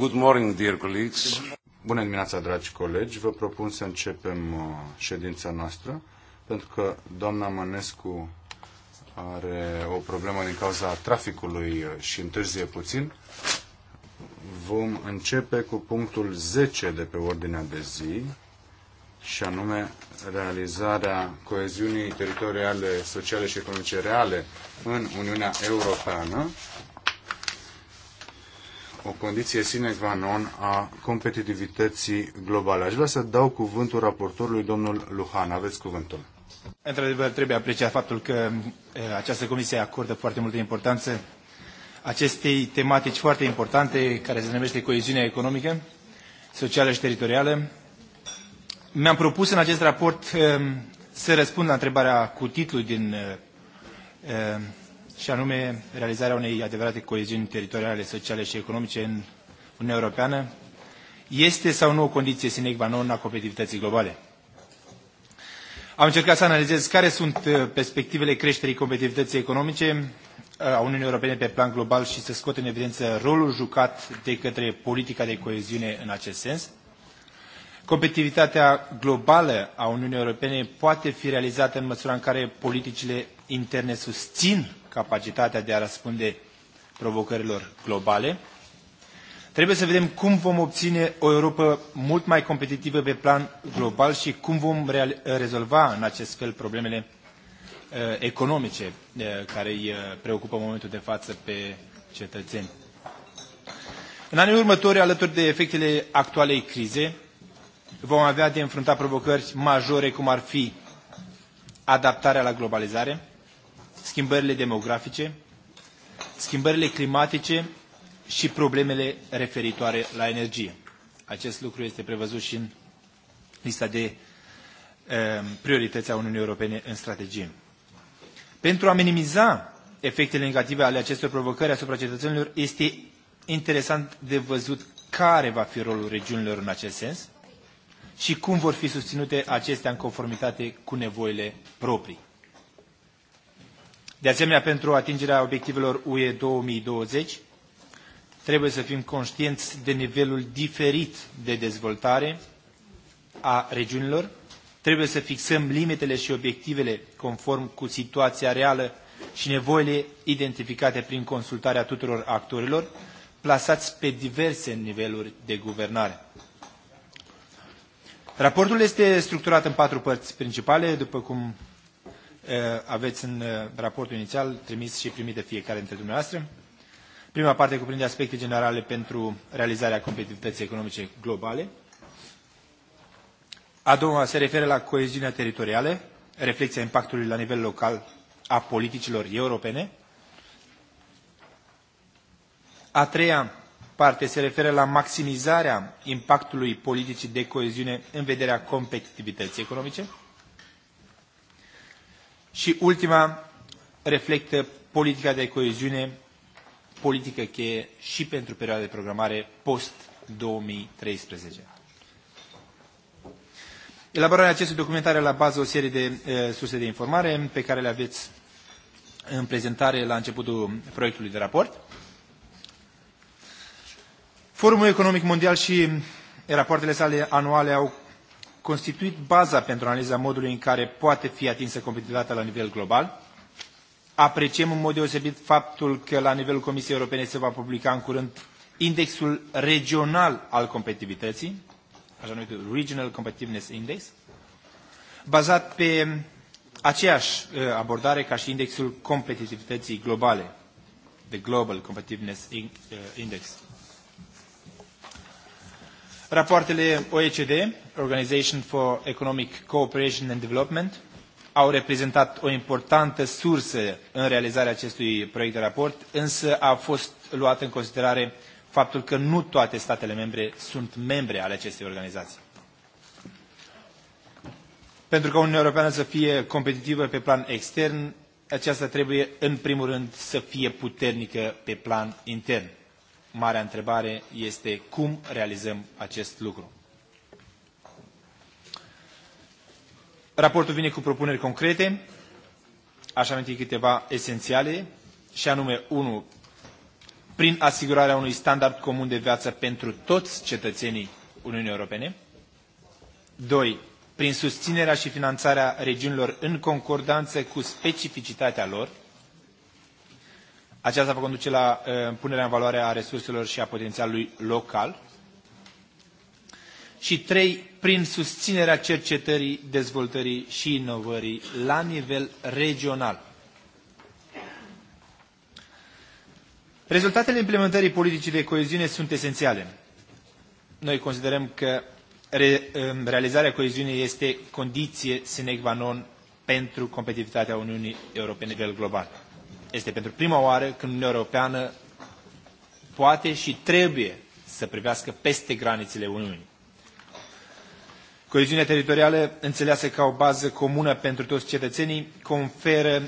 Good morning, dear colleagues. Bună dimineața, dragi colegi. Vă propun să începem uh, ședința noastră, pentru că doamna Mănescu are o problemă din cauza traficului uh, și întârzie puțin. Vom începe cu punctul 10 de pe ordinea de zi, și anume realizarea coeziunii teritoriale, sociale și economice reale în Uniunea Europeană o condiție sine qua non a competitivității globale. Aș vrea să dau cuvântul raportorului, domnul Luhan. Aveți cuvântul. Într-adevăr, trebuie apreciat faptul că eh, această comisie acordă foarte multă importanță acestei tematici foarte importante care se numește coeziunea economică, socială și teritorială. Mi-am propus în acest raport eh, să răspund la întrebarea cu titlul din eh, și anume realizarea unei adevărate coeziuni teritoriale, sociale și economice în Uniunea Europeană, este sau nu o condiție sine qua non a competitivității globale. Am încercat să analizez care sunt uh, perspectivele creșterii competitivității economice uh, a Uniunii Europene pe plan global și să scot în evidență rolul jucat de către politica de coeziune în acest sens. Competitivitatea globală a Uniunii Europene poate fi realizată în măsura în care politicile interne susțin capacitatea de a răspunde provocărilor globale. Trebuie să vedem cum vom obține o Europa mult mai competitivă pe plan global și cum vom rezolva în acest fel problemele uh, economice uh, care îi uh, preocupă în momentul de față pe cetățeni. În anii următori, alături de efectele actualei crize, vom avea de înfruntat provocări majore, cum ar fi adaptarea la globalizare, schimbările demografice, schimbările climatice și problemele referitoare la energie. Acest lucru este prevăzut și în lista de ehm, priorități a Uniunii Europene în strategie. Pentru a minimiza efectele negative ale acestor provocări asupra cetățenilor, este interesant de văzut care va fi rolul regiunilor în acest sens și cum vor fi susținute acestea în conformitate cu nevoile proprii. De asemenea, pentru atingerea obiectivelor UE 2020, trebuie să fim conștienți de nivelul diferit de dezvoltare a regiunilor, trebuie să fixăm limitele și obiectivele conform cu situația reală și nevoile identificate prin consultarea tuturor actorilor, plasați pe diverse niveluri de guvernare. Raportul este structurat în patru părți principale, după cum Eh, aveți în eh, raportul inițial trimis și primit de fiecare dintre dumneavoastră. Prima parte cuprinde aspecte generale pentru realizarea competitivității economice globale. A doua se referă la coeziunea teritorială, reflexia impactului la nivel local a politicilor europene. A treia parte se referă la maximizarea impactului politicii de coeziune în vederea competitivității economice. Și ultima reflectă politica de coeziune, politică cheie și pentru perioada de programare post-2013. Elaborarea acestui document are la bază o serie de uh, surse de informare pe care le aveți în prezentare la începutul proiectului de raport. Forumul Economic Mondial și rapoartele sale anuale au constituit baza pentru analiza modului în care poate fi atinsă competitivitatea la nivel global. Apreciem în mod deosebit faptul că la nivelul Comisiei Europene se va publica în curând indexul regional al competitivității, așa numit Regional Competitiveness Index, bazat pe aceeași uh, abordare ca și indexul competitivității globale, the Global Competitiveness uh, Index. Rapoartele OECD, Organization for Economic Cooperation and Development, au reprezentat o importantă sursă în realizarea acestui proiect de raport, însă a fost luat în considerare faptul că nu toate statele membre sunt membre ale acestei organizații. Pentru ca Uniunea Europeană să fie competitivă pe plan extern, aceasta trebuie, în primul rând, să fie puternică pe plan intern marea întrebare este cum realizăm acest lucru. Raportul vine cu propuneri concrete, aș aminti câteva esențiale, și anume 1. Prin asigurarea unui standard comun de viață pentru toți cetățenii Uniunii Europene. 2. Prin susținerea și finanțarea regiunilor în concordanță cu specificitatea lor. Aceasta va conduce la uh, punerea în valoare a resurselor și a potențialului local. Și trei, prin susținerea cercetării, dezvoltării și inovării la nivel regional. Rezultatele implementării politicii de coeziune sunt esențiale. Noi considerăm că re, um, realizarea coeziunii este condiție sine qua non pentru competitivitatea Uniunii Europene la nivel global. Este pentru prima oară când Uniunea Europeană poate și trebuie să privească peste granițele Uniunii. Coeziunea teritorială, înțeleasă ca o bază comună pentru toți cetățenii, conferă ă,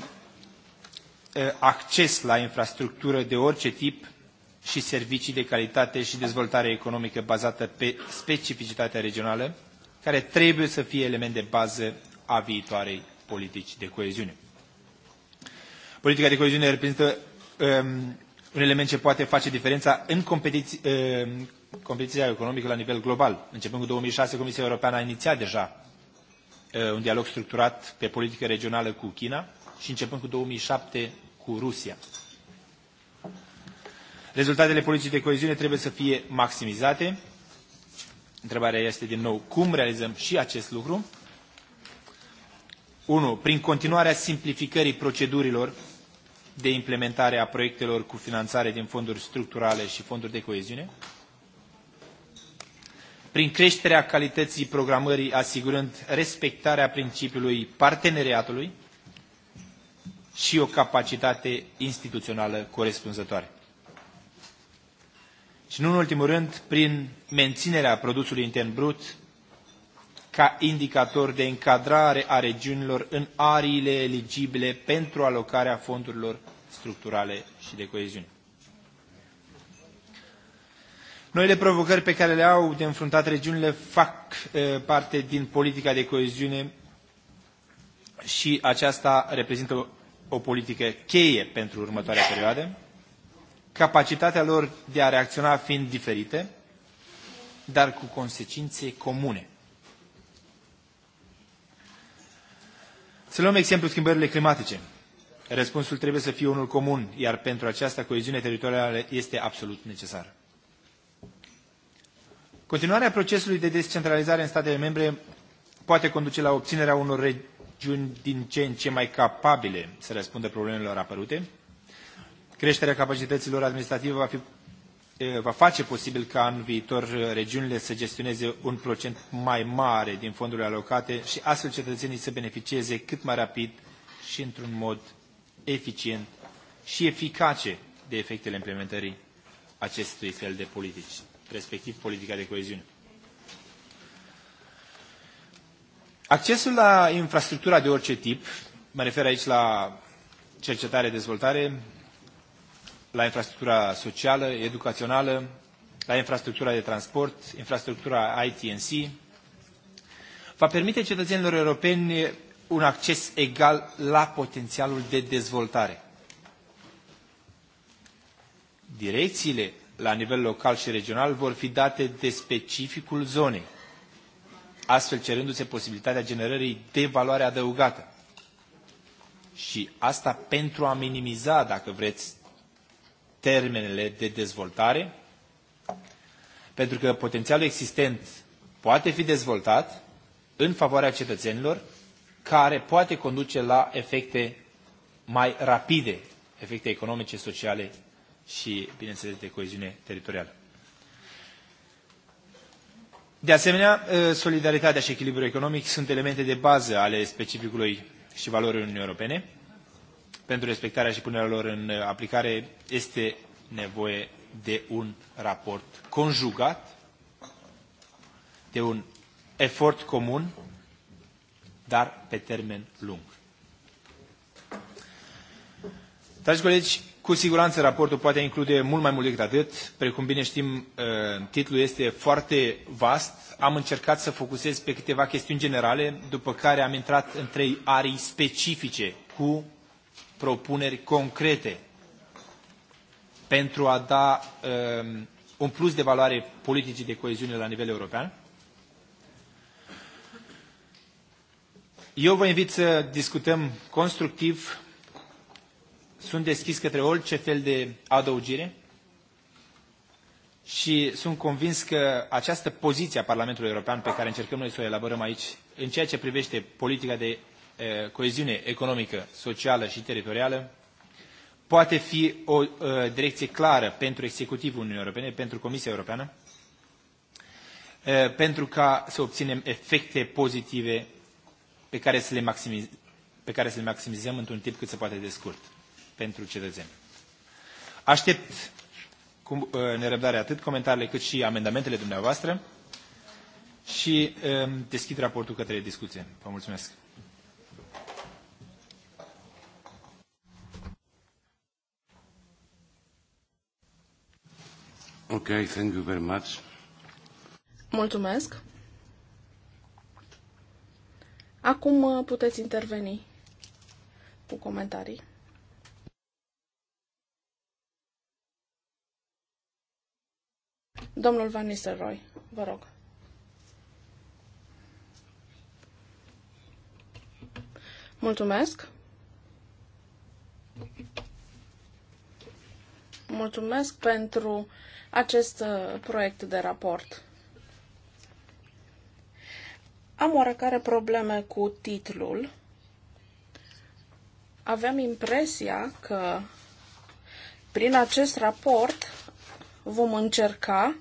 acces la infrastructură de orice tip și servicii de calitate și dezvoltare economică bazată pe specificitatea regională, care trebuie să fie element de bază a viitoarei politici de coeziune. Politica de coeziune reprezintă um, un element ce poate face diferența în competiți, um, competiția economică la nivel global. Începând cu 2006, Comisia Europeană a inițiat deja uh, un dialog structurat pe politică regională cu China și începând cu 2007 cu Rusia. Rezultatele politicii de coeziune trebuie să fie maximizate. Întrebarea este din nou cum realizăm și acest lucru. 1. Prin continuarea simplificării procedurilor de implementare a proiectelor cu finanțare din fonduri structurale și fonduri de coeziune, prin creșterea calității programării asigurând respectarea principiului parteneriatului și o capacitate instituțională corespunzătoare. Și nu în ultimul rând, prin menținerea produsului intern brut ca indicator de încadrare a regiunilor în ariile eligibile pentru alocarea fondurilor structurale și de coeziune. Noile provocări pe care le au de înfruntat regiunile fac parte din politica de coeziune și aceasta reprezintă o politică cheie pentru următoarea perioadă, capacitatea lor de a reacționa fiind diferite, dar cu consecințe comune. Să luăm exemplu schimbările climatice. Răspunsul trebuie să fie unul comun, iar pentru aceasta coeziune teritorială este absolut necesară. Continuarea procesului de descentralizare în statele membre poate conduce la obținerea unor regiuni din ce în ce mai capabile să răspundă problemelor apărute. Creșterea capacităților administrative va fi va face posibil ca în viitor regiunile să gestioneze un procent mai mare din fondurile alocate și astfel cetățenii să beneficieze cât mai rapid și într-un mod eficient și eficace de efectele implementării acestui fel de politici, respectiv politica de coeziune. Accesul la infrastructura de orice tip, mă refer aici la cercetare, dezvoltare, la infrastructura socială, educațională, la infrastructura de transport, infrastructura ITNC, va permite cetățenilor europeni un acces egal la potențialul de dezvoltare. Direcțiile la nivel local și regional vor fi date de specificul zonei, astfel cerându-se posibilitatea generării de valoare adăugată. Și asta pentru a minimiza, dacă vreți, termenele de dezvoltare, pentru că potențialul existent poate fi dezvoltat în favoarea cetățenilor, care poate conduce la efecte mai rapide, efecte economice, sociale și, bineînțeles, de coeziune teritorială. De asemenea, ă, solidaritatea și echilibrul economic sunt elemente de bază ale specificului și valorii Uniunii Europene, pentru respectarea și punerea lor în uh, aplicare, este nevoie de un raport conjugat, de un efort comun, dar pe termen lung. Dragi colegi, cu siguranță raportul poate include mult mai mult decât atât. Precum bine știm, uh, titlul este foarte vast. Am încercat să focusez pe câteva chestiuni generale, după care am intrat în trei arii specifice cu propuneri concrete pentru a da um, un plus de valoare politicii de coeziune la nivel european. Eu vă invit să discutăm constructiv. Sunt deschis către orice fel de adăugire și sunt convins că această poziție a Parlamentului European pe care încercăm noi să o elaborăm aici, în ceea ce privește politica de coeziune economică, socială și teritorială poate fi o direcție clară pentru executivul Uniunii Europene, pentru Comisia Europeană, pentru ca să obținem efecte pozitive pe care să le, maximiz, pe care să le maximizăm într-un timp cât se poate de scurt pentru cetățeni. Aștept cu nerăbdare atât comentariile cât și amendamentele dumneavoastră și deschid raportul către discuție. Vă mulțumesc! Ok, thank you very much. Mulțumesc. Acum uh, puteți interveni cu comentarii. Domnul Van Nistelrooy, vă rog. Mulțumesc. Mulțumesc pentru uh, acest uh, proiect de raport. Am oarecare probleme cu titlul. Aveam impresia că prin acest raport vom încerca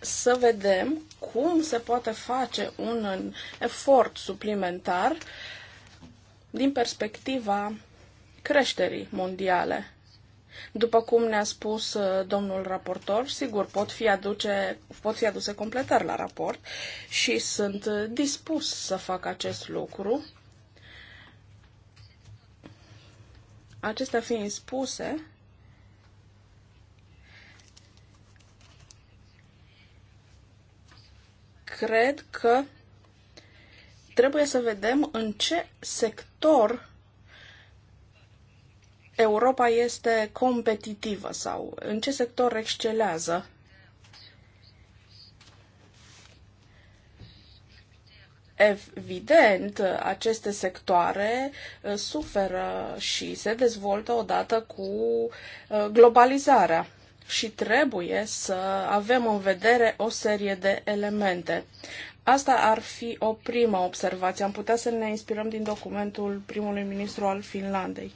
să vedem cum se poate face un efort suplimentar din perspectiva creșterii mondiale. După cum ne-a spus uh, domnul raportor, sigur, pot fi, aduce, pot fi aduse completări la raport și sunt uh, dispus să fac acest lucru. Acestea fiind spuse, cred că trebuie să vedem în ce sector Europa este competitivă sau în ce sector excelează? Evident, aceste sectoare uh, suferă și se dezvoltă odată cu uh, globalizarea și trebuie să avem în vedere o serie de elemente. Asta ar fi o primă observație. Am putea să ne inspirăm din documentul primului ministru al Finlandei.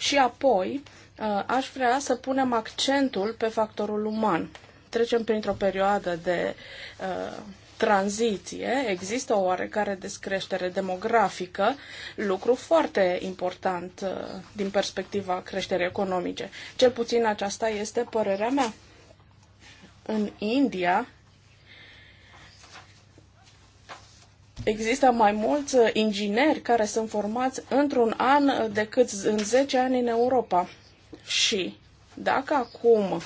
Și apoi uh, aș vrea să punem accentul pe factorul uman. Trecem printr-o perioadă de uh, tranziție, există o oarecare descreștere demografică, lucru foarte important uh, din perspectiva creșterii economice. Cel puțin aceasta este părerea mea. În India, Există mai mulți uh, ingineri care sunt formați într-un an uh, decât în 10 ani în Europa. Și dacă acum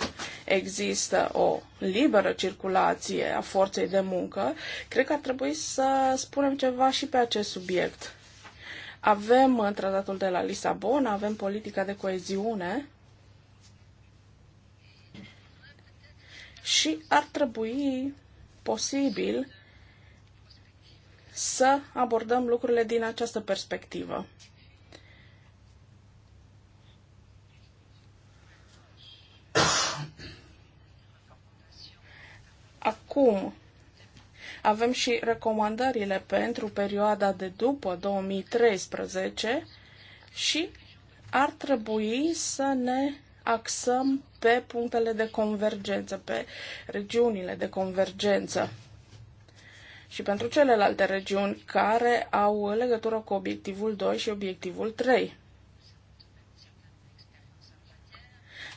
există o liberă circulație a forței de muncă, cred că ar trebui să spunem ceva și pe acest subiect. Avem în uh, tratatul de la Lisabona, avem politica de coeziune și ar trebui posibil să abordăm lucrurile din această perspectivă. Acum avem și recomandările pentru perioada de după 2013 și ar trebui să ne axăm pe punctele de convergență, pe regiunile de convergență și pentru celelalte regiuni care au legătură cu obiectivul 2 și obiectivul 3.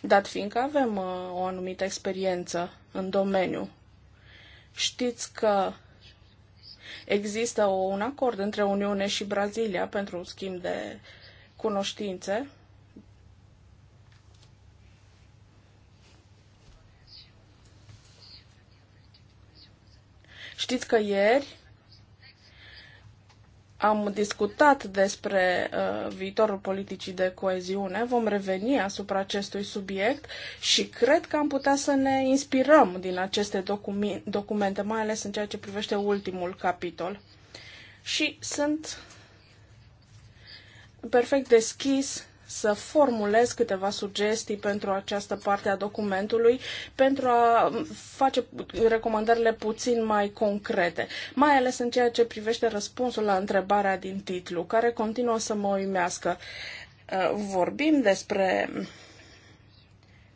Dat fiindcă avem uh, o anumită experiență în domeniu, știți că există un acord între Uniune și Brazilia pentru un schimb de cunoștințe Știți că ieri am discutat despre uh, viitorul politicii de coeziune, vom reveni asupra acestui subiect și cred că am putea să ne inspirăm din aceste documente, documente mai ales în ceea ce privește ultimul capitol. Și sunt perfect deschis să formulez câteva sugestii pentru această parte a documentului, pentru a face recomandările puțin mai concrete, mai ales în ceea ce privește răspunsul la întrebarea din titlu, care continuă să mă uimească. Uh, vorbim despre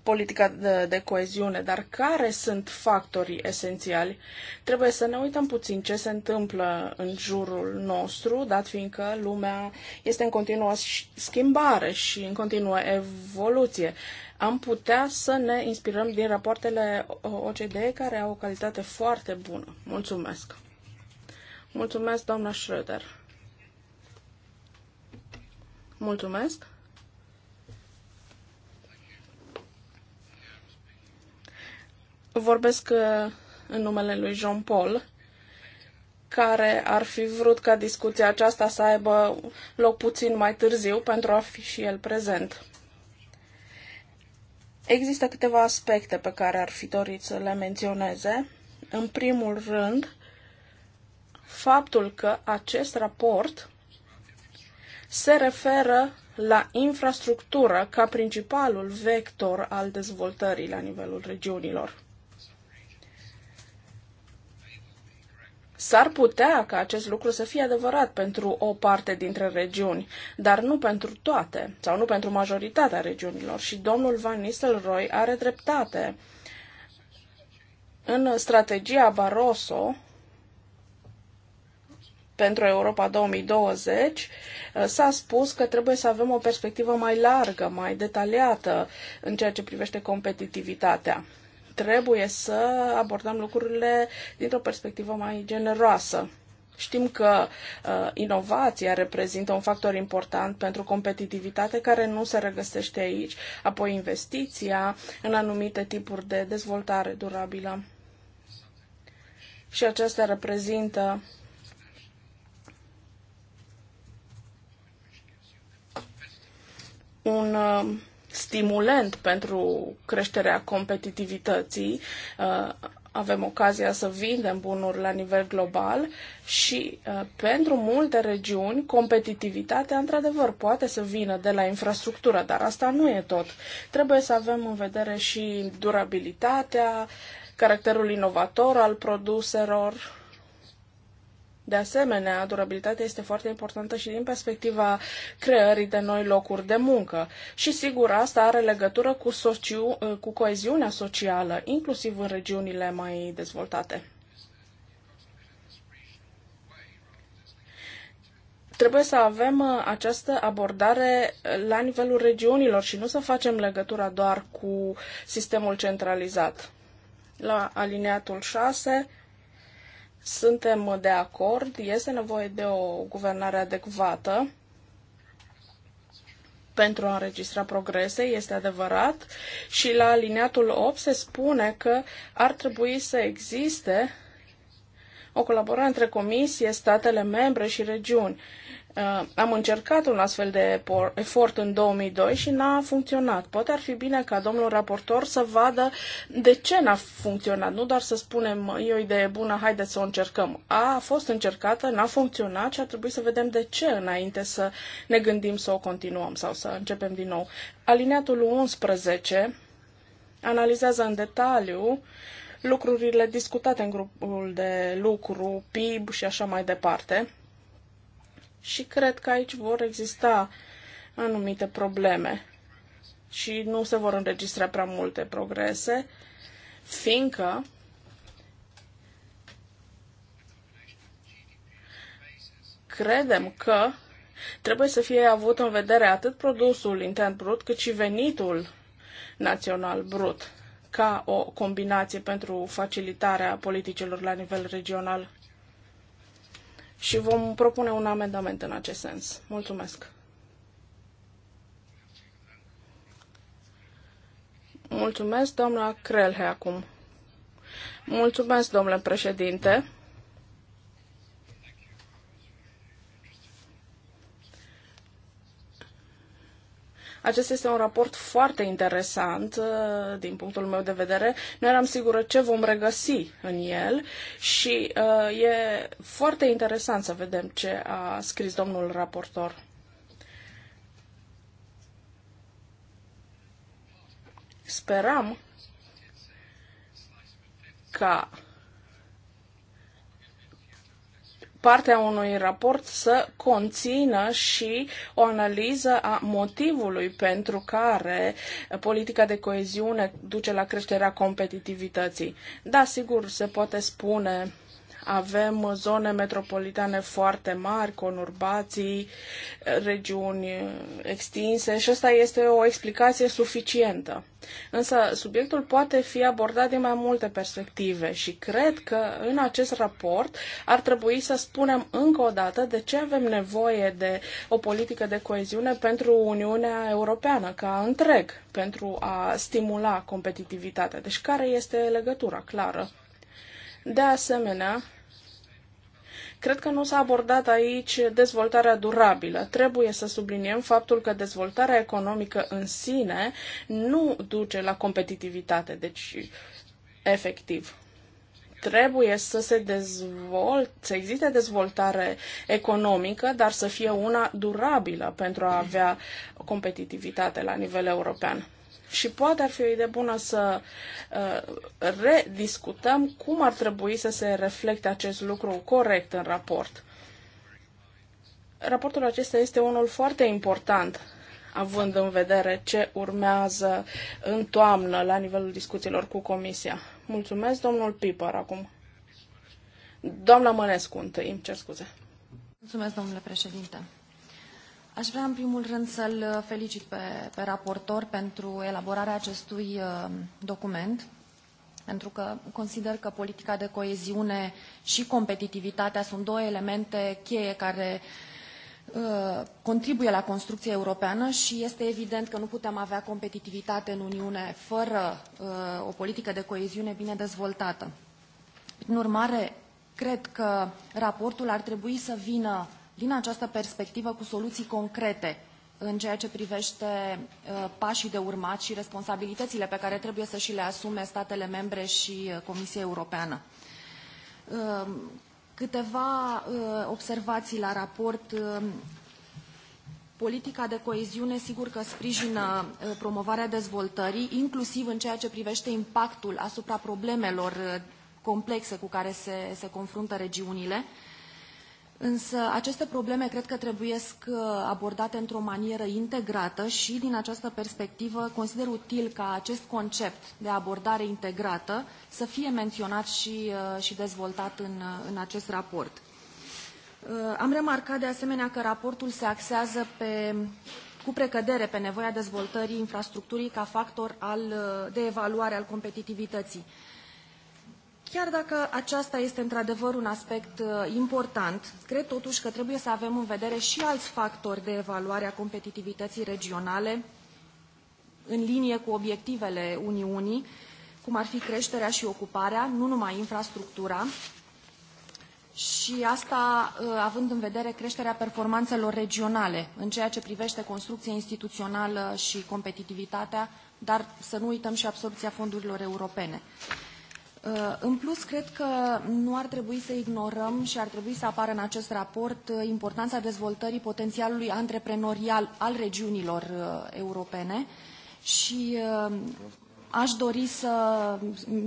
politica de, de coeziune, dar care sunt factorii esențiali? Trebuie să ne uităm puțin ce se întâmplă în jurul nostru, dat fiindcă lumea este în continuă schimbare și în continuă evoluție. Am putea să ne inspirăm din rapoartele OCDE care au o calitate foarte bună. Mulțumesc! Mulțumesc, doamna Schröder! Mulțumesc! Vorbesc uh, în numele lui Jean Paul, care ar fi vrut ca discuția aceasta să aibă loc puțin mai târziu pentru a fi și el prezent. Există câteva aspecte pe care ar fi dorit să le menționeze. În primul rând, faptul că acest raport se referă la infrastructură ca principalul vector al dezvoltării la nivelul regiunilor. S-ar putea ca acest lucru să fie adevărat pentru o parte dintre regiuni, dar nu pentru toate, sau nu pentru majoritatea regiunilor. Și domnul Van Nistelrooy are dreptate. În strategia Barroso, pentru Europa 2020, s-a spus că trebuie să avem o perspectivă mai largă, mai detaliată în ceea ce privește competitivitatea trebuie să abordăm lucrurile dintr-o perspectivă mai generoasă. Știm că uh, inovația reprezintă un factor important pentru competitivitate care nu se regăsește aici, apoi investiția în anumite tipuri de dezvoltare durabilă. Și acestea reprezintă un uh, stimulent pentru creșterea competitivității. Uh, avem ocazia să vindem bunuri la nivel global și uh, pentru multe regiuni competitivitatea într-adevăr poate să vină de la infrastructură, dar asta nu e tot. Trebuie să avem în vedere și durabilitatea, caracterul inovator al produselor, de asemenea, durabilitatea este foarte importantă și din perspectiva creării de noi locuri de muncă. Și sigur, asta are legătură cu, sociu, cu coeziunea socială, inclusiv în regiunile mai dezvoltate. trebuie să avem uh, această abordare la nivelul regiunilor și nu să facem legătura doar cu sistemul centralizat. La aliniatul 6 suntem de acord, este nevoie de o guvernare adecvată pentru a înregistra progrese, este adevărat, și la alineatul 8 se spune că ar trebui să existe o colaborare între Comisie, statele membre și regiuni. Uh, am încercat un astfel de efort în 2002 și n-a funcționat. Poate ar fi bine ca domnul raportor să vadă de ce n-a funcționat, nu doar să spunem e o idee bună, haideți să o încercăm. A, a fost încercată, n-a funcționat și ar trebui să vedem de ce înainte să ne gândim să o continuăm sau să începem din nou. Alineatul 11 analizează în detaliu lucrurile discutate în grupul de lucru, PIB și așa mai departe și cred că aici vor exista anumite probleme și nu se vor înregistra prea multe progrese, fiindcă credem că trebuie să fie avut în vedere atât produsul intern brut, cât și venitul național brut, ca o combinație pentru facilitarea politicilor la nivel regional și vom propune un amendament în acest sens. Mulțumesc! Mulțumesc, doamna Crelhe, acum. Mulțumesc, domnule președinte. Acesta este un raport foarte interesant uh, din punctul meu de vedere. Nu eram sigură ce vom regăsi în el și uh, e foarte interesant să vedem ce a scris domnul raportor. Speram ca partea unui raport să conțină și o analiză a motivului pentru care politica de coeziune duce la creșterea competitivității. Da, sigur, se poate spune avem zone metropolitane foarte mari, conurbații, regiuni extinse și asta este o explicație suficientă. Însă subiectul poate fi abordat din mai multe perspective și cred că în acest raport ar trebui să spunem încă o dată de ce avem nevoie de o politică de coeziune pentru Uniunea Europeană ca întreg, pentru a stimula competitivitatea. Deci care este legătura clară? De asemenea, Cred că nu s-a abordat aici dezvoltarea durabilă. Trebuie să subliniem faptul că dezvoltarea economică în sine nu duce la competitivitate, deci efectiv. Trebuie să se dezvolte, să existe dezvoltare economică, dar să fie una durabilă pentru a avea competitivitate la nivel european. Și poate ar fi o idee bună să uh, rediscutăm cum ar trebui să se reflecte acest lucru corect în raport. Raportul acesta este unul foarte important, având în vedere ce urmează în toamnă la nivelul discuțiilor cu Comisia. Mulțumesc, domnul Piper, acum. Doamna Mănescu, întâi, îmi cer scuze. Mulțumesc, domnule președinte. Aș vrea în primul rând să-l uh, felicit pe, pe raportor pentru elaborarea acestui uh, document, pentru că consider că politica de coeziune și competitivitatea sunt două elemente cheie care uh, contribuie la construcția europeană și este evident că nu putem avea competitivitate în Uniune fără o politică de coeziune bine dezvoltată. În urmare, cred că raportul ar trebui să vină din această perspectivă cu soluții concrete în ceea ce privește uh, pașii de urmat și responsabilitățile pe care trebuie să și le asume statele membre și uh, Comisia Europeană. Uh, câteva observații la raport. Politica de coeziune sigur că sprijină promovarea dezvoltării, inclusiv în ceea ce privește impactul asupra problemelor complexe cu care se, se confruntă regiunile. Însă aceste probleme cred că trebuie uh, abordate într-o manieră integrată și din această perspectivă consider util ca acest concept de abordare integrată să fie menționat și, uh, și dezvoltat în, uh, în acest raport. Am remarcat de asemenea că raportul se axează pe, cu precădere pe nevoia dezvoltării infrastructurii ca factor al, de evaluare al competitivității. Chiar dacă aceasta este într-adevăr un aspect uh, important, cred totuși că trebuie să avem în vedere și alți factori de evaluare a competitivității regionale în linie cu obiectivele Uniunii, cum ar fi creșterea și ocuparea, nu numai infrastructura, și asta uh, având în vedere creșterea performanțelor regionale în ceea ce privește construcția instituțională și competitivitatea, dar să nu uităm și absorbția fondurilor europene. Uh, în plus, cred că nu ar trebui să ignorăm și ar trebui să apară în acest raport uh, importanța dezvoltării potențialului antreprenorial al regiunilor uh, europene și aș dori să,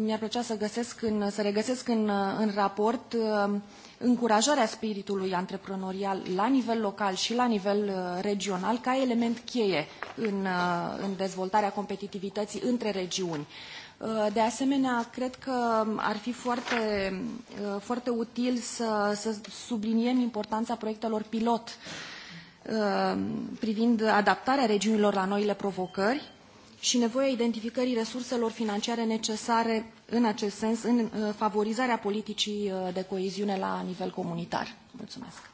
mi-ar plăcea să, găsesc în, să regăsesc în, în raport încurajarea spiritului antreprenorial la nivel local și la nivel regional ca element cheie în, în dezvoltarea competitivității între regiuni. Uh, de asemenea, cred că ar fi foarte, uh, foarte util să, să subliniem importanța proiectelor pilot uh, privind adaptarea regiunilor la noile provocări și nevoia identificării resurselor financiare necesare în acest sens, în favorizarea politicii de coeziune la nivel comunitar. Mulțumesc!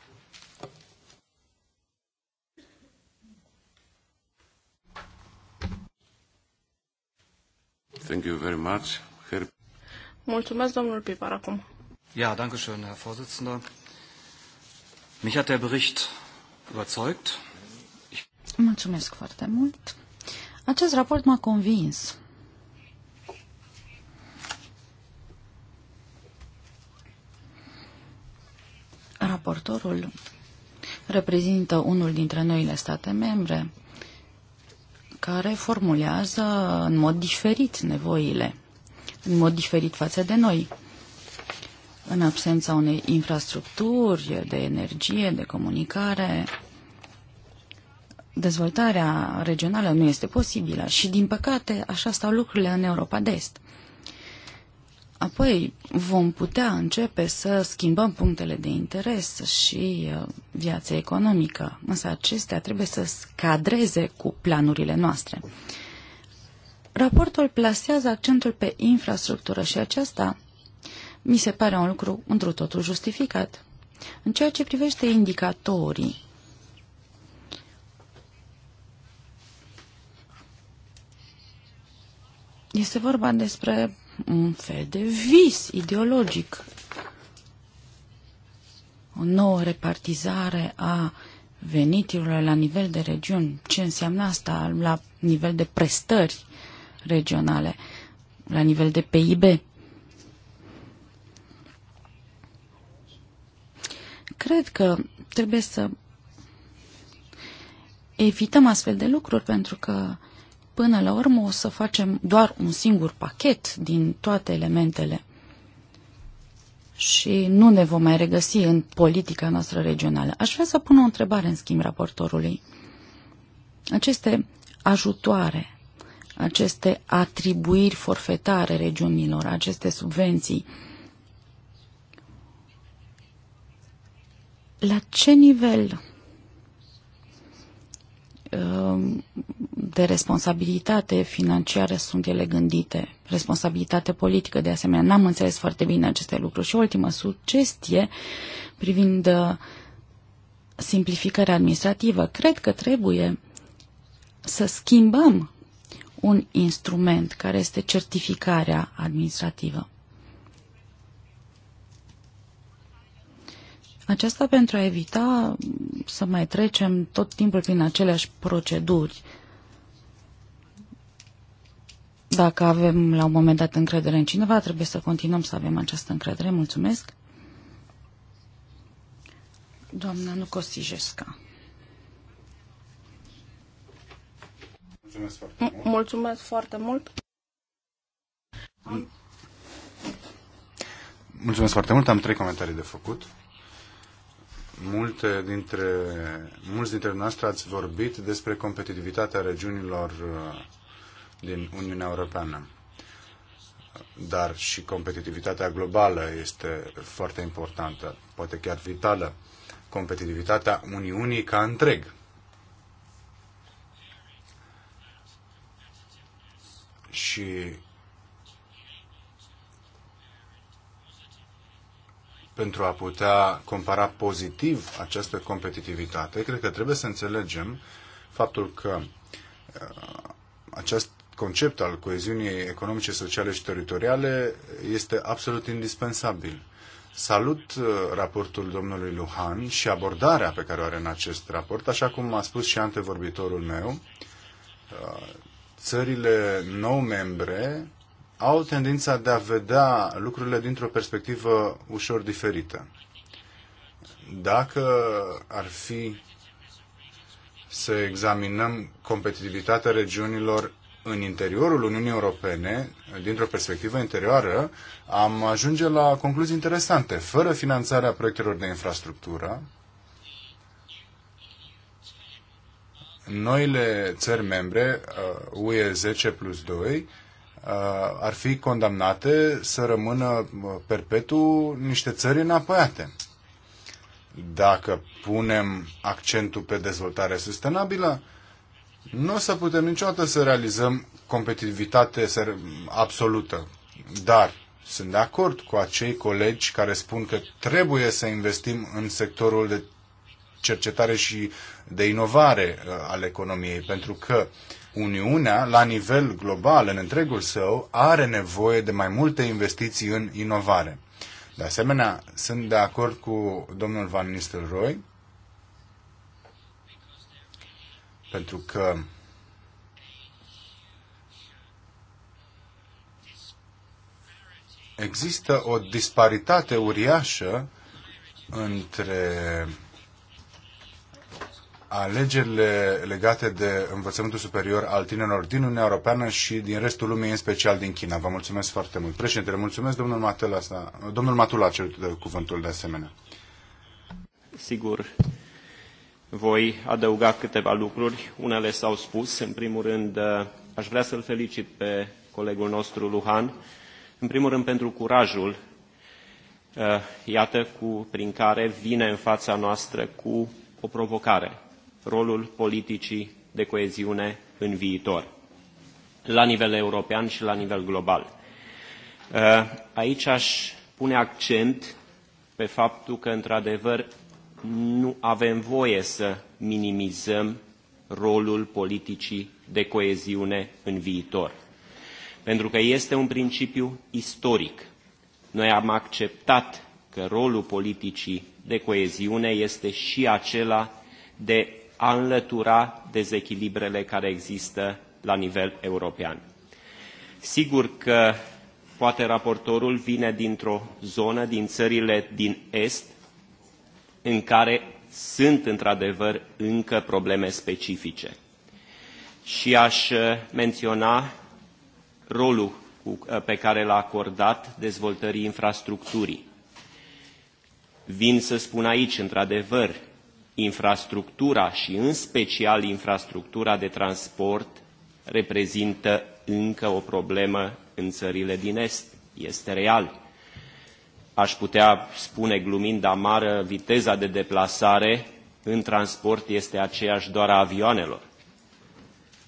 Thank you very much. Her... Mulțumesc, domnul Pipar, acum. Ja, danke schön, Herr Vorsitzender. Mich hat der Bericht überzeugt. Ich... Mulțumesc foarte mult. Acest raport m-a convins. Raportorul reprezintă unul dintre noile state membre care formulează în mod diferit nevoile, în mod diferit față de noi. În absența unei infrastructuri de energie, de comunicare, dezvoltarea regională nu este posibilă și, din păcate, așa stau lucrurile în Europa de Est. Apoi vom putea începe să schimbăm punctele de interes și uh, viața economică, însă acestea trebuie să cadreze cu planurile noastre. Raportul plasează accentul pe infrastructură și aceasta mi se pare un lucru într-o totul justificat. În ceea ce privește indicatorii, este vorba despre un fel de vis ideologic. O nouă repartizare a veniturilor la nivel de regiuni. Ce înseamnă asta la nivel de prestări regionale, la nivel de PIB? Cred că trebuie să evităm astfel de lucruri pentru că până la urmă o să facem doar un singur pachet din toate elementele și nu ne vom mai regăsi în politica noastră regională. Aș vrea să pun o întrebare în schimb raportorului. Aceste ajutoare, aceste atribuiri forfetare regiunilor, aceste subvenții, la ce nivel Um, de responsabilitate financiară sunt ele gândite, responsabilitate politică de asemenea. N-am înțeles foarte bine aceste lucruri. Și ultima sugestie privind uh, simplificarea administrativă. Cred că trebuie să schimbăm un instrument care este certificarea administrativă. Aceasta pentru a evita să mai trecem tot timpul prin aceleași proceduri. Dacă avem la un moment dat încredere în cineva, trebuie să continuăm să avem această încredere. Mulțumesc. Doamna Nucosijesca. Mulțumesc foarte mult. Mulțumesc foarte mult. Mulțumesc foarte mult. Am trei comentarii de făcut multe dintre, mulți dintre noastre ați vorbit despre competitivitatea regiunilor uh, din Uniunea Europeană. Dar și competitivitatea globală este foarte importantă, poate chiar vitală. Competitivitatea Uniunii ca întreg. Și pentru a putea compara pozitiv această competitivitate, cred că trebuie să înțelegem faptul că uh, acest concept al coeziunii economice, sociale și teritoriale este absolut indispensabil. Salut uh, raportul domnului Luhan și abordarea pe care o are în acest raport, așa cum a spus și antevorbitorul meu, uh, țările nou membre au tendința de a vedea lucrurile dintr-o perspectivă ușor diferită. Dacă ar fi să examinăm competitivitatea regiunilor în interiorul Uniunii Europene, dintr-o perspectivă interioară, am ajunge la concluzii interesante. Fără finanțarea proiectelor de infrastructură, noile țări membre, uh, UE 10 plus 2, Uh, ar fi condamnate să rămână uh, perpetu niște țări înapoiate. Dacă punem accentul pe dezvoltare sustenabilă, nu o să putem niciodată să realizăm competitivitate absolută. Dar sunt de acord cu acei colegi care spun că trebuie să investim în sectorul de cercetare și de inovare uh, al economiei, pentru că uh, Uniunea, la nivel global, în întregul său, are nevoie de mai multe investiții în inovare. De asemenea, sunt de acord cu domnul Van Nistelrooy, pentru că există o disparitate uriașă între alegerile legate de învățământul superior al tinerilor din Uniunea Europeană și din restul lumii, în special din China. Vă mulțumesc foarte mult. Președintele, mulțumesc. Domnul, Matela, domnul Matula a cerut cuvântul de asemenea. Sigur, voi adăuga câteva lucruri. Unele s-au spus. În primul rând, aș vrea să-l felicit pe colegul nostru, Luhan, în primul rând pentru curajul, eh, iată, cu, prin care vine în fața noastră cu o provocare rolul politicii de coeziune în viitor, la nivel european și la nivel global. Uh, aici aș pune accent pe faptul că, într-adevăr, nu avem voie să minimizăm rolul politicii de coeziune în viitor. Pentru că este un principiu istoric. Noi am acceptat că rolul politicii de coeziune este și acela de a înlătura dezechilibrele care există la nivel european. Sigur că poate raportorul vine dintr-o zonă, din țările din Est, în care sunt într-adevăr încă probleme specifice. Și aș uh, menționa rolul uh, pe care l-a acordat dezvoltării infrastructurii. Vin să spun aici, într-adevăr, infrastructura și în special infrastructura de transport reprezintă încă o problemă în țările din Est. Este real. Aș putea spune glumind amară, viteza de deplasare în transport este aceeași doar a avioanelor.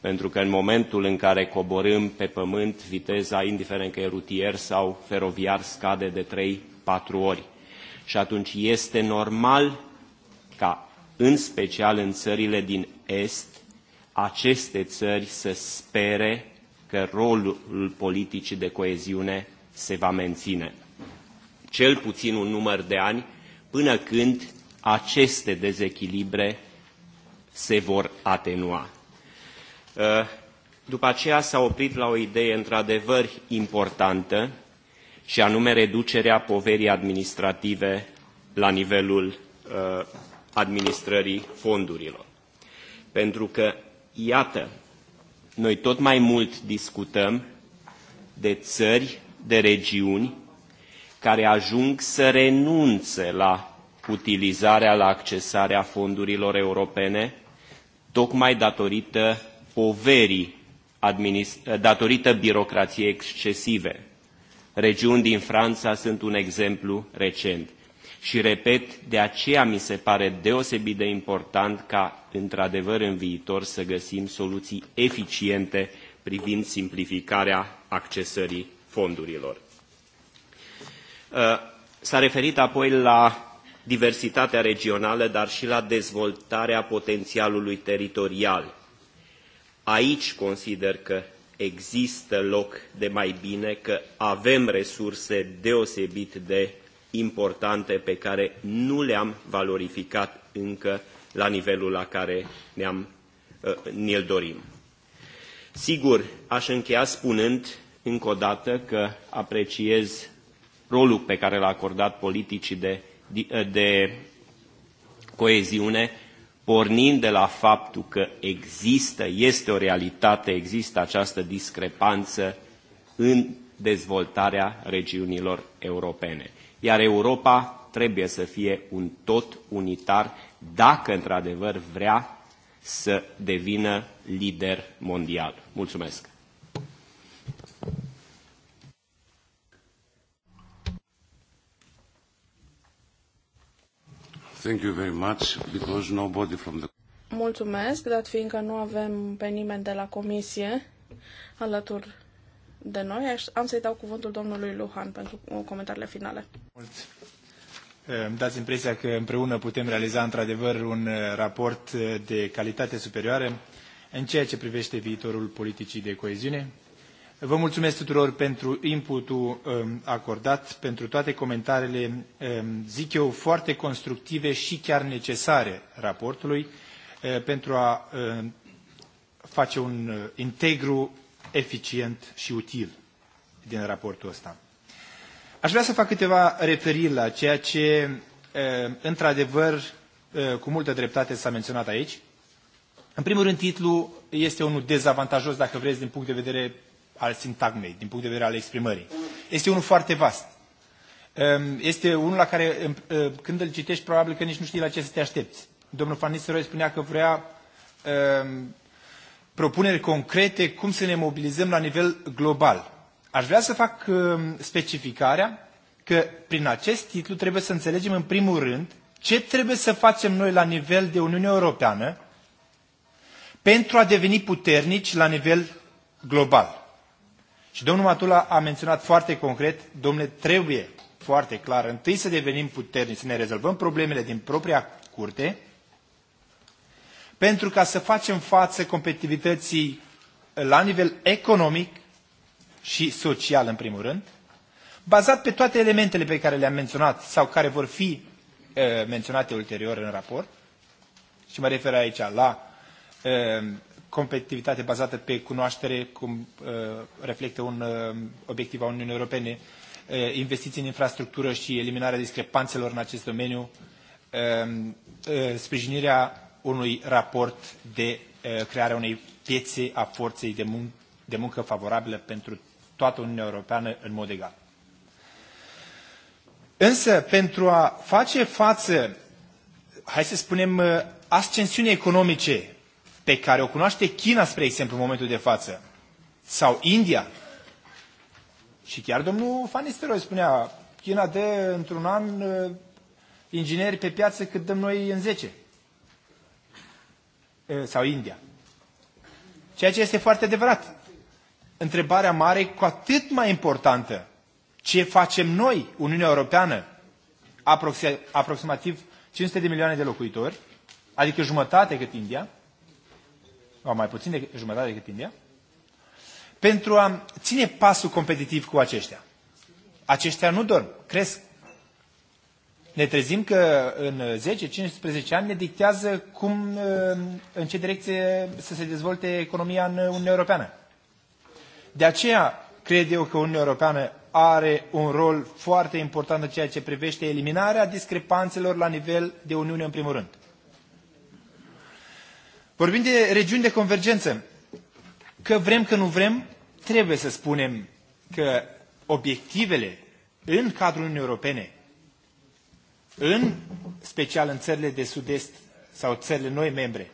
Pentru că în momentul în care coborâm pe pământ, viteza, indiferent că e rutier sau feroviar, scade de 3-4 ori. Și atunci este normal ca în special în țările din Est, aceste țări să spere că rolul politicii de coeziune se va menține. Cel puțin un număr de ani, până când aceste dezechilibre se vor atenua. Uh, după aceea s-a oprit la o idee într-adevăr importantă, și anume reducerea poverii administrative la nivelul uh, administrării fondurilor. Pentru că, iată, noi tot mai mult discutăm de țări, de regiuni care ajung să renunțe la utilizarea, la accesarea fondurilor europene, tocmai datorită poverii, datorită birocrației excesive. Regiuni din Franța sunt un exemplu recent. Și repet, de aceea mi se pare deosebit de important ca, într-adevăr, în viitor să găsim soluții eficiente privind simplificarea accesării fondurilor. Uh, s-a referit apoi la diversitatea regională, dar și la dezvoltarea potențialului teritorial. Aici consider că există loc de mai bine, că avem resurse deosebit de importante pe care nu le-am valorificat încă la nivelul la care ne-am, uh, ne-l dorim. Sigur, aș încheia spunând încă o dată că apreciez rolul pe care l-a acordat politicii de, uh, de coeziune, pornind de la faptul că există, este o realitate, există această discrepanță în dezvoltarea regiunilor europene iar Europa trebuie să fie un tot unitar dacă într-adevăr vrea să devină lider mondial. Mulțumesc! Thank you very much, because nobody from the... Mulțumesc, dat fiindcă nu avem pe nimeni de la comisie alături de noi. Am să-i dau cuvântul domnului Luhan pentru comentariile finale. Mulți. Eh, îmi dați impresia că împreună putem realiza într-adevăr un eh, raport eh, de calitate superioară în ceea ce privește viitorul politicii de coeziune. Vă mulțumesc tuturor pentru inputul ehm, acordat, pentru toate comentariile, ehm, zic eu, foarte constructive și chiar necesare raportului pentru a ehm, face un integru eficient și util din raportul ăsta. Aș vrea să fac câteva referiri la ceea ce, într-adevăr, cu multă dreptate s-a menționat aici. În primul rând, titlul este unul dezavantajos, dacă vreți, din punct de vedere al sintagmei, din punct de vedere al exprimării. Este unul foarte vast. Este unul la care, când îl citești, probabil că nici nu știi la ce să te aștepți. Domnul Van spunea că vrea propuneri concrete cum să ne mobilizăm la nivel global. Aș vrea să fac uh, specificarea că prin acest titlu trebuie să înțelegem în primul rând ce trebuie să facem noi la nivel de Uniune Europeană pentru a deveni puternici la nivel global. Și domnul Matula a menționat foarte concret, domnule, trebuie foarte clar, întâi să devenim puternici, să ne rezolvăm problemele din propria curte, pentru ca să facem față competitivității uh, la nivel economic și social, în primul rând, bazat pe toate elementele pe care le-am menționat sau care vor fi uh, menționate ulterior în raport, și mă refer aici la uh, competitivitate bazată pe cunoaștere, cum uh, reflectă un uh, obiectiv al Uniunii Europene, uh, investiții în infrastructură și eliminarea discrepanțelor în acest domeniu, uh, uh, sprijinirea unui raport de uh, crearea unei piețe a forței de, mun de muncă favorabilă pentru toată Uniunea Europeană în mod egal. Însă, pentru a face față, hai să spunem, uh, ascensiunii economice pe care o cunoaște China, spre exemplu, în momentul de față, sau India, și chiar domnul Fanisteroi spunea, China dă într-un an uh, ingineri pe piață cât dăm noi în 10. Eh, sau India. Ceea ce este foarte adevărat. Întrebarea mare cu atât mai importantă. Ce facem noi, Uniunea Europeană, aproximativ 500 de milioane de locuitori, adică jumătate cât India, sau mai puțin de jumătate decât India, pentru a ține pasul competitiv cu aceștia. Aceștia nu dorm, cresc ne trezim că în 10-15 ani ne dictează cum, uh, în ce direcție să se dezvolte economia în Uniunea Europeană. De aceea cred eu că Uniunea Europeană are un rol foarte important în ceea ce privește eliminarea discrepanțelor la nivel de Uniune în primul rând. Vorbim de regiuni de convergență. Că vrem, că nu vrem, trebuie să spunem că obiectivele în cadrul Uniunii Europene în special în țările de sud-est sau țările noi membre,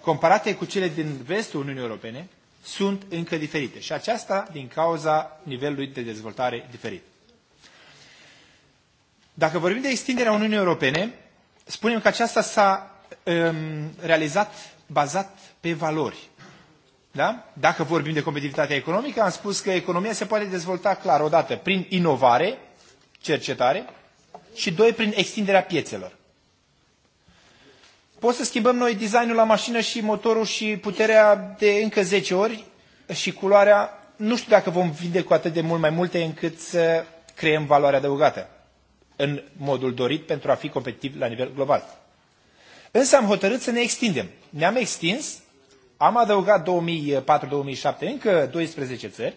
comparate cu cele din vestul Uniunii Europene, sunt încă diferite. Și aceasta din cauza nivelului de dezvoltare diferit. Dacă vorbim de extinderea Uniunii Europene, spunem că aceasta s-a um, realizat bazat pe valori. Da? Dacă vorbim de competitivitatea economică, am spus că economia se poate dezvolta clar odată prin inovare, cercetare, și doi, prin extinderea piețelor. Poți să schimbăm noi designul la mașină și motorul și puterea de încă 10 ori și culoarea. Nu știu dacă vom vinde cu atât de mult mai multe încât să creăm valoare adăugată în modul dorit pentru a fi competitiv la nivel global. Însă am hotărât să ne extindem. Ne-am extins, am adăugat 2004-2007 încă 12 țări,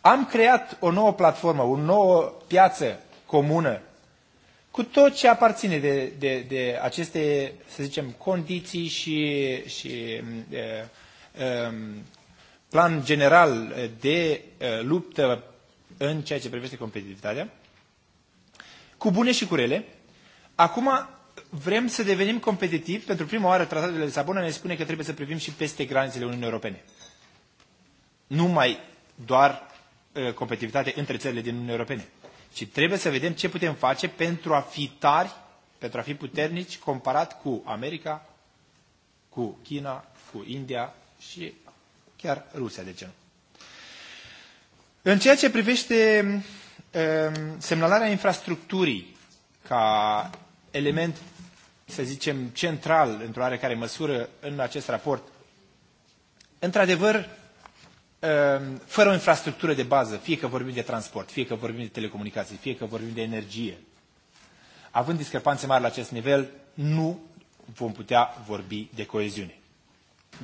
am creat o nouă platformă, o nouă piață comună cu tot ce aparține de, de, de aceste, să zicem, condiții și, și de, mm, plan general de luptă în ceea ce privește competitivitatea, cu bune și cu rele. Acum vrem să devenim competitivi. Pentru prima oară tratatul de Lisabona ne spune că trebuie să privim și peste granițele Uniunii Europene. Nu mai doar competitivitate între țările din Uniunea Europene ci trebuie să vedem ce putem face pentru a fi tari, pentru a fi puternici, comparat cu America, cu China, cu India și chiar Rusia, de ce nu. În ceea ce privește ehm, semnalarea infrastructurii ca element, să zicem, central, într-o oarecare măsură, în acest raport, într-adevăr, Ehm, fără o infrastructură de bază, fie că vorbim de transport, fie că vorbim de telecomunicații, fie că vorbim de energie, având discrepanțe mari la acest nivel, nu vom putea vorbi de coeziune.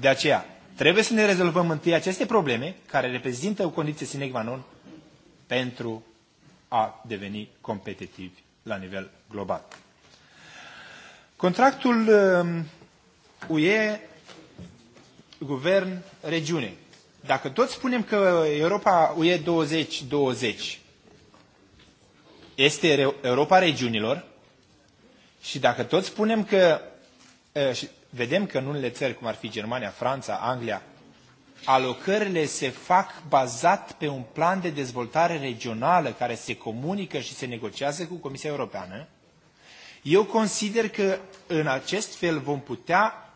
De aceea, trebuie să ne rezolvăm întâi aceste probleme care reprezintă o condiție sine qua non pentru a deveni competitivi la nivel global. Contractul ehm, UE, guvern, regiune dacă tot spunem că Europa UE 2020 este Europa regiunilor și dacă tot spunem că și vedem că în unele țări, cum ar fi Germania, Franța, Anglia, alocările se fac bazat pe un plan de dezvoltare regională care se comunică și se negociază cu Comisia Europeană, eu consider că în acest fel vom putea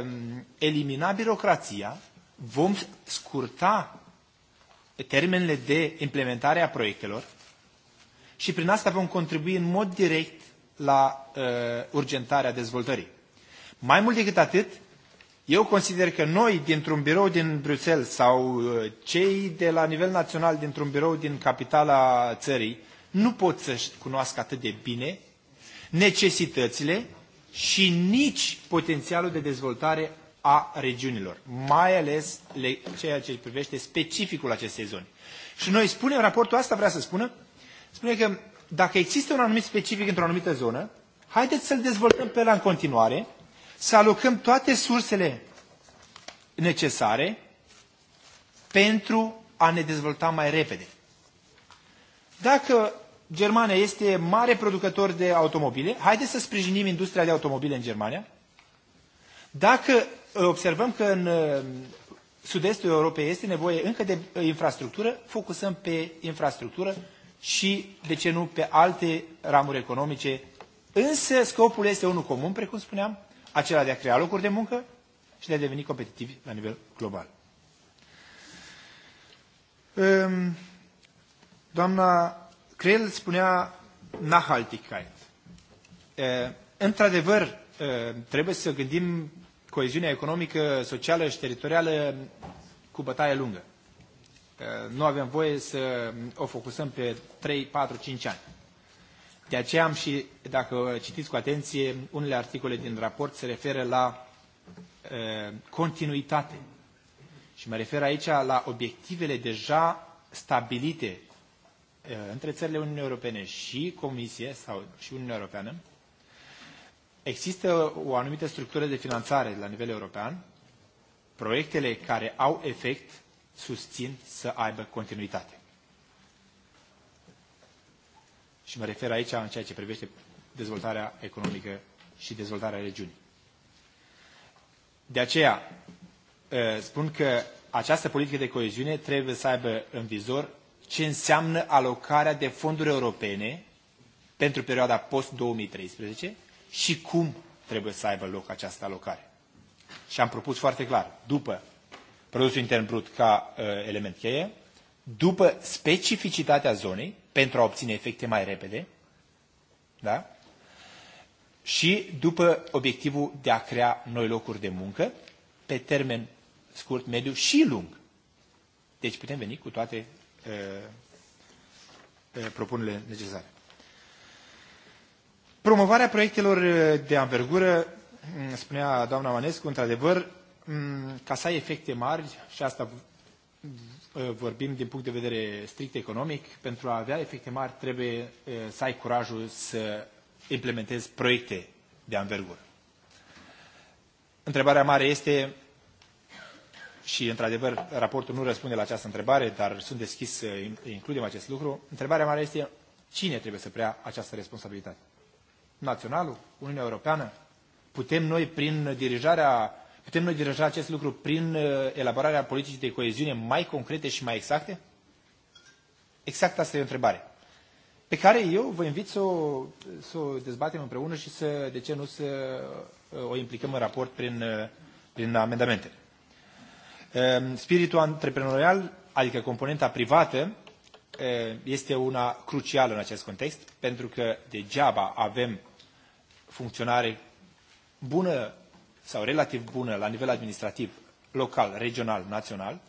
um, elimina birocrația vom scurta termenele de implementare a proiectelor și prin asta vom contribui în mod direct la uh, urgentarea dezvoltării. Mai mult decât atât, eu consider că noi, dintr-un birou din Bruxelles sau uh, cei de la nivel național, dintr-un birou din capitala țării, nu pot să-și cunoască atât de bine necesitățile și nici potențialul de dezvoltare a regiunilor, mai ales ceea ce privește specificul acestei zone. Și noi spunem, raportul asta vrea să spună, spune că dacă există un anumit specific într-o anumită zonă, haideți să-l dezvoltăm pe la în continuare, să alocăm toate sursele necesare pentru a ne dezvolta mai repede. Dacă Germania este mare producător de automobile, haideți să sprijinim industria de automobile în Germania. Dacă observăm că în uh, sud-estul Europei este nevoie încă de infrastructură, focusăm pe infrastructură și, de ce nu, pe alte ramuri economice. Însă scopul este unul comun, precum spuneam, acela de a crea locuri de muncă și de a deveni competitivi la nivel global. Um, doamna Creel spunea Nachhaltigkeit. Uh, într-adevăr, uh, trebuie să gândim coeziunea economică, socială și teritorială cu bătaie lungă. Nu avem voie să o focusăm pe 3, 4, 5 ani. De aceea am și, dacă citiți cu atenție, unele articole din raport se referă la continuitate. Și mă refer aici la obiectivele deja stabilite între țările Uniunii Europene și Comisie sau și Uniunea Europeană Există o anumită structură de finanțare la nivel european. Proiectele care au efect susțin să aibă continuitate. Și mă refer aici în ceea ce privește dezvoltarea economică și dezvoltarea regiunii. De aceea, ă, spun că această politică de coeziune trebuie să aibă în vizor ce înseamnă alocarea de fonduri europene pentru perioada post-2013 și cum trebuie să aibă loc această alocare. Și am propus foarte clar, după produsul intern brut ca uh, element cheie, după specificitatea zonei, pentru a obține efecte mai repede, da? și după obiectivul de a crea noi locuri de muncă, pe termen scurt, mediu și lung. Deci putem veni cu toate uh, uh, propunerile necesare. Promovarea proiectelor uh, de anvergură, mm, spunea doamna Manescu, într-adevăr, mm, ca să ai efecte mari, și asta uh, vorbim din punct de vedere strict economic, pentru a avea efecte mari trebuie uh, să ai curajul să implementezi proiecte de anvergură. Întrebarea mare este, și într-adevăr raportul nu răspunde la această întrebare, dar sunt deschis să includem acest lucru, întrebarea mare este cine trebuie să preia această responsabilitate naționalul, Uniunea Europeană? Putem noi, prin dirijarea, putem noi dirija acest lucru prin uh, elaborarea politicii de coeziune mai concrete și mai exacte? Exact asta e o întrebare pe care eu vă invit să o, să o dezbatem împreună și să, de ce nu, să uh, o implicăm în raport prin, uh, prin amendamente. Um, spiritul antreprenorial, adică componenta privată, Eh, este una crucială în acest context, pentru că degeaba avem funcționare bună sau relativ bună la nivel administrativ, local, regional, național,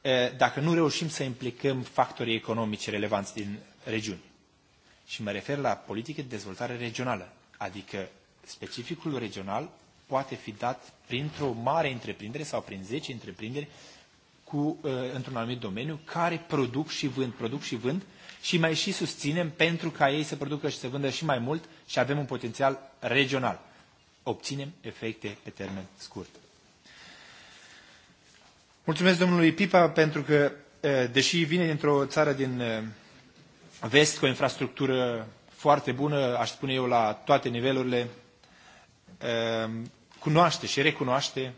eh, dacă nu reușim să implicăm factorii economici relevanți din regiuni. Și mă refer la politică de dezvoltare regională, adică specificul regional poate fi dat printr-o mare întreprindere sau prin 10 întreprinderi cu, uh, într-un anumit domeniu, care produc și vând, produc și vând și mai și susținem pentru ca ei să producă și să vândă și mai mult și avem un potențial regional. Obținem efecte pe termen scurt. Mulțumesc domnului Pipa pentru că, uh, deși vine dintr-o țară din uh, vest cu o infrastructură foarte bună, aș spune eu, la toate nivelurile, cunoaște și recunoaște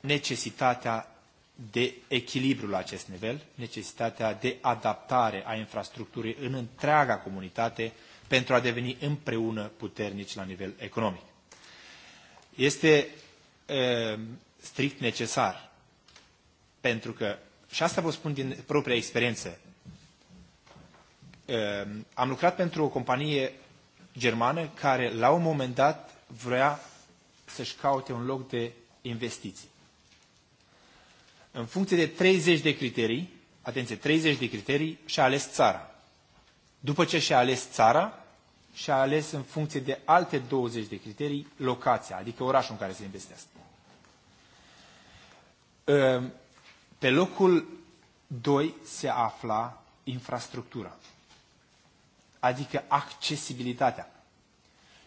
necesitatea de echilibru la acest nivel, necesitatea de adaptare a infrastructurii în întreaga comunitate pentru a deveni împreună puternici la nivel economic. Este e, strict necesar, pentru că, și asta vă spun din propria experiență, e, am lucrat pentru o companie germană care la un moment dat vrea să-și caute un loc de investiții în funcție de 30 de criterii, atenție, 30 de criterii, și-a ales țara. După ce și-a ales țara, și-a ales în funcție de alte 20 de criterii locația, adică orașul în care se investească. Ehm, pe locul 2 se afla infrastructura, adică accesibilitatea.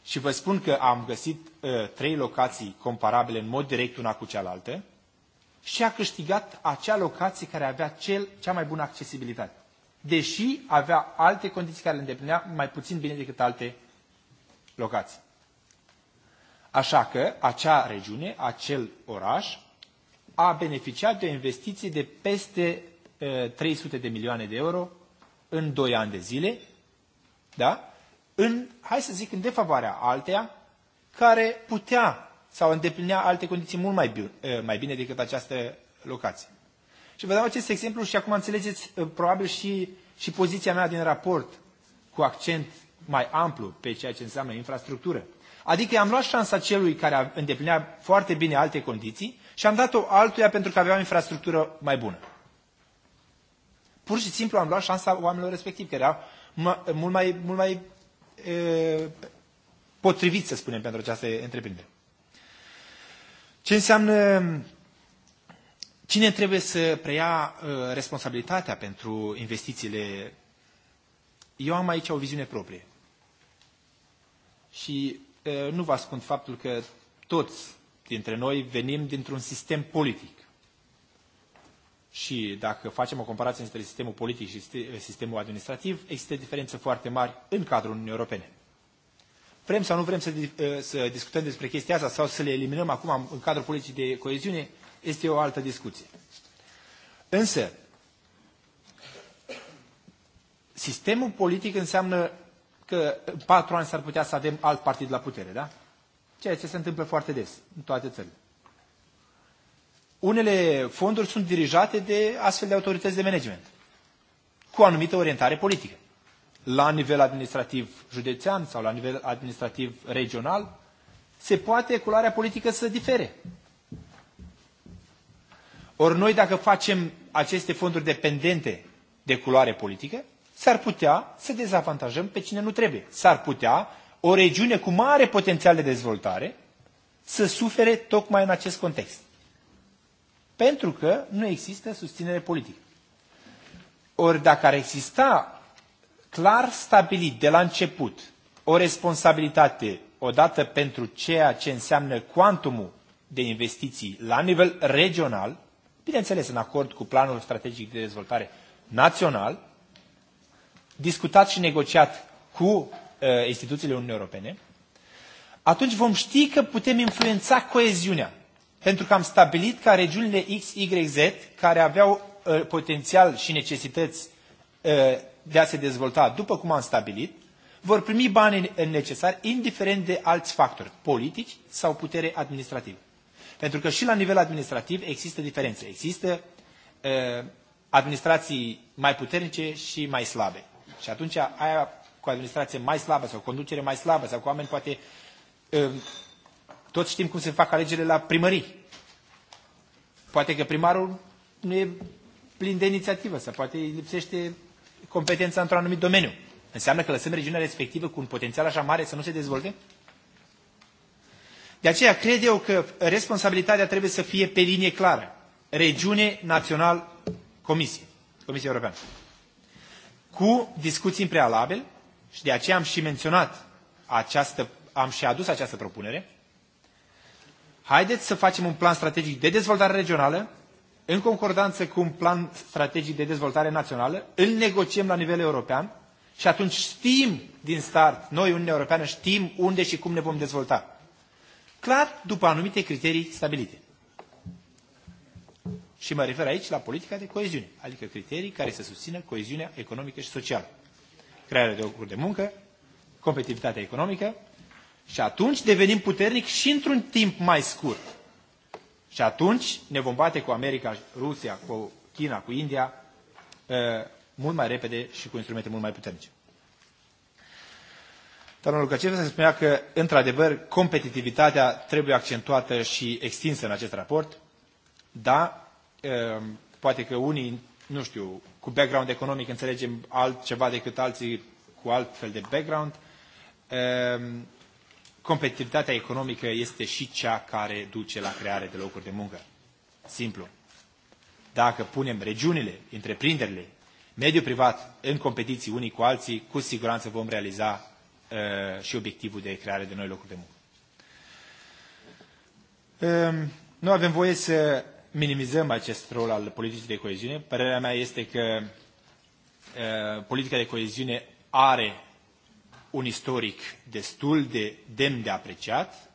Și vă spun că am găsit uh, trei locații comparabile în mod direct una cu cealaltă, și a câștigat acea locație care avea cel, cea mai bună accesibilitate. Deși avea alte condiții care le îndeplinea mai puțin bine decât alte locații. Așa că acea regiune, acel oraș, a beneficiat de o investiție de peste 300 de milioane de euro în 2 ani de zile, da? în, hai să zic, în defavoarea alteia, care putea sau îndeplinea alte condiții mult mai, eh, mai bine decât această locație. Și vă dau acest exemplu și acum înțelegeți eh, probabil și, și poziția mea din raport cu accent mai amplu pe ceea ce înseamnă infrastructură. Adică am luat șansa celui care îndeplinea foarte bine alte condiții și am dat-o altuia pentru că avea o infrastructură mai bună. Pur și simplu am luat șansa oamenilor respectivi, care erau mult mai, mult mai e, eh, potriviți, să spunem, pentru această întreprindere. Ce înseamnă, cine trebuie să preia uh, responsabilitatea pentru investițiile? Eu am aici o viziune proprie. Și uh, nu vă ascund faptul că toți dintre noi venim dintr-un sistem politic. Și dacă facem o comparație între sistemul politic și sistemul administrativ, există diferențe foarte mari în cadrul Uniunii Europene vrem sau nu vrem să, eh, să discutăm despre chestia asta sau să le eliminăm acum în cadrul politicii de coeziune, este o altă discuție. Însă, sistemul politic înseamnă că în patru ani s-ar putea să avem alt partid la putere, da? Ceea ce se întâmplă foarte des în toate țările. Unele fonduri sunt dirijate de astfel de autorități de management, cu anumită orientare politică la nivel administrativ județean sau la nivel administrativ regional, se poate culoarea politică să difere. Ori noi dacă facem aceste fonduri dependente de culoare politică, s-ar putea să dezavantajăm pe cine nu trebuie. S-ar putea o regiune cu mare potențial de dezvoltare să sufere tocmai în acest context. Pentru că nu există susținere politică. Ori dacă ar exista clar stabilit de la început o responsabilitate odată pentru ceea ce înseamnă cuantumul de investiții la nivel regional, bineînțeles în acord cu planul strategic de dezvoltare național, discutat și negociat cu uh, instituțiile Uniunii Europene, atunci vom ști că putem influența coeziunea. Pentru că am stabilit ca regiunile X, Y, Z, care aveau uh, potențial și necesități uh, de a se dezvolta după cum am stabilit, vor primi banii necesari indiferent de alți factori, politici sau putere administrativă. Pentru că și la nivel administrativ există diferențe. Există uh, administrații mai puternice și mai slabe. Și atunci aia cu administrație mai slabă sau conducere mai slabă sau cu oameni poate... Uh, toți știm cum se fac alegerile la primării. Poate că primarul nu e plin de inițiativă sau poate îi lipsește competența într-un anumit domeniu. Înseamnă că lăsăm regiunea respectivă cu un potențial așa mare să nu se dezvolte? De aceea cred eu că responsabilitatea trebuie să fie pe linie clară. Regiune, național, comisie. Comisia Europeană. Cu discuții în prealabil și de aceea am și menționat această, am și adus această propunere. Haideți să facem un plan strategic de dezvoltare regională în concordanță cu un plan strategic de dezvoltare națională, îl negociem la nivel european și atunci știm din start, noi, Uniunea Europeană, știm unde și cum ne vom dezvolta. Clar, după anumite criterii stabilite. Și mă refer aici la politica de coeziune, adică criterii care să susțină coeziunea economică și socială. Crearea de locuri de muncă, competitivitatea economică și atunci devenim puternic și într-un timp mai scurt. Și atunci ne vom bate cu America, Rusia, cu China, cu India uh, mult mai repede și cu instrumente mult mai puternice. Domnul Lucacev se spunea că, într-adevăr, competitivitatea trebuie accentuată și extinsă în acest raport. Da, uh, poate că unii, nu știu, cu background economic înțelegem altceva decât alții cu alt fel de background. Uh, competitivitatea economică este și cea care duce la creare de locuri de muncă. Simplu. Dacă punem regiunile, întreprinderile, mediul privat în competiții unii cu alții, cu siguranță vom realiza uh, și obiectivul de creare de noi locuri de muncă. Um, nu avem voie să minimizăm acest rol al politicii de coeziune. Părerea mea este că uh, politica de coeziune are un istoric destul de demn de apreciat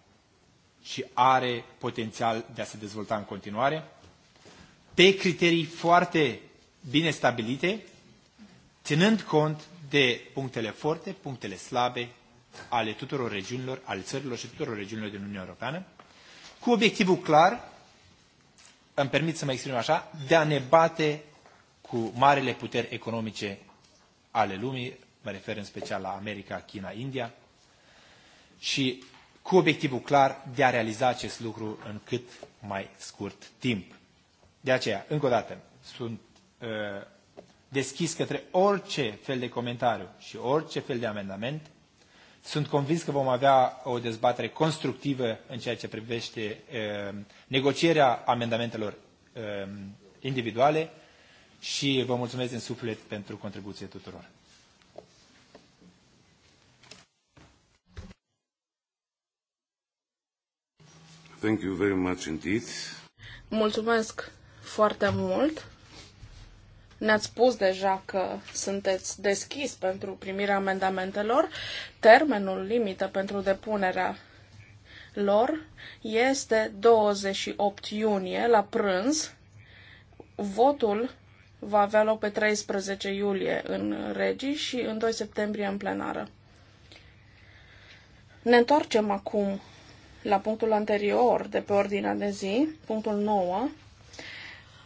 și are potențial de a se dezvolta în continuare, pe criterii foarte bine stabilite, ținând cont de punctele forte, punctele slabe ale tuturor regiunilor, ale țărilor și tuturor regiunilor din Uniunea Europeană, cu obiectivul clar, îmi permit să mă exprim așa, de a ne bate cu marile puteri economice ale lumii, mă refer în special la America, China, India, și cu obiectivul clar de a realiza acest lucru în cât mai scurt timp. De aceea, încă o dată, sunt uh, deschis către orice fel de comentariu și orice fel de amendament. Sunt convins că vom avea o dezbatere constructivă în ceea ce privește uh, negocierea amendamentelor uh, individuale și vă mulțumesc în suflet pentru contribuție tuturor. Thank you very much indeed. Mulțumesc foarte mult. Ne-ați spus deja că sunteți deschis pentru primirea amendamentelor. Termenul limită pentru depunerea lor este 28 iunie la prânz. Votul va avea loc pe 13 iulie în regii și în 2 septembrie în plenară. Ne întoarcem acum la punctul anterior de pe ordinea de zi, punctul 9,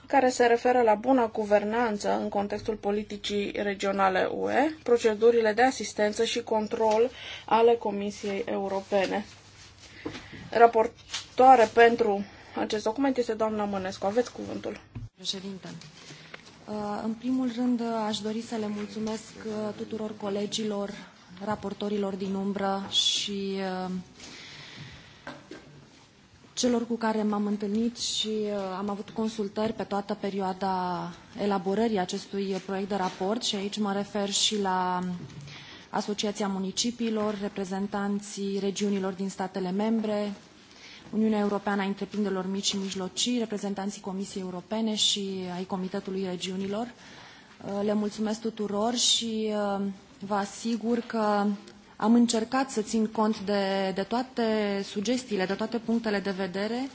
care se referă la buna guvernanță în contextul politicii regionale UE, procedurile de asistență și control ale Comisiei Europene. Raportoare pentru acest document este doamna Mănescu. Aveți cuvântul. Președinte, uh, în primul rând uh, aș dori să le mulțumesc uh, tuturor colegilor, raportorilor din umbră și uh, celor cu care m-am întâlnit și uh, am avut consultări pe toată perioada elaborării acestui proiect de raport și aici mă refer și la Asociația Municipiilor, reprezentanții regiunilor din statele membre, Uniunea Europeană a Întreprinderilor Mici și Mijlocii, reprezentanții Comisiei Europene și ai Comitetului Regiunilor. Uh, le mulțumesc tuturor și uh, vă asigur că am încercat să țin cont de, de toate sugestiile, de toate punctele de vedere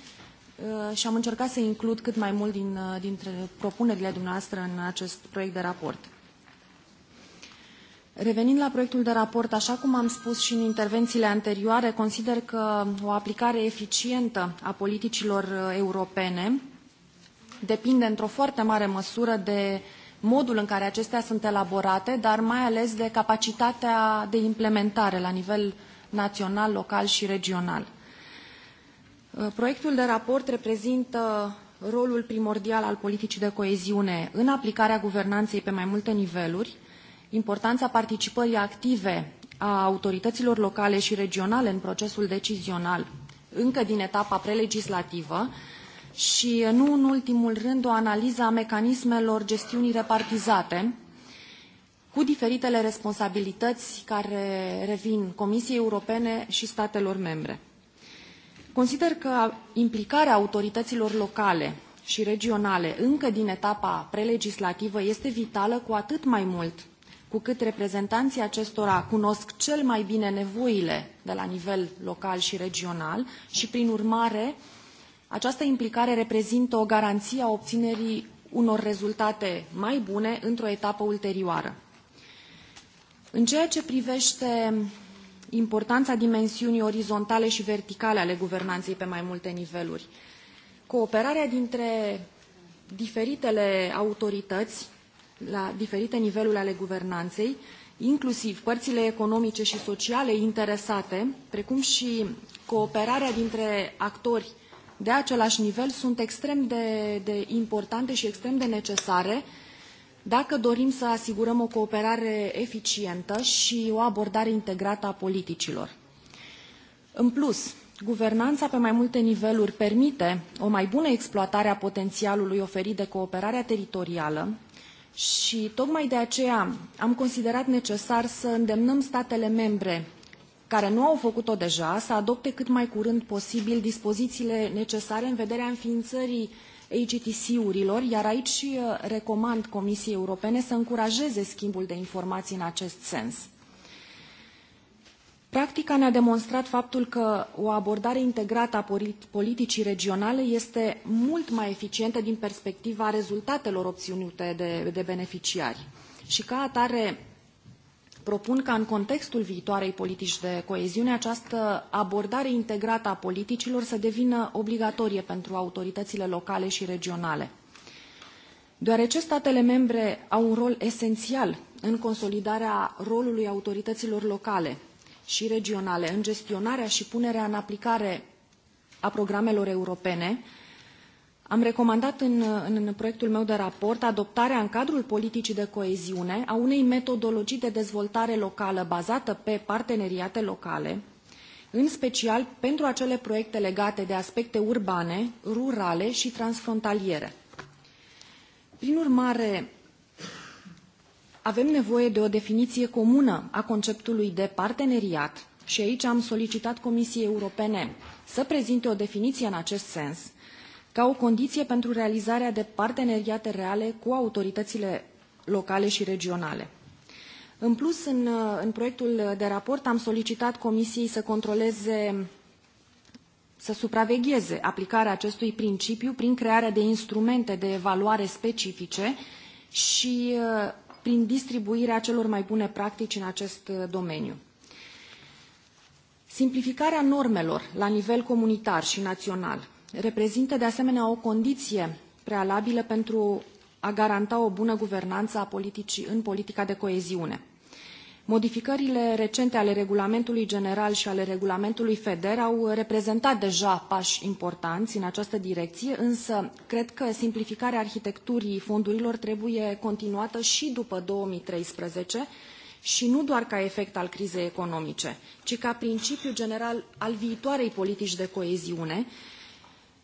uh, și am încercat să includ cât mai mult din, uh, dintre propunerile dumneavoastră în acest proiect de raport. Revenind la proiectul de raport, așa cum am spus și în intervențiile anterioare, consider că o aplicare eficientă a politicilor uh, europene depinde într-o foarte mare măsură de uh, modul în care acestea sunt elaborate, dar mai ales de capacitatea de implementare la nivel național, local și regional. Uh, proiectul de raport reprezintă rolul primordial al politicii de coeziune în aplicarea guvernanței pe mai multe niveluri, importanța participării active a autorităților locale și regionale în procesul decizional încă din etapa prelegislativă, și, eh, nu în ultimul rând, o analiză a mecanismelor gestiunii repartizate cu diferitele responsabilități care revin Comisiei Europene și statelor membre. Consider că implicarea autorităților locale și regionale încă din etapa prelegislativă este vitală cu atât mai mult cu cât reprezentanții acestora cunosc cel mai bine nevoile de la nivel local și regional și, prin urmare, această implicare reprezintă o garanție a obținerii unor rezultate mai bune într-o etapă ulterioară. În ceea ce privește importanța dimensiunii orizontale și verticale ale guvernanței pe mai multe niveluri, cooperarea dintre diferitele autorități la diferite niveluri ale guvernanței, inclusiv părțile economice și sociale interesate, precum și cooperarea dintre actori de același nivel sunt extrem de, de importante și extrem de necesare dacă dorim să asigurăm o cooperare eficientă și o abordare integrată a politicilor. În plus, guvernanța pe mai multe niveluri permite o mai bună exploatare a potențialului oferit de cooperarea teritorială și tocmai de aceea am considerat necesar să îndemnăm statele membre care nu au făcut-o deja să adopte cât mai curând posibil dispozițiile necesare în vederea înființării AGTC-urilor, iar aici uh, recomand Comisiei Europene să încurajeze schimbul de informații în acest sens. Practica ne-a demonstrat faptul că o abordare integrată a politicii regionale este mult mai eficientă din perspectiva rezultatelor obținute de, de beneficiari. Și ca atare, propun ca în contextul viitoarei politici de coeziune această abordare integrată a politicilor să devină obligatorie pentru autoritățile locale și regionale. Deoarece statele membre au un rol esențial în consolidarea rolului autorităților locale și regionale în gestionarea și punerea în aplicare a programelor europene, am recomandat în, în proiectul meu de raport adoptarea în cadrul politicii de coeziune a unei metodologii de dezvoltare locală bazată pe parteneriate locale, în special pentru acele proiecte legate de aspecte urbane, rurale și transfrontaliere. Prin urmare, avem nevoie de o definiție comună a conceptului de parteneriat și aici am solicitat Comisiei Europene să prezinte o definiție în acest sens, ca o condiție pentru realizarea de parteneriate reale cu autoritățile locale și regionale. În plus, în, în proiectul de raport am solicitat Comisiei să controleze să supravegheze aplicarea acestui principiu prin crearea de instrumente de evaluare specifice și uh, prin distribuirea celor mai bune practici în acest uh, domeniu. Simplificarea normelor la nivel comunitar și național reprezintă de asemenea o condiție prealabilă pentru a garanta o bună guvernanță a politicii, în politica de coeziune. Modificările recente ale regulamentului general și ale regulamentului FEDER au reprezentat deja pași importanți în această direcție, însă cred că simplificarea arhitecturii fondurilor trebuie continuată și după 2013 și nu doar ca efect al crizei economice, ci ca principiu general al viitoarei politici de coeziune,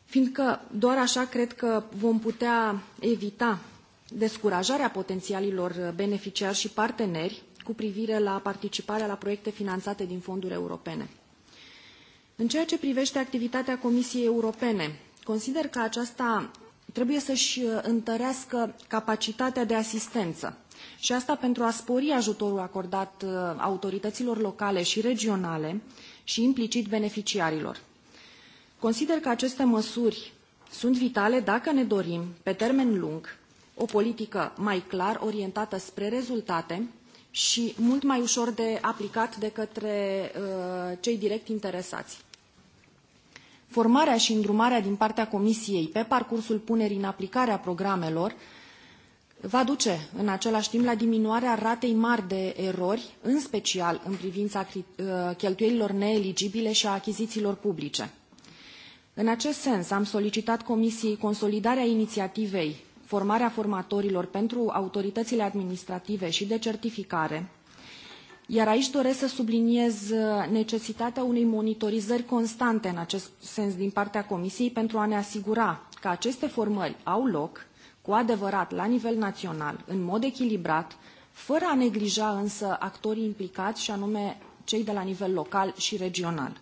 fiindcă doar așa cred că vom putea evita descurajarea potențialilor beneficiari și parteneri cu privire la participarea la proiecte finanțate din fonduri europene. În ceea ce privește activitatea Comisiei Europene, consider că aceasta trebuie să-și uh, întărească capacitatea de asistență și asta pentru a spori ajutorul acordat uh, autorităților locale și regionale și implicit beneficiarilor. Consider că aceste măsuri sunt vitale dacă ne dorim, pe termen lung, o politică mai clar orientată spre rezultate și mult mai ușor de aplicat de către uh, cei direct interesați. Formarea și îndrumarea din partea Comisiei pe parcursul punerii în aplicare a programelor va duce în același timp la diminuarea ratei mari de erori, în special în privința uh, cheltuielilor neeligibile și a achizițiilor publice. În acest sens, am solicitat Comisiei consolidarea inițiativei formarea formatorilor pentru autoritățile administrative și de certificare, iar aici doresc să subliniez uh, necesitatea unei monitorizări constante în acest sens din partea Comisiei pentru a ne asigura că aceste formări au loc cu adevărat la nivel național, în mod echilibrat, fără a neglija însă actorii implicați și anume cei de la nivel local și regional.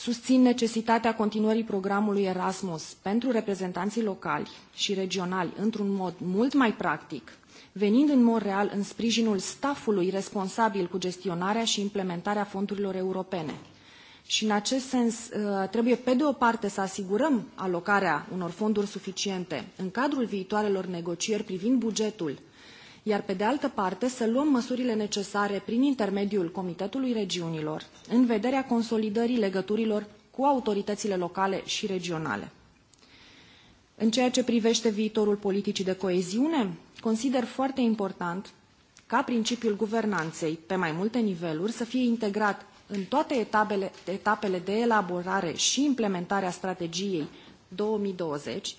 Susțin necesitatea continuării programului Erasmus pentru reprezentanții locali și regionali într-un mod mult mai practic, venind în mod real în sprijinul staffului responsabil cu gestionarea și implementarea fondurilor europene. Și în acest sens ă, trebuie, pe de o parte, să asigurăm alocarea unor fonduri suficiente în cadrul viitoarelor negocieri privind bugetul iar pe de altă parte să luăm măsurile necesare prin intermediul Comitetului Regiunilor în vederea consolidării legăturilor cu autoritățile locale și regionale. În ceea ce privește viitorul politicii de coeziune, consider foarte important ca principiul guvernanței pe mai multe niveluri să fie integrat în toate etapele, etapele de elaborare și implementare a strategiei 2020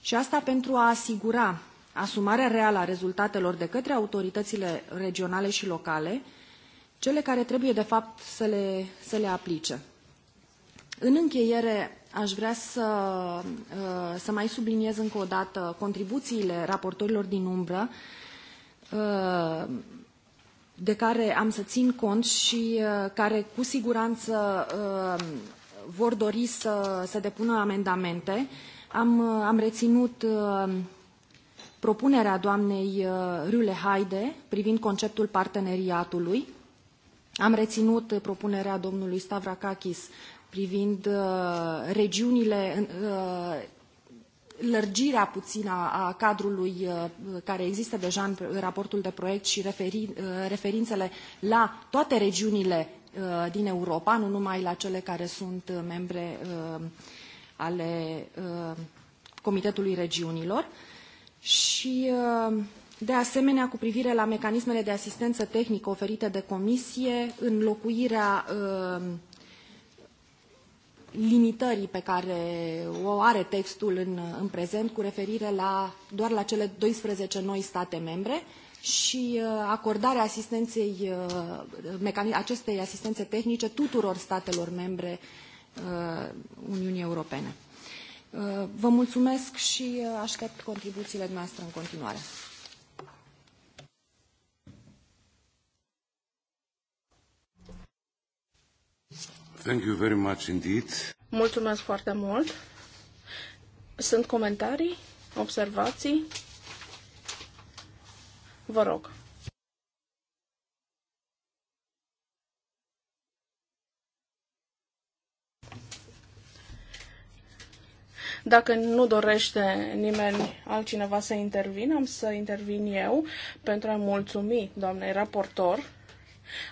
și asta pentru a asigura asumarea reală a rezultatelor de către autoritățile regionale și locale, cele care trebuie de fapt să le, să le aplice. În încheiere, aș vrea să, uh, să mai subliniez încă o dată contribuțiile raportorilor din umbră, uh, de care am să țin cont și uh, care cu siguranță vor dori să, să depună amendamente. Am, am reținut propunerea doamnei uh, Rüle Haide privind conceptul parteneriatului. Am reținut uh, propunerea domnului Stavrakakis privind uh, regiunile, lărgirea puțină a cadrului care există deja în raportul de proiect și referințele la toate regiunile din Europa, nu numai la cele care sunt membre ale Comitetului Regiunilor și uh, de asemenea, cu privire la mecanismele de asistență tehnică oferite de comisie, înlocuirea uh, limitării pe care o are textul în, în prezent cu referire la, doar la cele 12 noi state membre și uh, acordarea asistenței, uh, acestei asistențe tehnice tuturor statelor membre uh, Uniunii Europene. Uh, vă mulțumesc și uh, aștept contribuțiile noastre în continuare. Thank you very much indeed. Mulțumesc foarte mult. Sunt comentarii, observații? Vă rog. Dacă nu dorește nimeni altcineva să intervină, am să intervin eu pentru a mulțumi doamnei raportor.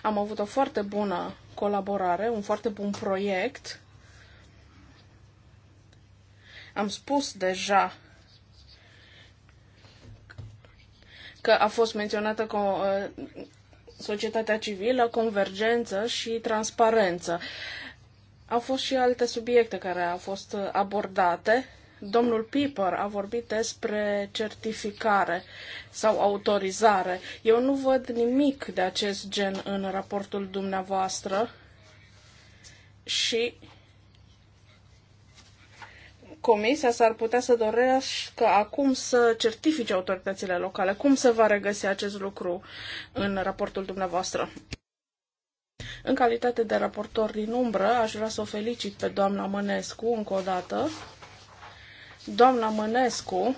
Am avut o foarte bună colaborare, un foarte bun proiect. Am spus deja că a fost menționată cu, ă, societatea civilă, convergență și transparență. Au fost și alte subiecte care au fost abordate. Domnul Piper a vorbit despre certificare sau autorizare. Eu nu văd nimic de acest gen în raportul dumneavoastră și comisia s-ar putea să dorească acum să certifice autoritățile locale. Cum se va regăsi acest lucru în raportul dumneavoastră? În calitate de raportor din umbră, aș vrea să o felicit pe doamna Mănescu încă o dată. Doamna Mănescu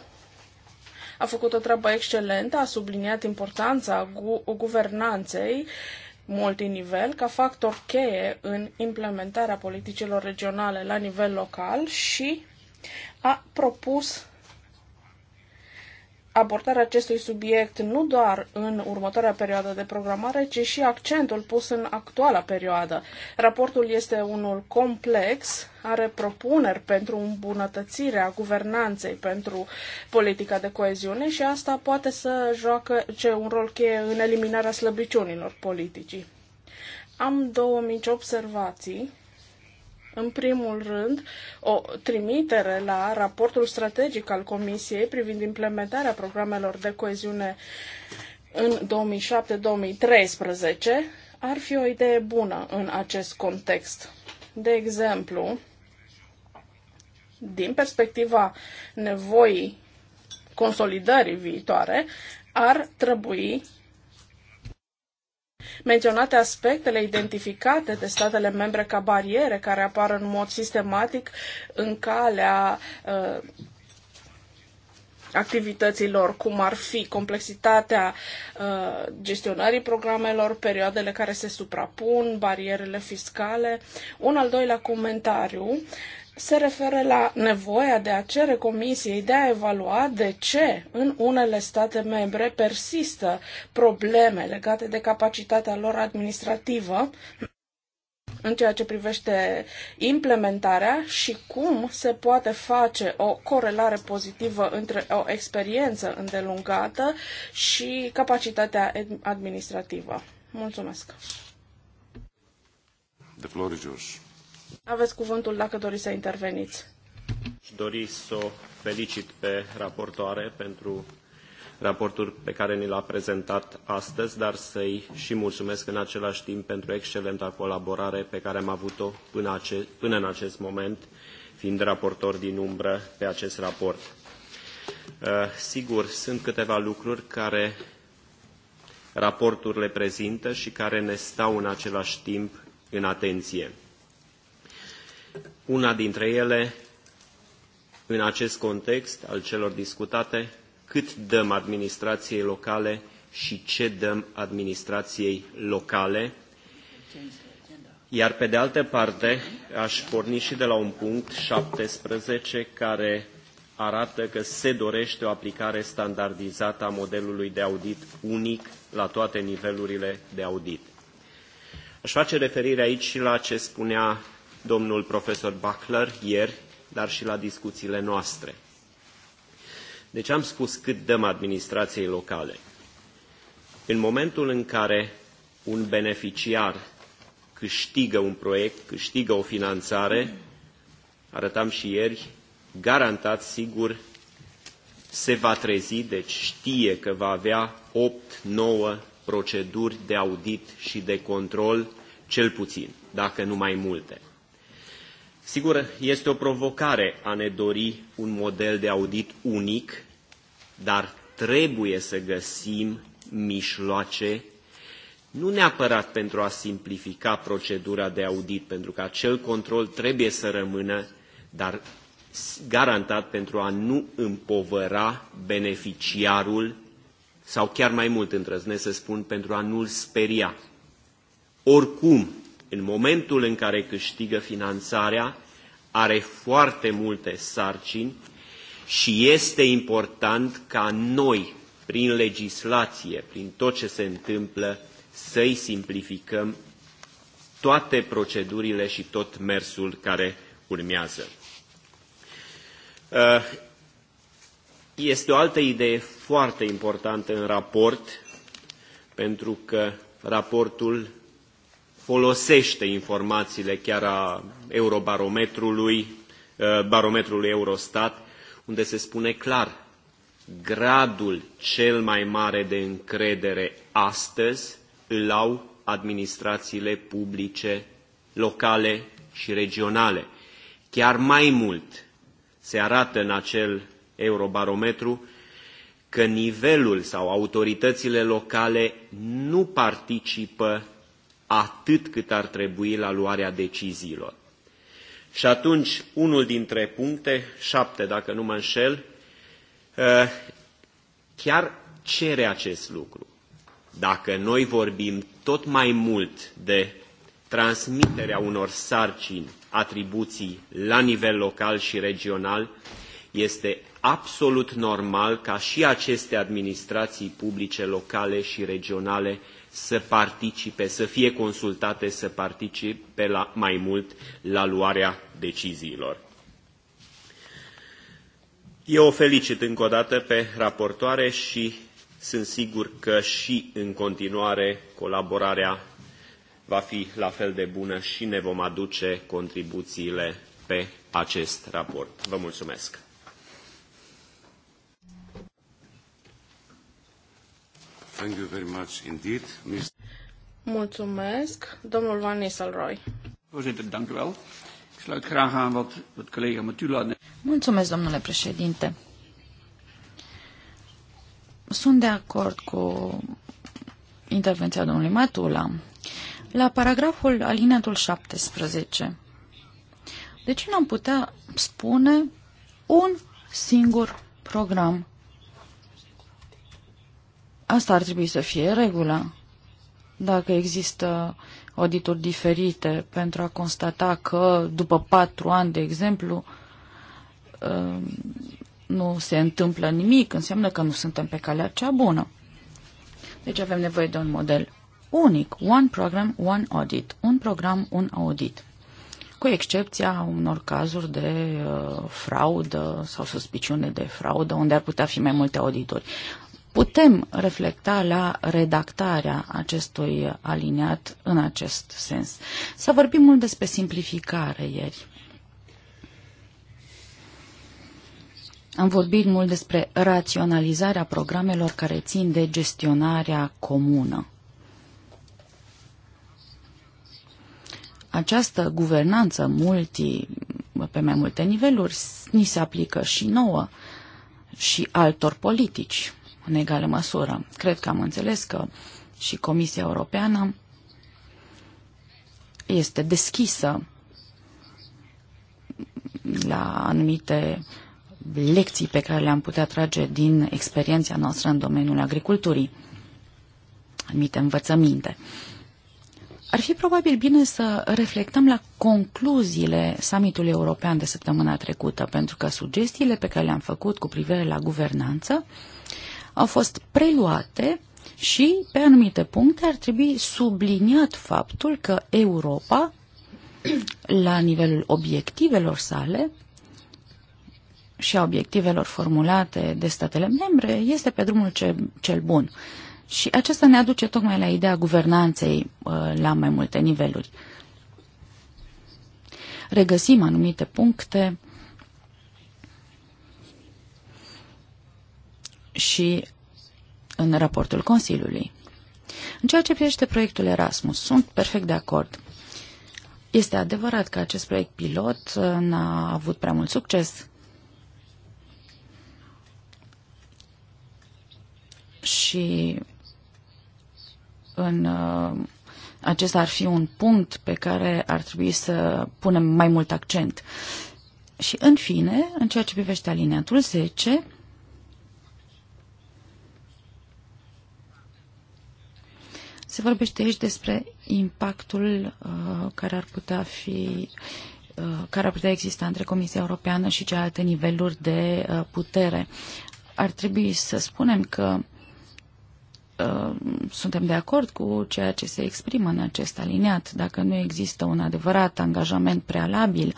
a făcut o treabă excelentă, a subliniat importanța gu- guvernanței multinivel ca factor cheie în implementarea politicilor regionale la nivel local și a propus abordarea acestui subiect nu doar în următoarea perioadă de programare, ci și accentul pus în actuala perioadă. Raportul este unul complex, are propuneri pentru îmbunătățirea guvernanței pentru politica de coeziune și asta poate să joacă ce un rol cheie în eliminarea slăbiciunilor politicii. Am două mici observații în primul rând, o trimitere la raportul strategic al Comisiei privind implementarea programelor de coeziune în 2007-2013 ar fi o idee bună în acest context. De exemplu, din perspectiva nevoii consolidării viitoare, ar trebui menționate aspectele identificate de statele membre ca bariere care apar în mod sistematic în calea uh, activităților, cum ar fi complexitatea uh, gestionării programelor, perioadele care se suprapun, barierele fiscale. Un al doilea comentariu se referă la nevoia de a cere comisiei de a evalua de ce în unele state membre persistă probleme legate de capacitatea lor administrativă în ceea ce privește implementarea și cum se poate face o corelare pozitivă între o experiență îndelungată și capacitatea administrativă. Mulțumesc! The floor is yours. Aveți cuvântul dacă doriți să interveniți. Aș dori să o felicit pe raportoare pentru raportul pe care ni l-a prezentat astăzi, dar să-i și mulțumesc în același timp pentru excelenta colaborare pe care am avut-o până, ace- până în acest moment, fiind raportor din umbră pe acest raport. Uh, sigur, sunt câteva lucruri care raportul le prezintă și care ne stau în același timp în atenție una dintre ele, în acest context al celor discutate, cât dăm administrației locale și ce dăm administrației locale. Iar pe de altă parte, aș porni și de la un punct 17 care arată că se dorește o aplicare standardizată a modelului de audit unic la toate nivelurile de audit. Aș face referire aici și la ce spunea domnul profesor Buckler ieri, dar și la discuțiile noastre. Deci am spus cât dăm administrației locale. În momentul în care un beneficiar câștigă un proiect, câștigă o finanțare, arătam și ieri, garantat, sigur, se va trezi, deci știe că va avea 8-9 proceduri de audit și de control, cel puțin, dacă nu mai multe. Sigur, este o provocare a ne dori un model de audit unic, dar trebuie să găsim mișloace, nu neapărat pentru a simplifica procedura de audit, pentru că acel control trebuie să rămână, dar garantat pentru a nu împovăra beneficiarul sau chiar mai mult îndrăznesc să spun, pentru a nu-l speria. Oricum, în momentul în care câștigă finanțarea, are foarte multe sarcini și este important ca noi, prin legislație, prin tot ce se întâmplă, să-i simplificăm toate procedurile și tot mersul care urmează. Uh, este o altă idee foarte importantă în raport, pentru că raportul folosește informațiile chiar a eurobarometrului, uh, barometrului Eurostat, unde se spune clar gradul cel mai mare de încredere astăzi îl au administrațiile publice locale și regionale. Chiar mai mult se arată în acel eurobarometru că nivelul sau autoritățile locale nu participă atât cât ar trebui la luarea deciziilor. Și atunci, unul dintre puncte, șapte dacă nu mă înșel, eh, chiar cere acest lucru. Dacă noi vorbim tot mai mult de transmiterea unor sarcini, atribuții la nivel local și regional, este absolut normal ca și aceste administrații publice locale și regionale să participe, să fie consultate, să participe la, mai mult la luarea deciziilor. Eu o felicit încă o dată pe raportoare și sunt sigur că și în continuare colaborarea va fi la fel de bună și ne vom aduce contribuțiile pe acest raport. Vă mulțumesc! Thank you very much indeed, Mr. Mulțumesc, domnul Van Nistelrooy. Voorzitter, dank u wel. Ik sluit graag aan wat, wat collega Matula... Mulțumesc, domnule președinte. Sunt de acord cu intervenția domnului Matula. La paragraful alineatul 17, de ce nu am putea spune un singur program Asta ar trebui să fie regula. Dacă există audituri diferite pentru a constata că după patru ani, de exemplu, um, nu se întâmplă nimic, înseamnă că nu suntem pe calea cea bună. Deci avem nevoie de un model unic, one program, one audit, un program, un audit, cu excepția unor cazuri de uh, fraudă sau suspiciune de fraudă, unde ar putea fi mai multe auditori putem reflecta la redactarea acestui aliniat în acest sens. Să vorbim mult despre simplificare ieri. Am vorbit mult despre raționalizarea programelor care țin de gestionarea comună. Această guvernanță multi, pe mai multe niveluri ni se aplică și nouă și altor politici în egală măsură. Cred că am înțeles că și Comisia Europeană este deschisă la anumite lecții pe care le-am putea trage din experiența noastră în domeniul agriculturii, anumite învățăminte. Ar fi probabil bine să reflectăm la concluziile summitului european de săptămâna trecută, pentru că sugestiile pe care le-am făcut cu privire la guvernanță au fost preluate și, pe anumite puncte, ar trebui subliniat faptul că Europa, la nivelul obiectivelor sale și a obiectivelor formulate de statele membre, este pe drumul ce, cel bun. Și acesta ne aduce tocmai la ideea guvernanței uh, la mai multe niveluri. Regăsim anumite puncte și în raportul Consiliului. În ceea ce privește proiectul Erasmus, sunt perfect de acord. Este adevărat că acest proiect pilot uh, n-a avut prea mult succes. Și în uh, acesta ar fi un punct pe care ar trebui să punem mai mult accent. Și în fine, în ceea ce privește alineatul 10, Se vorbește aici despre impactul uh, care ar putea fi uh, care ar putea exista între Comisia Europeană și celelalte niveluri de uh, putere. Ar trebui să spunem că uh, suntem de acord cu ceea ce se exprimă în acest aliniat. Dacă nu există un adevărat angajament prealabil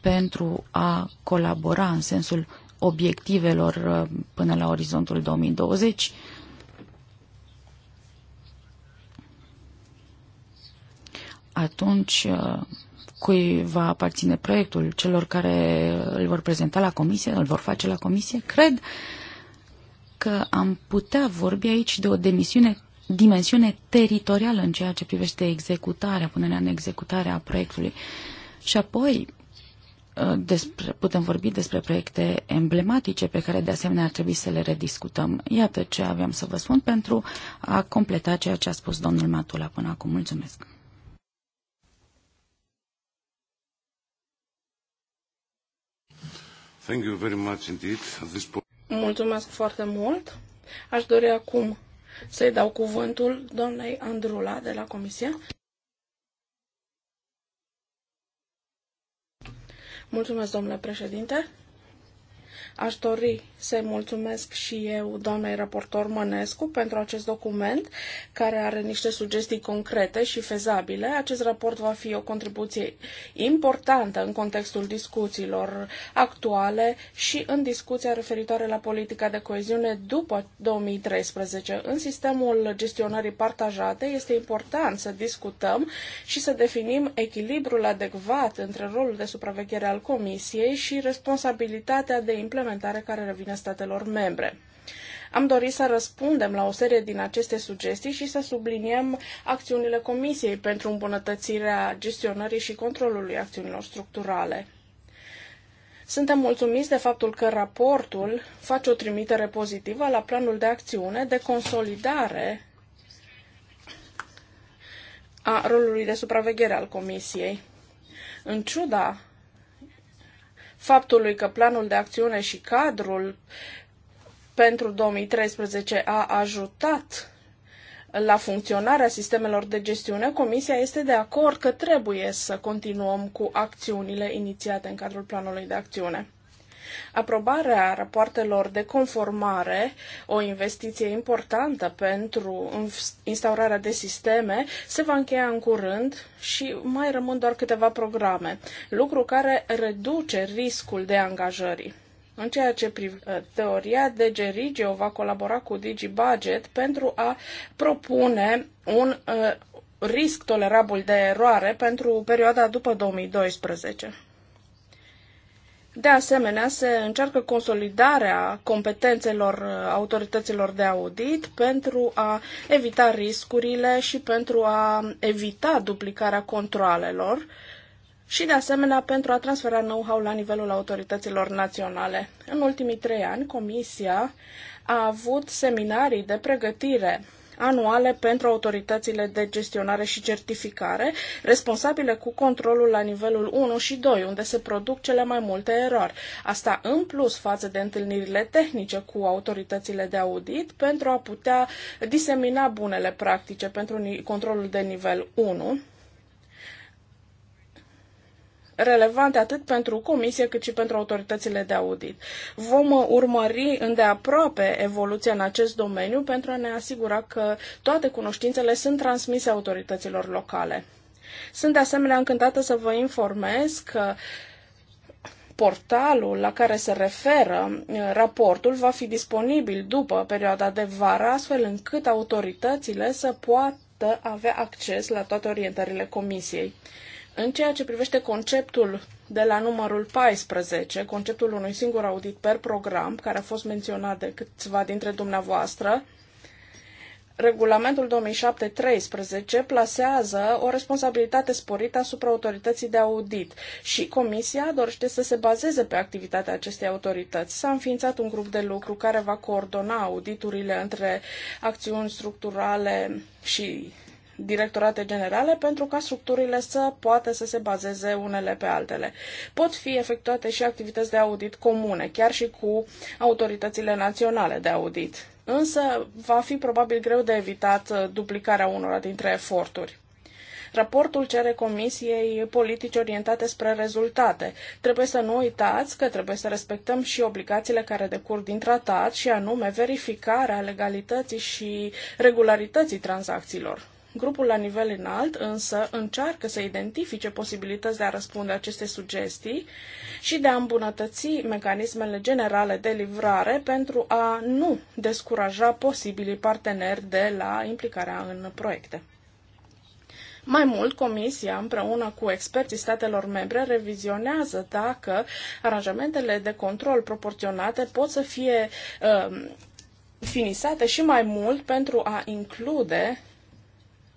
pentru a colabora în sensul obiectivelor uh, până la orizontul 2020, atunci uh, cui va aparține proiectul, celor care îl vor prezenta la comisie, îl vor face la comisie, cred că am putea vorbi aici de o demisiune, dimensiune teritorială în ceea ce privește executarea, punerea în executare a proiectului. Și apoi uh, despre, putem vorbi despre proiecte emblematice pe care de asemenea ar trebui să le rediscutăm. Iată ce aveam să vă spun pentru a completa ceea ce a spus domnul Matula până acum. Mulțumesc! Thank you very much indeed. This... Mulțumesc foarte mult. Aș dori acum să-i dau cuvântul doamnei Andrula de la Comisie. Mulțumesc, domnule președinte. Aș dori să-i mulțumesc și eu, doamnei raportor Mănescu, pentru acest document, care are niște sugestii concrete și fezabile. Acest raport va fi o contribuție importantă în contextul discuțiilor actuale și în discuția referitoare la politica de coeziune după 2013. În sistemul gestionării partajate este important să discutăm și să definim echilibrul adecvat între rolul de supraveghere al Comisiei și responsabilitatea de implementare implementare care revine statelor membre. Am dorit să răspundem la o serie din aceste sugestii și să subliniem acțiunile Comisiei pentru îmbunătățirea gestionării și controlului acțiunilor structurale. Suntem mulțumiți de faptul că raportul face o trimitere pozitivă la planul de acțiune de consolidare a rolului de supraveghere al Comisiei. În ciuda faptului că planul de acțiune și cadrul pentru 2013 a ajutat la funcționarea sistemelor de gestiune, Comisia este de acord că trebuie să continuăm cu acțiunile inițiate în cadrul planului de acțiune. Aprobarea rapoartelor de conformare, o investiție importantă pentru instaurarea de sisteme, se va încheia în curând și mai rămân doar câteva programe, lucru care reduce riscul de angajării. În ceea ce priv- ă, teoria, DG Regio va colabora cu DigiBudget pentru a propune un uh, risc tolerabil de eroare pentru perioada după 2012. De asemenea, se încearcă consolidarea competențelor uh, autorităților de audit pentru a evita riscurile și pentru a evita duplicarea controalelor și, de asemenea, pentru a transfera know-how la nivelul autorităților naționale. În ultimii trei ani, Comisia a avut seminarii de pregătire anuale pentru autoritățile de gestionare și certificare, responsabile cu controlul la nivelul 1 și 2, unde se produc cele mai multe erori. Asta în plus față de întâlnirile tehnice cu autoritățile de audit pentru a putea disemina bunele practice pentru controlul de nivel 1 relevante atât pentru comisie cât și pentru autoritățile de audit. Vom uh, urmări îndeaproape evoluția în acest domeniu pentru a ne asigura că toate cunoștințele sunt transmise autorităților locale. Sunt de asemenea încântată să vă informez că portalul la care se referă uh, raportul va fi disponibil după perioada de vară, astfel încât autoritățile să poată avea acces la toate orientările comisiei. În ceea ce privește conceptul de la numărul 14, conceptul unui singur audit per program, care a fost menționat de câțiva dintre dumneavoastră, Regulamentul 2007-13 plasează o responsabilitate sporită asupra autorității de audit și Comisia dorește să se bazeze pe activitatea acestei autorități. S-a înființat un grup de lucru care va coordona auditurile între acțiuni structurale și directorate generale pentru ca structurile să poată să se bazeze unele pe altele. Pot fi efectuate și activități de audit comune, chiar și cu autoritățile naționale de audit. Însă va fi probabil greu de evitat uh, duplicarea unora dintre eforturi. Raportul cere Comisiei politici orientate spre rezultate. Trebuie să nu uitați că trebuie să respectăm și obligațiile care decurg din tratat, și anume verificarea legalității și regularității tranzacțiilor. Grupul la nivel înalt însă încearcă să identifice posibilități de a răspunde aceste sugestii și de a îmbunătăți mecanismele generale de livrare pentru a nu descuraja posibilii parteneri de la implicarea în proiecte. Mai mult, Comisia, împreună cu experții statelor membre, revizionează dacă aranjamentele de control proporționate pot să fie uh, finisate și mai mult pentru a include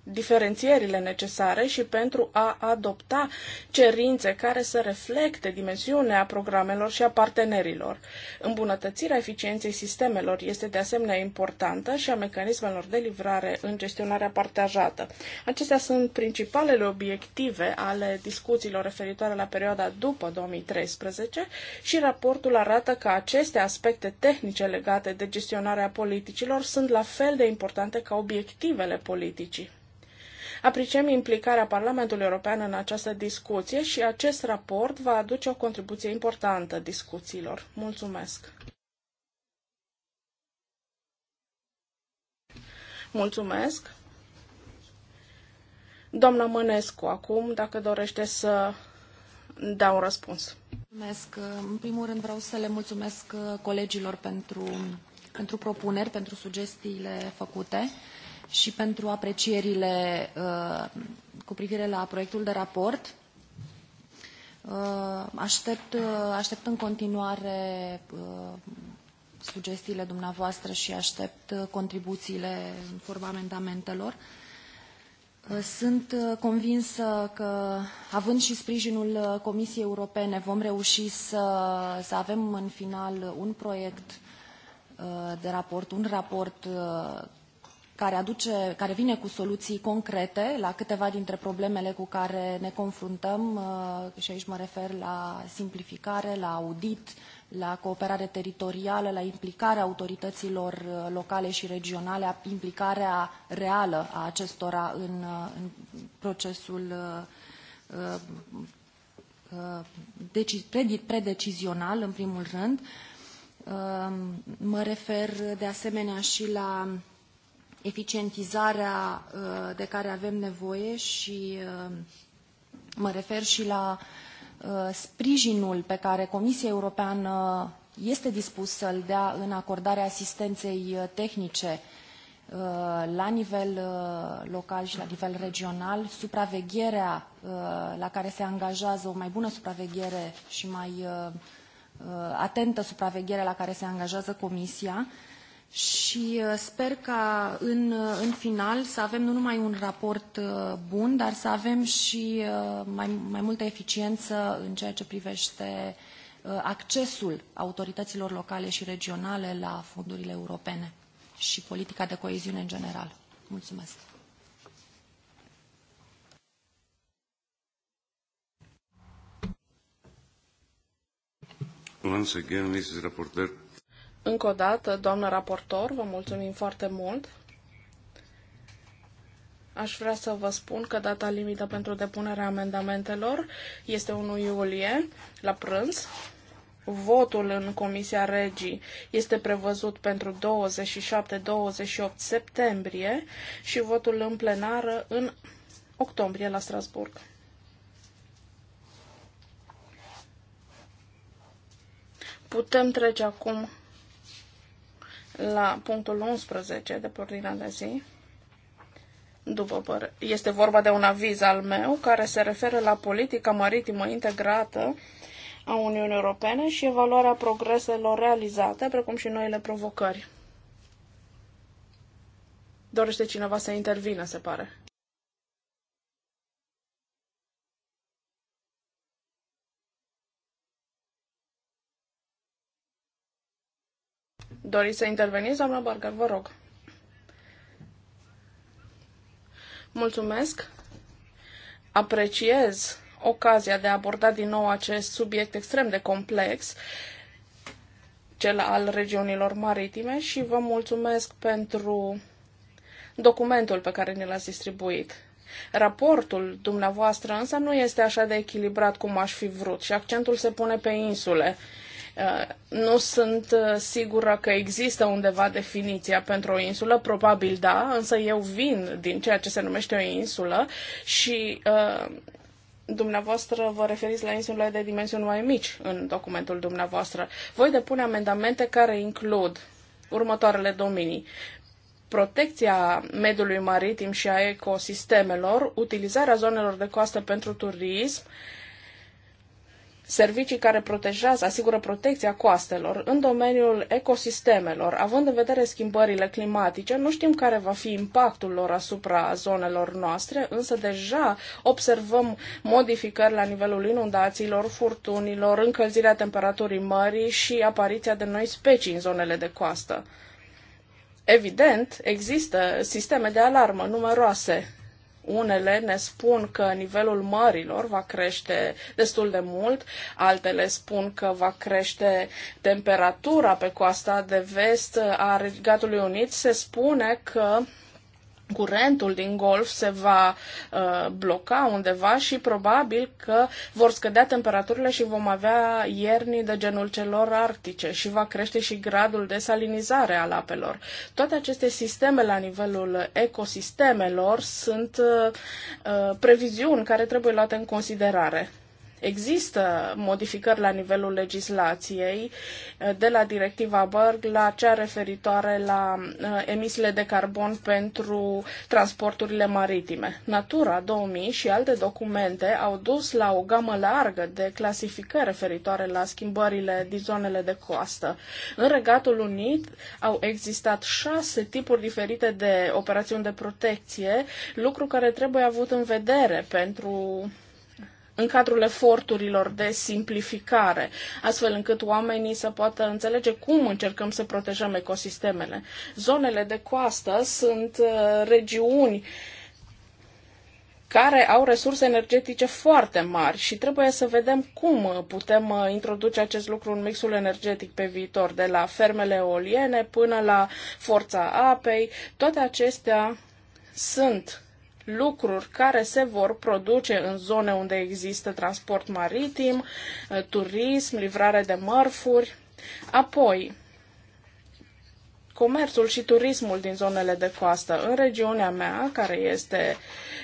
diferențierile necesare și pentru a adopta cerințe care să reflecte dimensiunea programelor și a partenerilor. Îmbunătățirea eficienței sistemelor este de asemenea importantă și a mecanismelor de livrare în gestionarea partajată. Acestea sunt principalele obiective ale discuțiilor referitoare la perioada după 2013 și raportul arată că aceste aspecte tehnice legate de gestionarea politicilor sunt la fel de importante ca obiectivele politicii. Apreciem implicarea Parlamentului European în această discuție și acest raport va aduce o contribuție importantă discuțiilor. Mulțumesc! Mulțumesc! Doamna Mănescu, acum, dacă dorește să da un răspuns. Mulțumesc. În primul rând vreau să le mulțumesc colegilor pentru, pentru propuneri, pentru sugestiile făcute și pentru aprecierile uh, cu privire la proiectul de raport. Uh, aștept, uh, aștept în continuare sugestiile dumneavoastră și aștept contribuțiile în forma amendamentelor. Sunt convinsă că, având și sprijinul Comisiei Europene, vom reuși să, să avem în final un proiect de raport, un raport care, aduce, care vine cu soluții concrete la câteva dintre problemele cu care ne confruntăm uh, și aici mă refer la simplificare, la audit, la cooperare teritorială, la implicarea autorităților uh, locale și regionale, implicarea reală a acestora în, uh, în procesul deci, predecizional, în primul rând. Mă refer de asemenea și la eficientizarea uh, de care avem nevoie și uh, mă refer și la uh, sprijinul pe care Comisia Europeană este dispus să-l dea în acordarea asistenței tehnice la nivel local și la nivel regional, supravegherea la care se angajează o mai bună supraveghere și mai atentă supraveghere la care se angajează Comisia, și uh, sper ca în, uh, în final să avem nu numai un raport uh, bun, dar să avem și mai, mai multă eficiență în ceea ce privește accesul autorităților locale și regionale la fondurile europene și politica de coeziune în general. Mulțumesc! Once again, Mrs. Încă o dată, doamnă raportor, vă mulțumim foarte mult. Aș vrea să vă spun că data limită pentru depunerea amendamentelor este 1 iulie, la prânz. Votul în Comisia Regii este prevăzut pentru 27-28 septembrie și votul în plenară în octombrie la Strasburg. Putem trece acum la punctul 11 de pe de zi. După păr- este vorba de un aviz al meu care se referă la politica maritimă integrată a Uniunii Europene și evaluarea progreselor realizate, precum și noile provocări. Dorește cineva să intervină, se pare. Doriți să interveniți, doamna Barcar, vă rog. Mulțumesc. Apreciez ocazia de a aborda din nou acest subiect extrem de complex, cel al regiunilor maritime, și vă mulțumesc pentru documentul pe care ne l-ați distribuit. Raportul dumneavoastră însă nu este așa de echilibrat cum aș fi vrut și accentul se pune pe insule Uh, nu sunt uh, sigură că există undeva definiția pentru o insulă, probabil da, însă eu vin din ceea ce se numește o insulă și uh, dumneavoastră vă referiți la insulele de dimensiuni mai mici în documentul dumneavoastră. Voi depune amendamente care includ următoarele domenii protecția mediului maritim și a ecosistemelor, utilizarea zonelor de coastă pentru turism, uh, servicii care protejează, asigură protecția coastelor în domeniul ecosistemelor, având în vedere schimbările climatice, nu știm care va fi impactul lor asupra zonelor noastre, însă deja observăm modificări la nivelul inundațiilor, furtunilor, încălzirea temperaturii mării și apariția de noi specii în zonele de coastă. Evident, există sisteme de alarmă numeroase unele ne spun că nivelul mărilor va crește destul de mult, altele spun că va crește temperatura pe coasta de vest a Regatului Unit. Se spune că curentul din Golf se va uh, bloca undeva și probabil că vor scădea temperaturile și vom avea ierni de genul celor arctice și va crește și gradul de salinizare al apelor. Toate aceste sisteme la nivelul ecosistemelor sunt uh, uh previziuni care trebuie luate în considerare. Există modificări la nivelul legislației, eh, de la directiva BERG la cea referitoare la eh, emisiile de carbon pentru transporturile maritime. Natura 2000 și alte documente au dus la o gamă largă de clasificări referitoare la schimbările din zonele de coastă. În Regatul Unit au existat șase tipuri diferite de operațiuni de protecție, lucru care trebuie avut în vedere pentru în cadrul eforturilor de simplificare, astfel încât oamenii să poată înțelege cum încercăm să protejăm ecosistemele. Zonele de coastă sunt uh, regiuni care au resurse energetice foarte mari și trebuie să vedem cum uh, putem uh, introduce acest lucru în mixul energetic pe viitor, de la fermele eoliene până la forța apei. Toate acestea sunt lucruri care se vor produce în zone unde există transport maritim, eh, turism, livrare de mărfuri. Apoi, comerțul și turismul din zonele de coastă. În regiunea mea, care este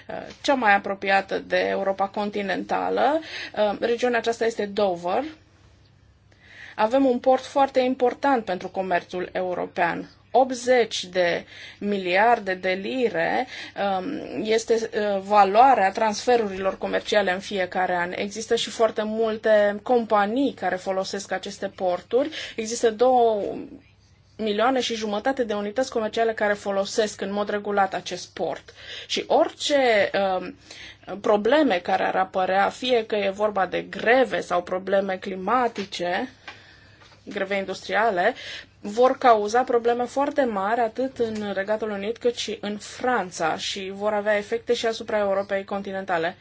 eh, cea mai apropiată de Europa continentală, eh, regiunea aceasta este Dover. Avem un port foarte important pentru comerțul european. 80 de miliarde de lire um, este uh, valoarea transferurilor comerciale în fiecare an. Există și foarte multe companii care folosesc aceste porturi. Există două milioane și jumătate de unități comerciale care folosesc în mod regulat acest port. Și orice um, probleme care ar apărea, fie că e vorba de greve sau probleme climatice, greve industriale, vor cauza probleme foarte mari atât în Regatul Unit cât și în Franța și vor avea efecte și asupra Europei continentale.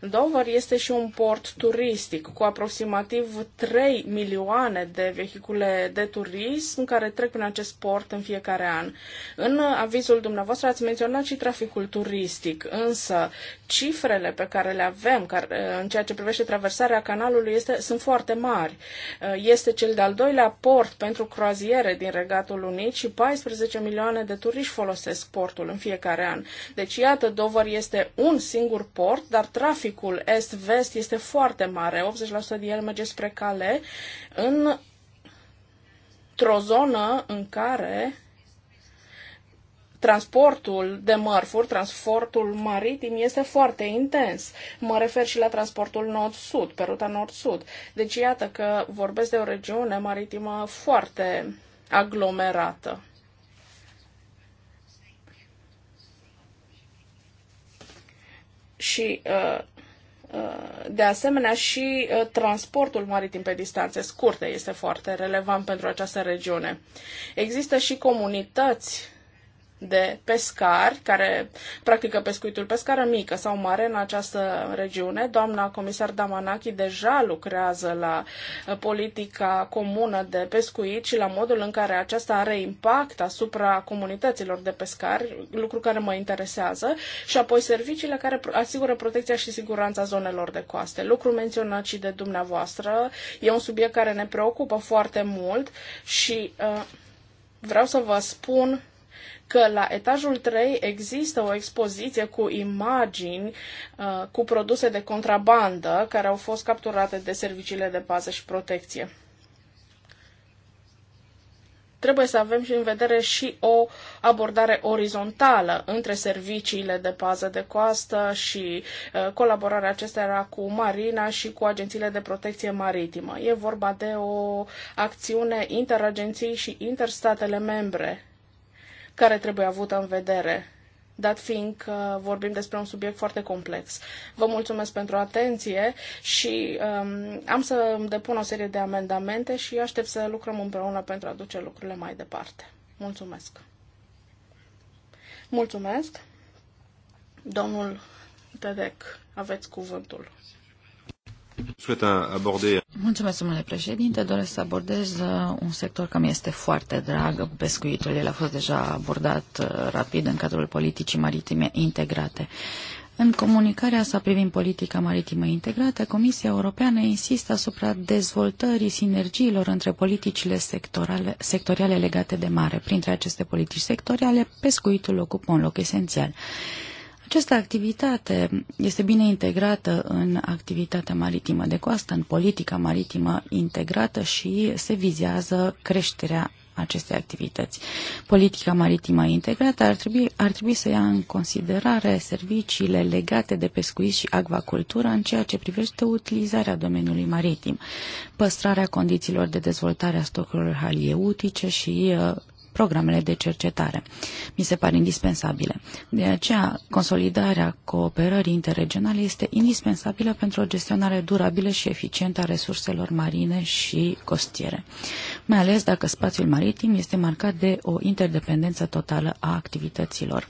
Dover este și un port turistic cu aproximativ 3 milioane de vehicule de turism care trec prin acest port în fiecare an. În avizul dumneavoastră ați menționat și traficul turistic, însă cifrele pe care le avem care, în ceea ce privește traversarea canalului este, sunt foarte mari. Este cel de-al doilea port pentru croaziere din Regatul Unit și 14 milioane de turiști folosesc portul în fiecare an. Deci, iată, Dover este un singur port, dar traficul traficul est-vest este foarte mare, 80% din el merge spre cale, în într-o zonă în care transportul de mărfuri, transportul maritim este foarte intens. Mă refer și la transportul nord-sud, pe ruta nord-sud. Deci iată că vorbesc de o regiune maritimă foarte aglomerată. Și uh, Uh, de asemenea, și uh, transportul maritim pe distanțe scurte este foarte relevant pentru această regiune. Există și comunități de pescari care practică pescuitul pe scară mică sau mare în această regiune. Doamna comisar Damanaki deja lucrează la uh, politica comună de pescuit și la modul în care aceasta are impact asupra comunităților de pescari, lucru care mă interesează, și apoi serviciile care asigură protecția și siguranța zonelor de coaste. Lucru menționat și de dumneavoastră. E un subiect care ne preocupă foarte mult și uh, vreau să vă spun că la etajul 3 există o expoziție cu imagini uh, cu produse de contrabandă care au fost capturate de serviciile de bază și protecție. Trebuie să avem și în vedere și o abordare orizontală între serviciile de pază de coastă și uh, colaborarea acestora cu Marina și cu agențiile de protecție maritimă. E vorba de o acțiune interagenției și interstatele membre care trebuie avută în vedere, dat fiind că vorbim despre un subiect foarte complex. Vă mulțumesc pentru atenție și um, am să îmi depun o serie de amendamente și aștept să lucrăm împreună pentru a duce lucrurile mai departe. Mulțumesc! Mulțumesc! Domnul Tedec, aveți cuvântul. Mulțumesc, domnule președinte. Doresc să abordez uh, un sector care mi este foarte drag, pescuitul. El a fost deja abordat uh, rapid în cadrul politicii maritime integrate. În comunicarea sa privind politica maritimă integrată, Comisia Europeană insistă asupra dezvoltării sinergiilor între politicile sectorale, sectoriale legate de mare. Printre aceste politici sectoriale, pescuitul ocupă un loc esențial. Această activitate este bine integrată în activitatea maritimă de coastă, în politica maritimă integrată și se vizează creșterea acestei activități. Politica maritimă integrată ar trebui, ar trebui să ia în considerare serviciile legate de pescuit și acvacultură în ceea ce privește utilizarea domeniului maritim, păstrarea condițiilor de dezvoltare a stocurilor halieutice și uh, programele de cercetare. Mi se pare indispensabile. De aceea, consolidarea cooperării interregionale este indispensabilă pentru o gestionare durabilă și eficientă a resurselor marine și costiere, mai ales dacă spațiul maritim este marcat de o interdependență totală a activităților.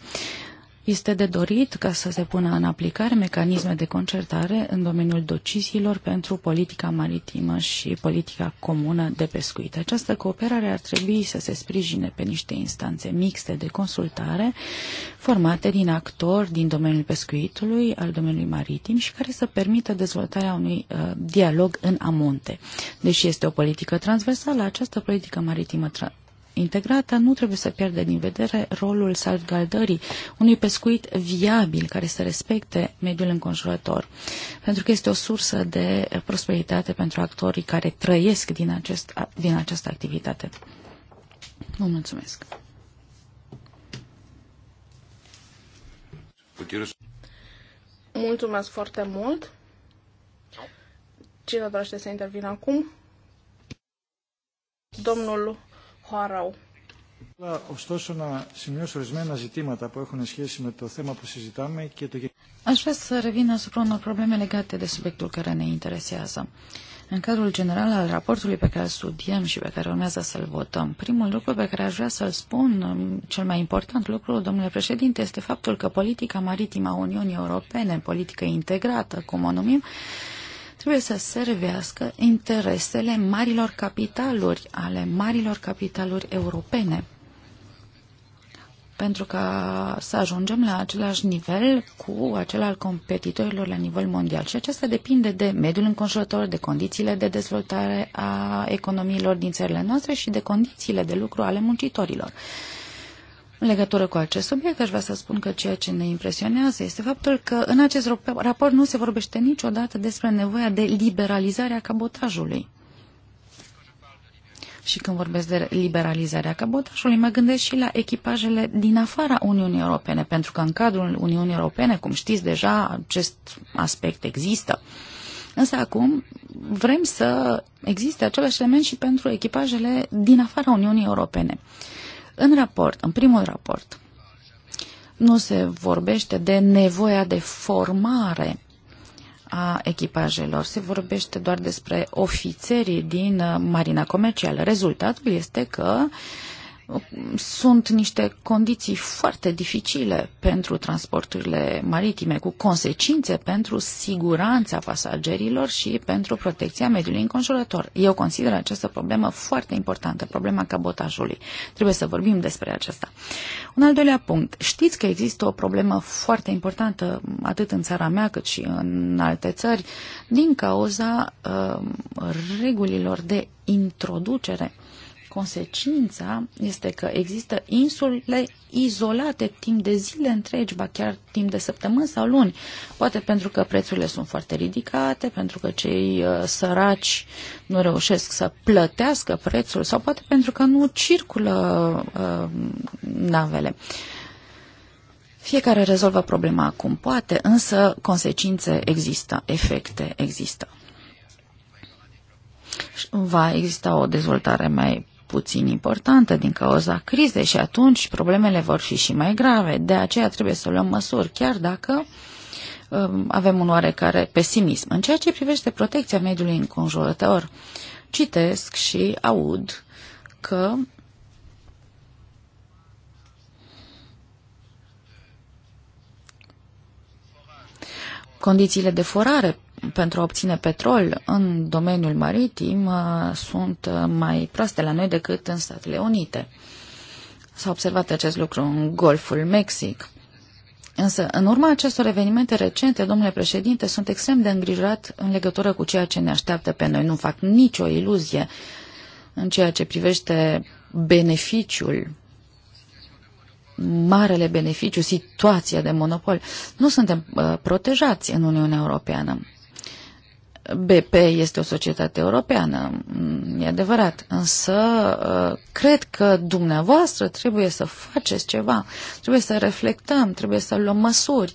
Este de dorit ca să se pună în aplicare mecanisme de concertare în domeniul deciziilor pentru politica maritimă și politica comună de pescuit. Această cooperare ar trebui să se sprijine pe niște instanțe mixte de consultare formate din actori din domeniul pescuitului, al domeniului maritim și care să permită dezvoltarea unui uh, dialog în amonte. Deși este o politică transversală, această politică maritimă tra- integrată, nu trebuie să pierde din vedere rolul salvgardării unui pescuit viabil care să respecte mediul înconjurător, pentru că este o sursă de prosperitate pentru actorii care trăiesc din, acest, din această activitate. Vă mulțumesc! Mulțumesc foarte mult! Cine dorește să intervină acum? Domnul Ωστόσο, να σημειώσω ορισμένα ζητήματα που έχουν σχέση με το θέμα που συζητάμε και το Aș vrea să revin asupra unor probleme legate de subiectul care ne interesează. În cadrul general al raportului pe care îl studiem și pe care urmează să-l votăm, primul lucru pe care aș vrea să-l spun, um, cel mai important lucru, domnule președinte, este faptul că politica maritimă a Uniunii Europene, politică integrată, cum o numim, trebuie să servească interesele marilor capitaluri, ale marilor capitaluri europene. Pentru ca să ajungem la același nivel cu acel al competitorilor la nivel mondial. Și aceasta depinde de mediul înconjurător, de condițiile de dezvoltare a economiilor din țările noastre și de condițiile de lucru ale muncitorilor. În legătură cu acest subiect, aș vrea să spun că ceea ce ne impresionează este faptul că în acest raport nu se vorbește niciodată despre nevoia de liberalizare a cabotajului. Și când vorbesc de liberalizarea cabotajului, mă gândesc și la echipajele din afara Uniunii Europene, pentru că în cadrul Uniunii Europene, cum știți deja, acest aspect există. Însă acum vrem să existe același element și pentru echipajele din afara Uniunii Europene. Uh, în raport, în primul raport, nu se vorbește de nevoia de formare a echipajelor. Se vorbește doar despre ofițerii din uh, marina comercială. Rezultatul este că uh, sunt niște condiții foarte dificile pentru transporturile maritime, cu consecințe pentru siguranța pasagerilor și pentru protecția mediului înconjurător. Eu consider această problemă foarte importantă, problema cabotajului. Trebuie să vorbim despre aceasta. Un al doilea punct. Știți că există o problemă foarte importantă, atât în țara mea cât și în alte țări, din cauza uh, regulilor de introducere Consecința este că există insule izolate timp de zile întregi, ba chiar timp de săptămâni sau luni. Poate pentru că prețurile sunt foarte ridicate, pentru că cei uh, săraci nu reușesc să plătească prețul sau poate pentru că nu circulă uh, navele. Fiecare rezolvă problema cum poate, însă consecințe există, efecte există va exista o dezvoltare mai puțin importantă din cauza crizei și atunci problemele vor fi și mai grave. De aceea trebuie să luăm măsuri, chiar dacă um, avem un oarecare pesimism. În ceea ce privește protecția mediului înconjurător, citesc și aud că condițiile de forare pentru a obține petrol în domeniul maritim uh, sunt uh, mai proaste la noi decât în Statele Unite. S-a observat acest lucru în Golful Mexic. Însă, în urma acestor evenimente recente, domnule președinte, sunt extrem de îngrijorat în legătură cu ceea ce ne așteaptă pe noi. Nu fac nicio iluzie în ceea ce privește beneficiul, marele beneficiu, situația de monopol. Nu suntem uh, protejați în Uniunea Europeană. BP este o societate europeană, mm, e adevărat, însă ă, cred că dumneavoastră trebuie să faceți ceva, trebuie să reflectăm, trebuie să luăm măsuri.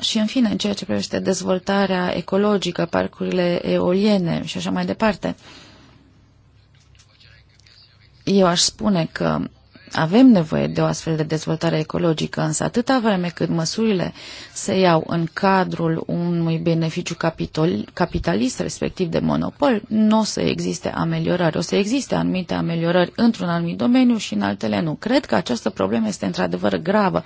Și în fine, în ceea ce privește dezvoltarea ecologică, parcurile eoliene și așa mai departe, eu aș spune că avem nevoie de o astfel de dezvoltare ecologică, însă atâta vreme cât măsurile se iau în cadrul unui beneficiu capitol, capitalist, respectiv de monopol, nu o să existe ameliorări. O să existe anumite ameliorări într-un anumit domeniu și în altele nu. Cred că această problemă este într-adevăr gravă,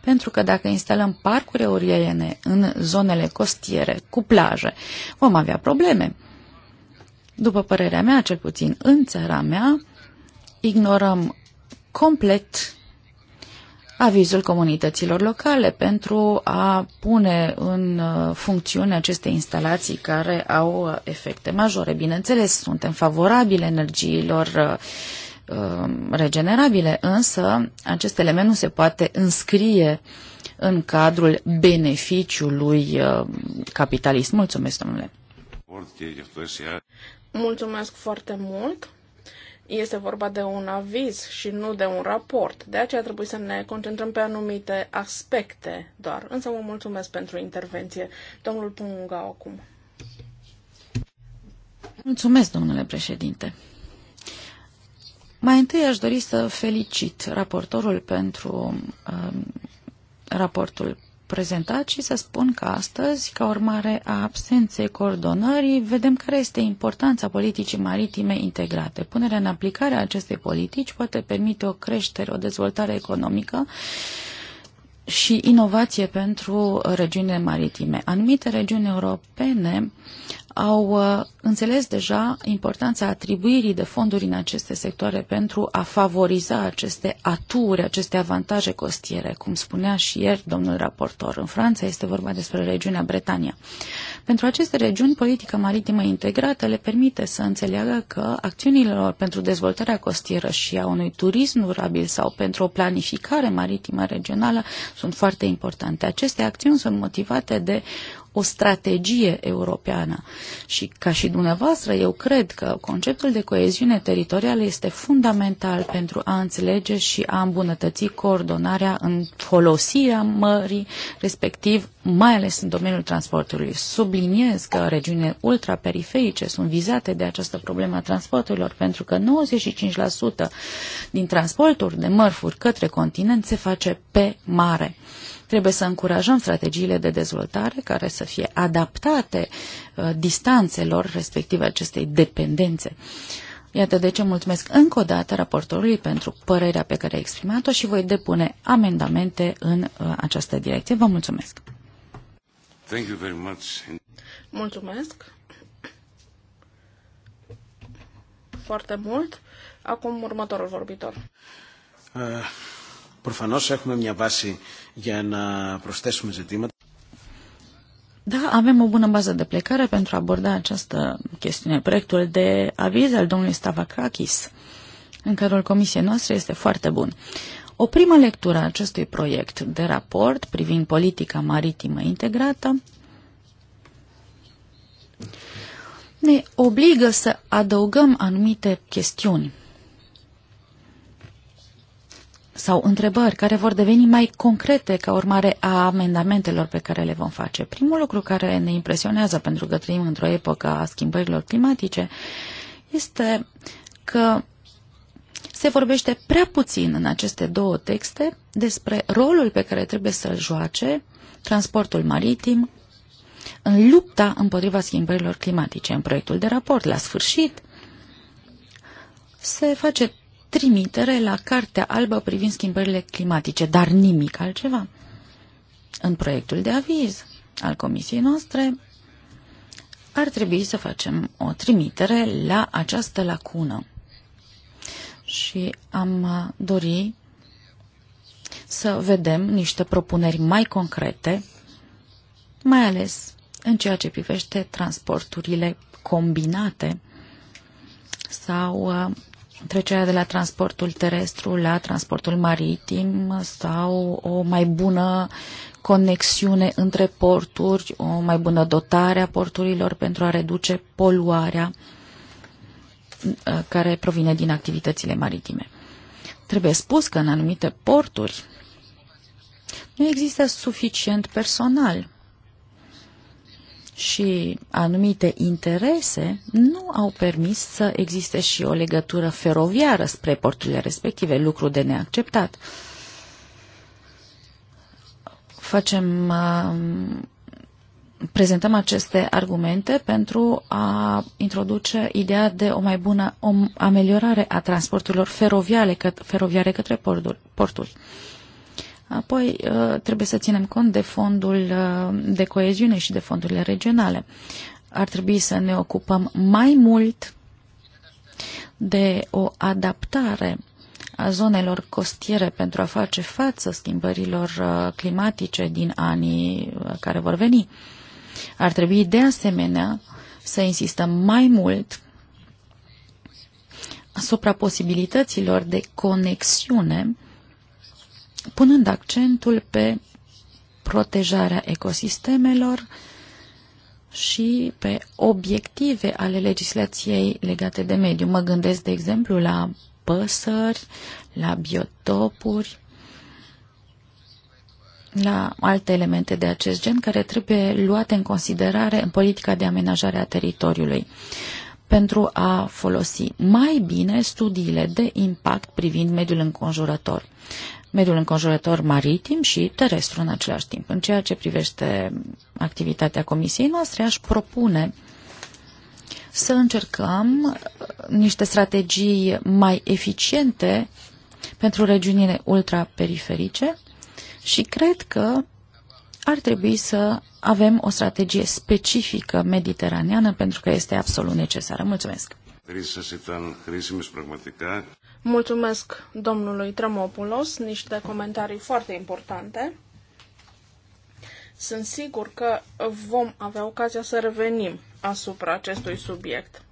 pentru că dacă instalăm parcuri eoliene în zonele costiere, cu plaje, vom avea probleme. După părerea mea, cel puțin în țara mea, ignorăm complet avizul comunităților locale pentru a pune în uh, funcțiune aceste instalații care au uh, efecte majore. Bineînțeles, suntem favorabile energiilor uh, um, regenerabile, însă acest element nu se poate înscrie în cadrul beneficiului capitalist. Mulțumesc, domnule! Mulțumesc foarte mult! Este vorba de un aviz și nu de un raport. De aceea trebuie să ne concentrăm pe anumite aspecte doar. Însă vă mulțumesc pentru intervenție. Domnul Punga acum. Mulțumesc, domnule președinte. Mai întâi aș dori să felicit raportorul pentru uh, raportul prezentat și să spun că astăzi, ca urmare a absenței coordonării, vedem care este importanța politicii maritime integrate. Punerea în aplicare a acestei politici poate permite o creștere, o dezvoltare economică și inovație pentru regiunile maritime. Anumite regiuni europene au uh, înțeles deja importanța atribuirii de fonduri în aceste sectoare pentru a favoriza aceste aturi, aceste avantaje costiere. Cum spunea și ieri domnul raportor, în Franța este vorba despre regiunea Bretania. Pentru aceste regiuni, politica maritimă integrată le permite să înțeleagă că acțiunile lor pentru dezvoltarea costieră și a unui turism durabil sau pentru o planificare maritimă regională sunt foarte importante. Aceste acțiuni sunt motivate de o strategie europeană. Și ca și dumneavoastră, eu cred că conceptul de coeziune teritorială este fundamental pentru a înțelege și a îmbunătăți coordonarea în folosirea mării, respectiv mai ales în domeniul transportului. Subliniez că regiunile ultraperiferice sunt vizate de această problemă a transporturilor, pentru că 95% din transportul de mărfuri către continent se face pe mare. Trebuie să încurajăm strategiile de dezvoltare care să fie adaptate uh, distanțelor respective acestei dependențe. Iată de ce mulțumesc încă o dată raportorului pentru părerea pe care a exprimat-o și voi depune amendamente în uh, această direcție. Vă mulțumesc! Thank you very much. Mulțumesc foarte mult. Acum următorul vorbitor. Uh, Προφανώς έχουμε μια βάση για να προσθέσουμε ζητήματα. Da, avem o bună bază de plecare pentru a aborda această chestiune. Proiectul de aviz al domnului Stavakakis, în cadrul comisiei noastre, este foarte bun. O primă lectură a acestui proiect de raport privind politica maritimă integrată ne obligă să adăugăm anumite chestiuni sau întrebări care vor deveni mai concrete ca urmare a amendamentelor pe care le vom face. Primul lucru care ne impresionează, pentru că trăim într-o epocă a schimbărilor climatice, este că se vorbește prea puțin în aceste două texte despre rolul pe care trebuie să-l joace transportul maritim în lupta împotriva schimbărilor climatice. În proiectul de raport, la sfârșit, se face trimitere la Cartea Albă privind schimbările climatice, dar nimic altceva. În proiectul de aviz al comisiei noastre ar trebui să facem o trimitere la această lacună. Și am uh, dori să vedem niște propuneri mai concrete, mai ales în ceea ce privește transporturile combinate sau uh, trecerea de la transportul terestru la transportul maritim sau o mai bună conexiune între porturi, o mai bună dotare a porturilor pentru a reduce poluarea uh, care provine din activitățile maritime. Trebuie spus că în anumite porturi nu există suficient personal și anumite interese nu au permis să existe și o legătură feroviară spre porturile respective, lucru de neacceptat. Facem, um, prezentăm aceste argumente pentru a introduce ideea de o mai bună o ameliorare a transporturilor feroviare, feroviare către porturi. porturi. Apoi uh, trebuie să ținem cont de fondul uh, de coeziune și de fondurile regionale. Ar trebui să ne ocupăm mai mult de o adaptare a zonelor costiere pentru a face față schimbărilor uh, climatice din anii care vor veni. Ar trebui de asemenea să insistăm mai mult asupra posibilităților de conexiune punând accentul pe protejarea ecosistemelor și pe obiective ale legislației legate de mediu. Mă gândesc, de exemplu, la păsări, la biotopuri, la alte elemente de acest gen care trebuie luate în considerare în politica de amenajare a teritoriului pentru a folosi mai bine studiile de impact privind mediul înconjurător mediul înconjurător maritim și terestru în același timp. În ceea ce privește activitatea comisiei noastre, aș propune să încercăm uh, niște strategii mai eficiente pentru regiunile ultraperiferice și cred că ar trebui să avem o strategie specifică mediteraneană pentru că este absolut necesară. Mulțumesc! Mulțumesc domnului Tramopoulos, niște comentarii foarte importante. Sunt sigur că vom avea ocazia să revenim asupra acestui subiect.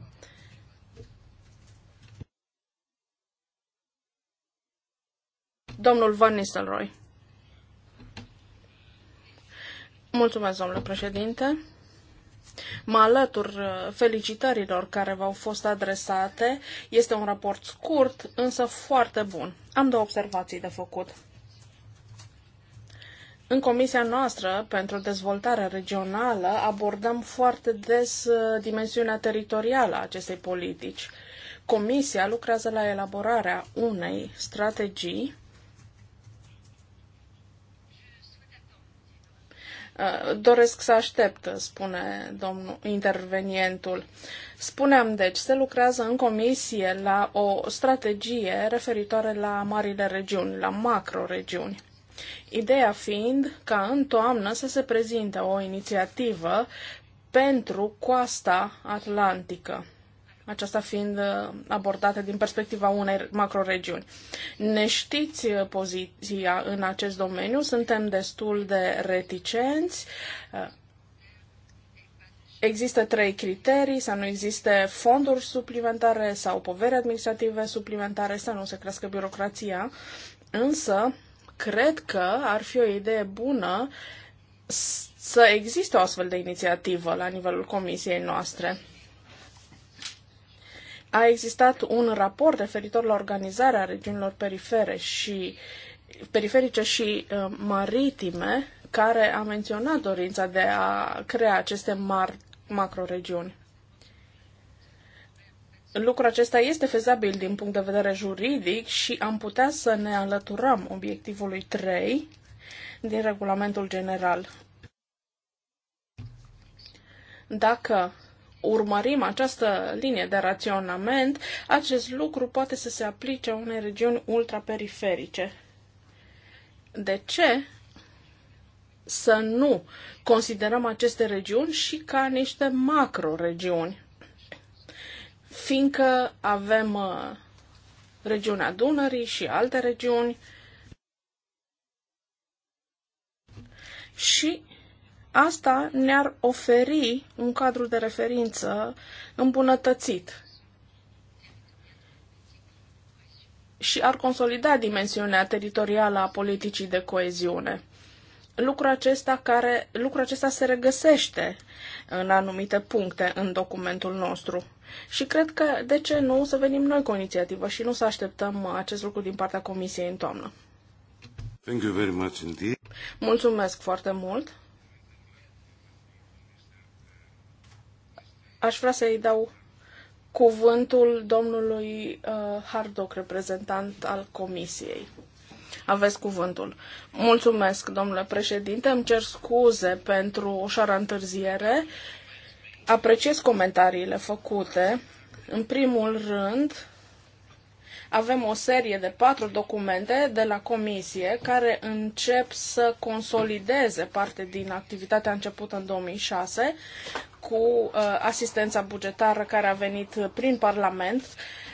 Domnul Van Nistelrooy. Mulțumesc, domnule președinte. Mă alătur uh, felicitărilor care v-au fost adresate. Este un raport scurt, însă foarte bun. Am două observații de făcut. În comisia noastră pentru dezvoltare regională abordăm foarte des uh, dimensiunea teritorială a acestei politici. Comisia lucrează la elaborarea unei strategii Uh, doresc să aștept, spune domnul intervenientul. Spuneam, deci, se lucrează în comisie la o strategie referitoare la marile regiuni, la macroregiuni. Ideea fiind ca în toamnă să se prezinte o inițiativă pentru coasta atlantică aceasta fiind uh, abordată din perspectiva unei macroregiuni. Ne știți uh, poziția în acest domeniu, suntem destul de reticenți. Uh, există trei criterii, să nu existe fonduri suplimentare sau povere administrative suplimentare, să nu se crească birocrația, însă cred că ar fi o idee bună să existe o astfel de inițiativă la nivelul comisiei noastre a existat un raport referitor la organizarea regiunilor perifere și periferice și uh, maritime care a menționat dorința de a crea aceste mar- macroregiuni. Lucrul acesta este fezabil din punct de vedere juridic și am putea să ne alăturăm obiectivului 3 din regulamentul general. Dacă urmărim această linie de raționament, acest lucru poate să se aplice unei regiuni ultraperiferice. De ce să nu considerăm aceste regiuni și ca niște macro-regiuni? Fiindcă avem uh, regiunea Dunării și alte regiuni, și Asta ne-ar oferi un cadru de referință îmbunătățit și ar consolida dimensiunea teritorială a politicii de coeziune. Lucrul acesta, care, lucrul acesta se regăsește în anumite puncte în documentul nostru. Și cred că, de ce nu, să venim noi cu o inițiativă și nu să așteptăm acest lucru din partea Comisiei în toamnă. Thank you very much indeed. Mulțumesc foarte mult. Aș vrea să-i dau cuvântul domnului uh, Hardoc, reprezentant al Comisiei. Aveți cuvântul. Mulțumesc, domnule președinte. Îmi cer scuze pentru ușoara întârziere. Apreciez comentariile făcute. În primul rând, avem o serie de patru documente de la Comisie care încep să consolideze parte din activitatea începută în 2006 cu uh, asistența bugetară care a venit prin Parlament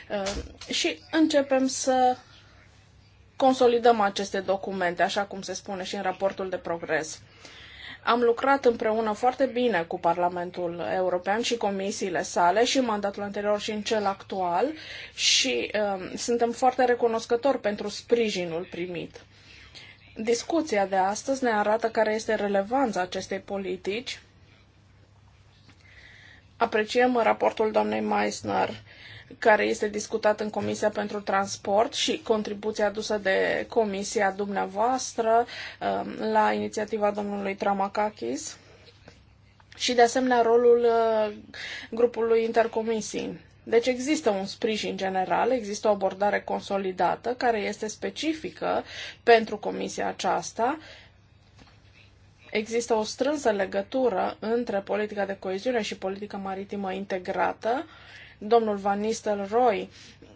uh, și începem să consolidăm aceste documente, așa cum se spune și în raportul de progres. Am lucrat împreună foarte bine cu Parlamentul European și comisiile sale și în mandatul anterior și în cel actual și uh, suntem foarte recunoscători pentru sprijinul primit. Discuția de astăzi ne arată care este relevanța acestei politici Apreciem raportul doamnei Meissner care este discutat în Comisia pentru Transport și contribuția adusă de Comisia dumneavoastră um, la inițiativa domnului Tramakakis și de asemenea rolul uh, grupului intercomisii. Deci există un sprijin general, există o abordare consolidată care este specifică pentru comisia aceasta Există o strânsă legătură între politica de coeziune și politica maritimă integrată. Domnul Van Nistelrooy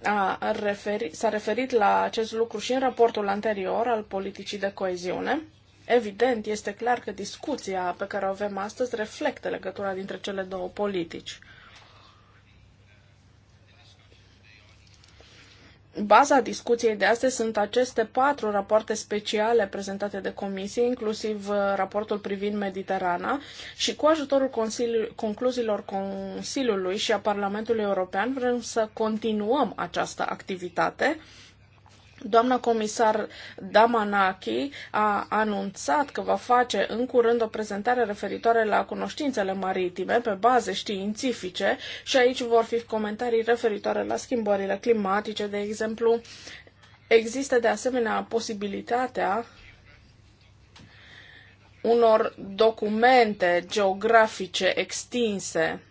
a referi, s-a referit la acest lucru și în raportul anterior al politicii de coeziune. Evident, este clar că discuția pe care o avem astăzi reflectă legătura dintre cele două politici. Baza discuției de astăzi sunt aceste patru rapoarte speciale prezentate de comisie, inclusiv uh, raportul privind Mediterana și cu ajutorul concluziilor Consiliului și a Parlamentului European vrem să continuăm această activitate Doamna comisar Damanaki a anunțat că va face în curând o prezentare referitoare la cunoștințele maritime pe baze științifice și aici vor fi comentarii referitoare la schimbările climatice, de exemplu. Există de asemenea posibilitatea unor documente geografice extinse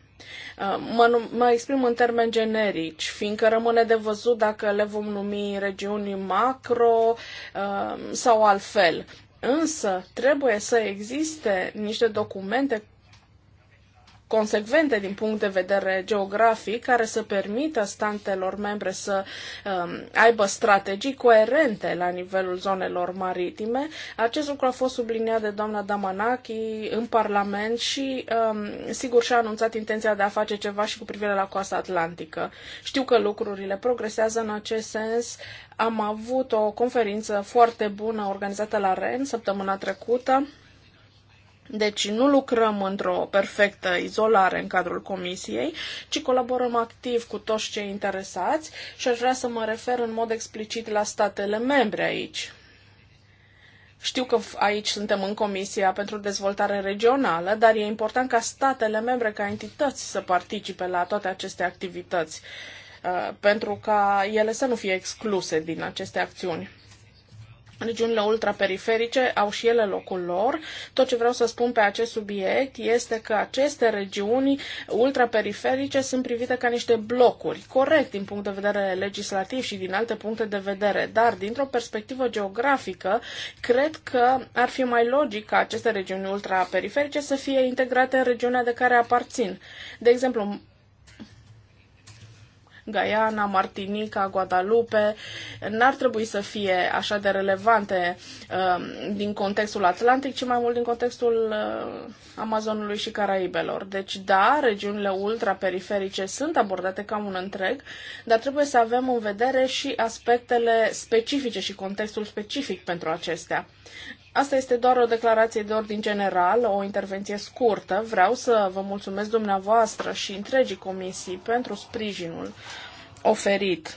Uh, mă, mă exprim în termeni generici, fiindcă rămâne de văzut dacă le vom numi regiuni macro uh, sau altfel. Însă trebuie să existe niște documente consecvente din punct de vedere geografic care să permită statelor membre să um, aibă strategii coerente la nivelul zonelor maritime. Acest lucru a fost subliniat de doamna Damanaki în Parlament și um, sigur și-a anunțat intenția de a face ceva și cu privire la coasta atlantică. Știu că lucrurile progresează în acest sens. Am avut o conferință foarte bună organizată la REN săptămâna trecută deci nu lucrăm într-o perfectă izolare în cadrul comisiei, ci colaborăm activ cu toți cei interesați și aș vrea să mă refer în mod explicit la statele membre aici. Știu că aici suntem în Comisia pentru Dezvoltare Regională, dar e important ca statele membre, ca entități să participe la toate aceste activități, uh, pentru ca ele să nu fie excluse din aceste acțiuni. Regiunile ultraperiferice au și ele locul lor. Tot ce vreau să spun pe acest subiect este că aceste regiuni ultraperiferice sunt privite ca niște blocuri, corect din punct de vedere legislativ și din alte puncte de vedere, dar dintr-o perspectivă geografică, cred că ar fi mai logic ca aceste regiuni ultraperiferice să fie integrate în regiunea de care aparțin. De exemplu, Guyana, Martinica, Guadalupe, n-ar trebui să fie așa de relevante uh, din contextul atlantic, ci mai mult din contextul uh, Amazonului și Caraibelor. Deci, da, regiunile ultraperiferice sunt abordate ca un întreg, dar trebuie să avem în vedere și aspectele specifice și contextul specific pentru acestea. Asta este doar o declarație de ordin general, o intervenție scurtă. Vreau să vă mulțumesc dumneavoastră și întregii comisii pentru sprijinul oferit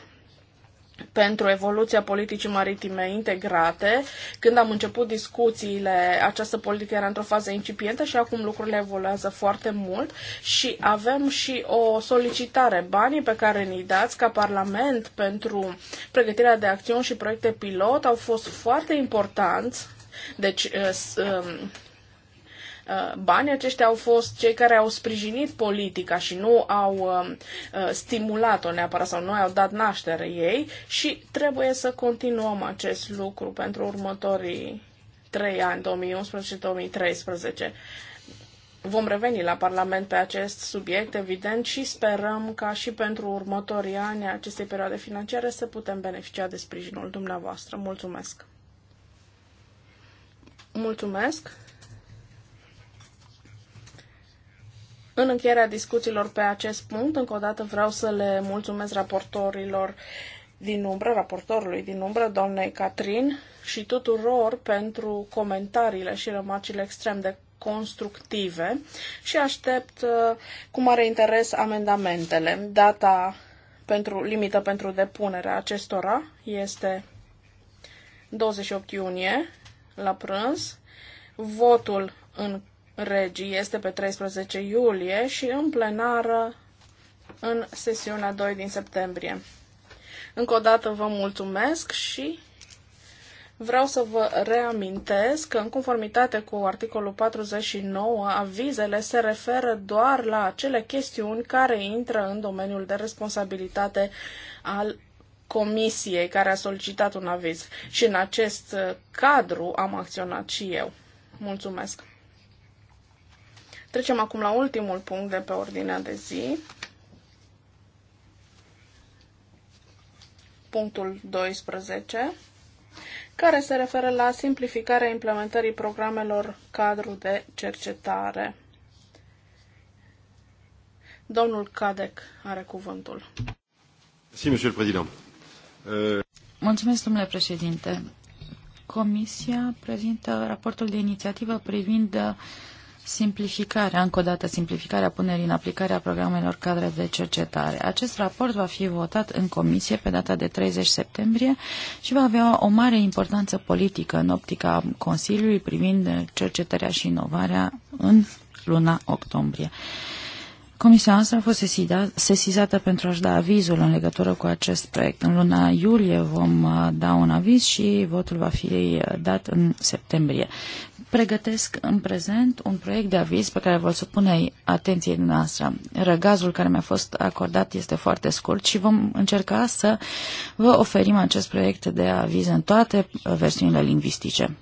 pentru evoluția politicii maritime integrate. Când am început discuțiile, această politică era într-o fază incipientă și acum lucrurile evoluează foarte mult și avem și o solicitare. Banii pe care ni dați ca Parlament pentru pregătirea de acțiuni și proiecte pilot au fost foarte importanți deci, uh, um, uh, banii aceștia au fost cei care au sprijinit politica și nu au um, uh, stimulat-o neapărat sau nu au dat naștere ei și trebuie să continuăm acest lucru pentru următorii trei ani, 2011-2013. Vom reveni la Parlament pe acest subiect, evident, și sperăm ca și pentru următorii ani acestei perioade financiare să putem beneficia de sprijinul dumneavoastră. Mulțumesc! Mulțumesc! În încheierea discuțiilor pe acest punct, încă o dată vreau să le mulțumesc raportorilor din umbră, raportorului din umbră, doamnei Catrin, și tuturor pentru comentariile și remarcile extrem de constructive și aștept uh, cu mare interes amendamentele. Data pentru, limită pentru depunerea acestora este 28 iunie la prânz. Votul în regii este pe 13 iulie și în plenară în sesiunea 2 din septembrie. Încă o dată vă mulțumesc și vreau să vă reamintesc că în conformitate cu articolul 49 avizele se referă doar la acele chestiuni care intră în domeniul de responsabilitate al comisiei care a solicitat un aviz și în acest uh, cadru am acționat și eu. Mulțumesc! Trecem acum la ultimul punct de pe ordinea de zi. Punctul 12 care se referă la simplificarea implementării programelor cadru de cercetare. Domnul Cadec are cuvântul. Si, monsieur le président. Mulțumesc, domnule președinte. Comisia prezintă raportul de inițiativă privind uh, simplificarea, încă o dată simplificarea punerii în aplicare a programelor cadre de cercetare. Acest raport va fi votat în comisie pe data de 30 septembrie și va avea o mare importanță politică în optica Consiliului privind cercetarea și inovarea în luna octombrie. Comisia noastră a fost sesizată pentru a-și da avizul în legătură cu acest proiect. În luna iulie vom uh, da un aviz și votul va fi uh, dat în septembrie. Pregătesc în prezent un proiect de aviz pe care vă supune atenției noastră. Răgazul care mi-a fost acordat este foarte scurt și vom încerca să vă oferim acest proiect de aviz în toate uh, versiunile lingvistice.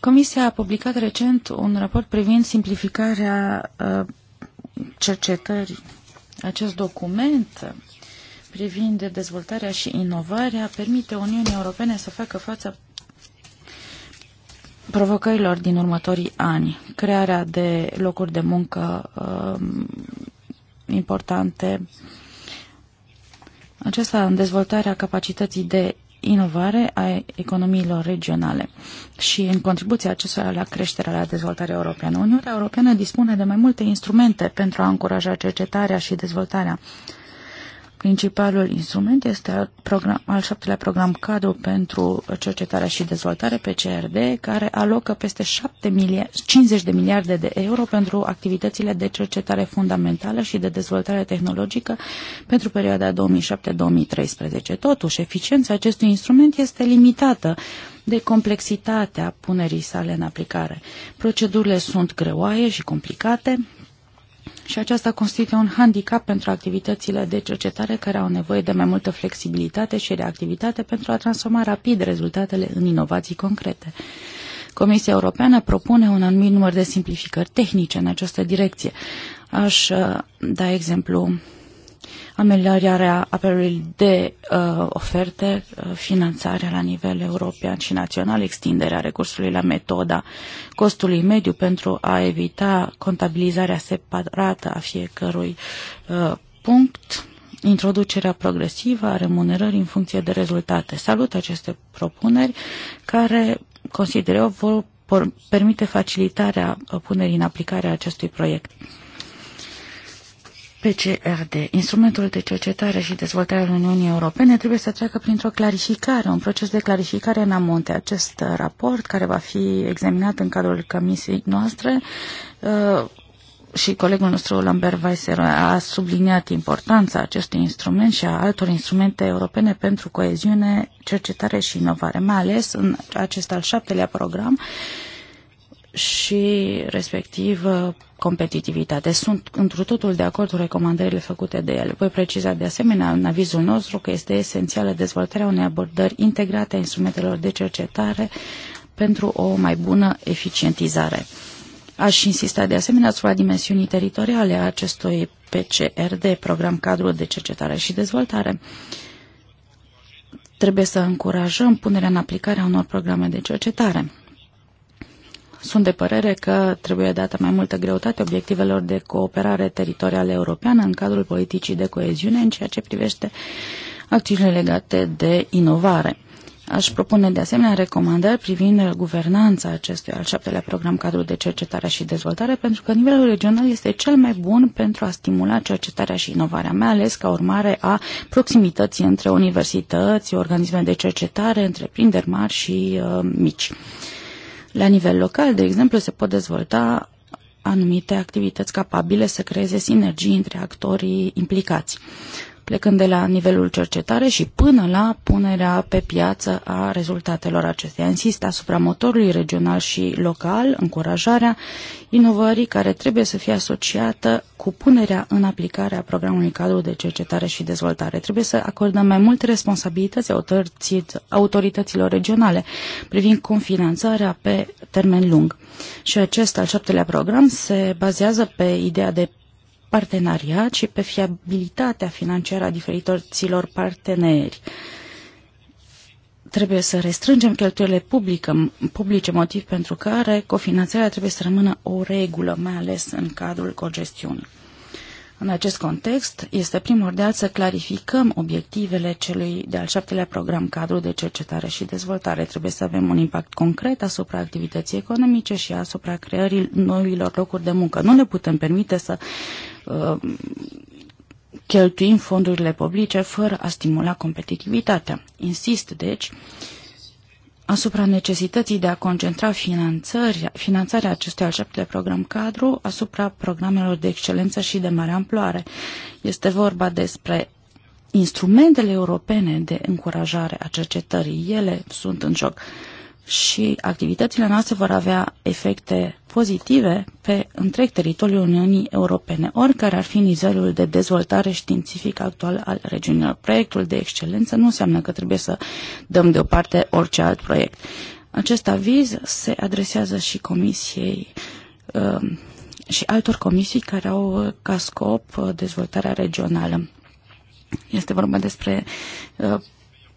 Comisia a publicat recent un raport privind simplificarea uh, cercetării. Acest document privind dezvoltarea și inovarea permite Uniunii Europene să facă față provocărilor din următorii ani. Crearea de locuri de muncă uh, importante, acesta în dezvoltarea capacității de inovare a economiilor regionale și în contribuția acestora la creșterea, la dezvoltarea europeană. Uniunea Europeană dispune de mai multe instrumente pentru a încuraja cercetarea și dezvoltarea Principalul instrument este al, program, al șaptelea program cadru pentru cercetare și dezvoltare pe CRD, care alocă peste 7 miliard, 50 de miliarde de euro pentru activitățile de cercetare fundamentală și de dezvoltare tehnologică pentru perioada 2007-2013. Totuși, eficiența acestui instrument este limitată de complexitatea punerii sale în aplicare. Procedurile sunt greoaie și complicate, și aceasta constituie un handicap pentru activitățile de cercetare care au nevoie de mai multă flexibilitate și reactivitate pentru a transforma rapid rezultatele în inovații concrete. Comisia Europeană propune un anumit număr de simplificări tehnice în această direcție. Aș uh, da exemplu ameliorarea apelului de uh, oferte, uh, finanțarea la nivel european și național, extinderea recursului la metoda costului mediu pentru a evita contabilizarea separată a fiecărui uh, punct, introducerea progresivă a remunerării în funcție de rezultate. Salut aceste propuneri care, consider eu, vor permite facilitarea uh, punerii în aplicare a acestui proiect. PCRD, instrumentul de cercetare și dezvoltare al Uniunii Europene, trebuie să treacă printr-o clarificare, un proces de clarificare în amonte. Acest raport, care va fi examinat în cadrul comisiei noastre, uh, și colegul nostru Lambert Weiser a subliniat importanța acestui instrument și a altor instrumente europene pentru coeziune, cercetare și inovare, mai ales în acest al șaptelea program, și respectiv competitivitate. Sunt întru totul de acord cu recomandările făcute de el. Voi preciza de asemenea în avizul nostru că este esențială dezvoltarea unei abordări integrate a instrumentelor de cercetare pentru o mai bună eficientizare. Aș insista de asemenea asupra dimensiunii teritoriale a acestui PCRD, Program Cadru de Cercetare și Dezvoltare. Trebuie să încurajăm punerea în aplicare a unor programe de cercetare sunt de părere că trebuie dată mai multă greutate obiectivelor de cooperare teritorială europeană în cadrul politicii de coeziune în ceea ce privește acțiunile legate de inovare. Aș propune de asemenea recomandări privind guvernanța acestui al șaptelea program cadru de cercetare și dezvoltare, pentru că nivelul regional este cel mai bun pentru a stimula cercetarea și inovarea, mai ales ca urmare a proximității între universități, organisme de cercetare, întreprinderi mari și uh, mici. La nivel local, de exemplu, se pot dezvolta anumite activități capabile să creeze sinergii între actorii implicați plecând de la nivelul cercetare și până la punerea pe piață a rezultatelor acesteia. Insist asupra motorului regional și local, încurajarea inovării care trebuie să fie asociată cu punerea în aplicare a programului cadru de cercetare și dezvoltare. Trebuie să acordăm mai multe responsabilități autorităților regionale privind confinanțarea pe termen lung. Și acest al șaptelea program se bazează pe ideea de parteneriat și pe fiabilitatea financiară a diferitor parteneri trebuie să restrângem cheltuielile publică, publice, motiv pentru care cofinanțarea trebuie să rămână o regulă, mai ales în cadrul cogestiunii. În acest context, este primordial să clarificăm obiectivele celui de-al șaptelea program cadru de cercetare și dezvoltare. Trebuie să avem un impact concret asupra activității economice și asupra creării noilor locuri de muncă. Nu ne putem permite să uh, cheltuim fondurile publice fără a stimula competitivitatea. Insist, deci, uh, asupra necesității de a concentra finanțarea acestui al șaptele program cadru asupra programelor de excelență și de mare amploare. Este vorba despre instrumentele europene de încurajare a cercetării. Ele sunt în joc și activitățile noastre vor avea efecte pozitive pe întreg teritoriul Uniunii Europene, oricare ar fi nivelul de dezvoltare științifică actual al regiunilor. Proiectul de excelență nu înseamnă că trebuie să dăm deoparte orice alt proiect. Acest aviz se adresează și Comisiei um, și altor comisii care au ca scop uh, dezvoltarea regională. Este vorba despre uh,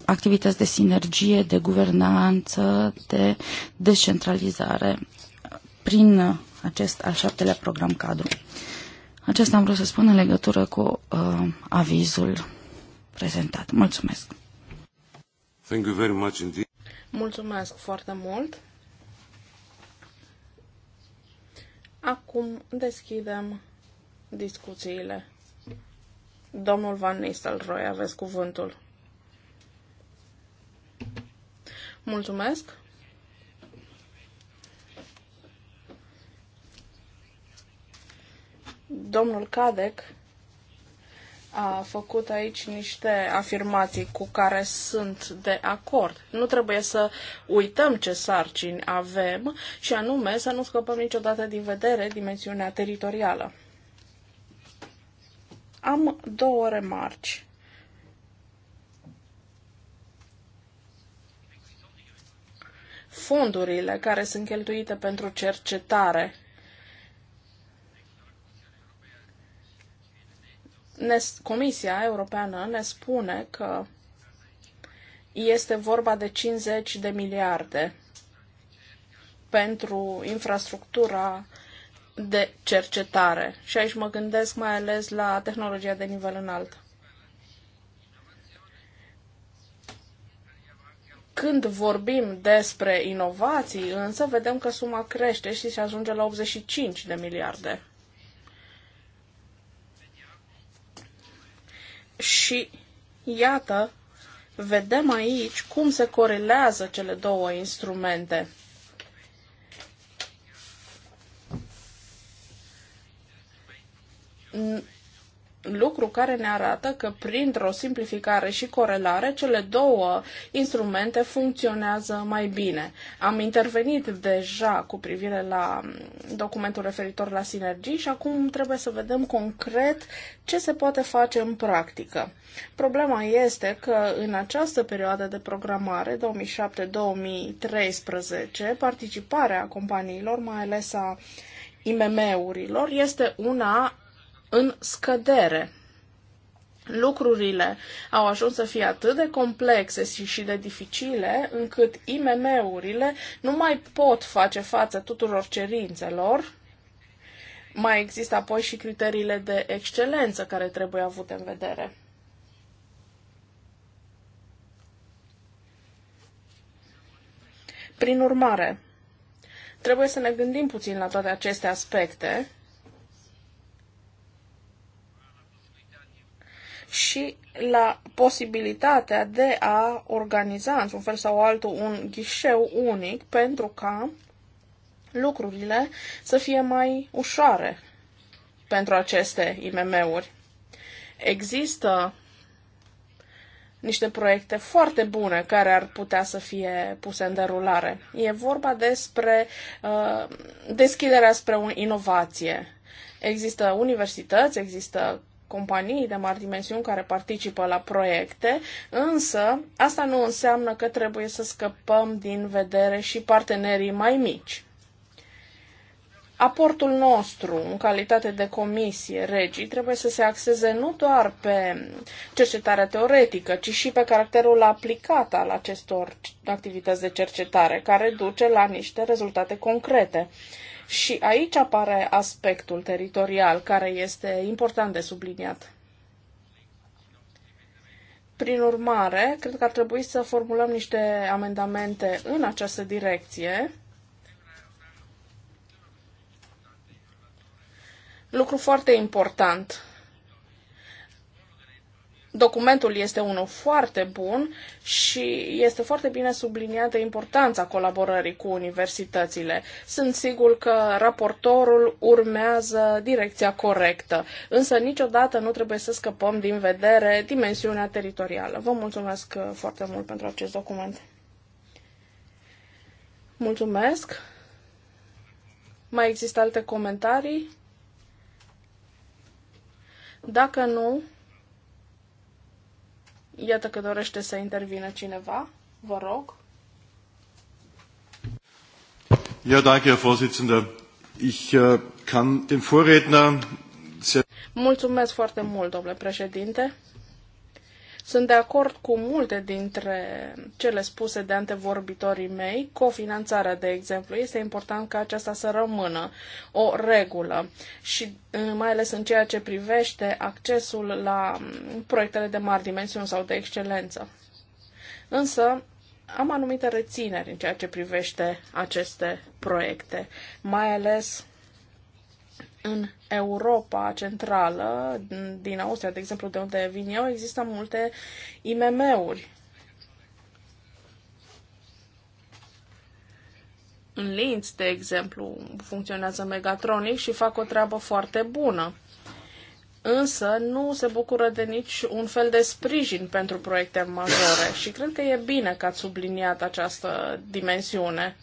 activități de sinergie, de guvernanță, de descentralizare prin acest al șaptelea program cadru. Acesta am vrut să spun în legătură cu uh, avizul prezentat. Mulțumesc! Thank you very much indeed. Mulțumesc foarte mult! Acum deschidem discuțiile. Domnul Van Nistelrooy, aveți cuvântul. Mulțumesc! Domnul Cadec a făcut aici niște afirmații cu care sunt de acord. Nu trebuie să uităm ce sarcini avem și anume să nu scăpăm niciodată din vedere dimensiunea teritorială. Am două remarci. fondurile care sunt cheltuite pentru cercetare. Ne, Comisia Europeană ne spune că este vorba de 50 de miliarde pentru infrastructura de cercetare. Și aici mă gândesc mai ales la tehnologia de nivel înalt. Când vorbim despre inovații, însă, vedem că suma crește și se ajunge la 85 de miliarde. Și iată, vedem aici cum se corelează cele două instrumente lucru care ne arată că printr-o simplificare și corelare, cele două instrumente funcționează mai bine. Am intervenit deja cu privire la documentul referitor la sinergii și acum trebuie să vedem concret ce se poate face în practică. Problema este că în această perioadă de programare, 2007-2013, participarea companiilor, mai ales a IMM-urilor, este una în scădere. Lucrurile au ajuns să fie atât de complexe și de dificile încât IMM-urile nu mai pot face față tuturor cerințelor. Mai există apoi și criteriile de excelență care trebuie avute în vedere. Prin urmare, trebuie să ne gândim puțin la toate aceste aspecte și la posibilitatea de a organiza, într-un fel sau altul, un ghișeu unic pentru ca lucrurile să fie mai ușoare pentru aceste IMM-uri. Există niște proiecte foarte bune care ar putea să fie puse în derulare. E vorba despre uh, deschiderea spre o inovație. Există universități, există companii de mari dimensiuni care participă la proiecte, însă asta nu înseamnă că trebuie să scăpăm din vedere și partenerii mai mici. Aportul nostru, în calitate de comisie regii, trebuie să se axeze nu doar pe cercetarea teoretică, ci și pe caracterul aplicat al acestor activități de cercetare, care duce la niște rezultate concrete. Și aici apare aspectul teritorial, care este important de subliniat. Prin urmare, cred că ar trebui să formulăm niște amendamente în această direcție. Lucru foarte important Documentul este unul foarte bun și este foarte bine subliniată importanța colaborării cu universitățile. Sunt sigur că raportorul urmează direcția corectă, însă niciodată nu trebuie să scăpăm din vedere dimensiunea teritorială. Vă mulțumesc foarte mult pentru acest document. Mulțumesc. Mai există alte comentarii? Dacă nu, Iată că dorește să intervină cineva. Vă rog. Ja, danke, Herr Vorsitzender. Ich uh, kann den Vorredner sehr... Mulțumesc foarte mult, domnule președinte. Sunt de acord cu multe dintre cele spuse de antevorbitorii mei. Cofinanțarea, de exemplu, este important ca aceasta să rămână o regulă și mm, mai ales în ceea ce privește accesul la mm, proiectele de mari dimensiuni sau de excelență. Însă, am anumite rețineri în ceea ce privește aceste proiecte, mai ales în Europa Centrală, din Austria, de exemplu, de unde vin eu, există multe IMM-uri. În Linz, de exemplu, funcționează Megatronic și fac o treabă foarte bună. Însă nu se bucură de nici un fel de sprijin pentru proiecte majore și cred că e bine că ați subliniat această dimensiune.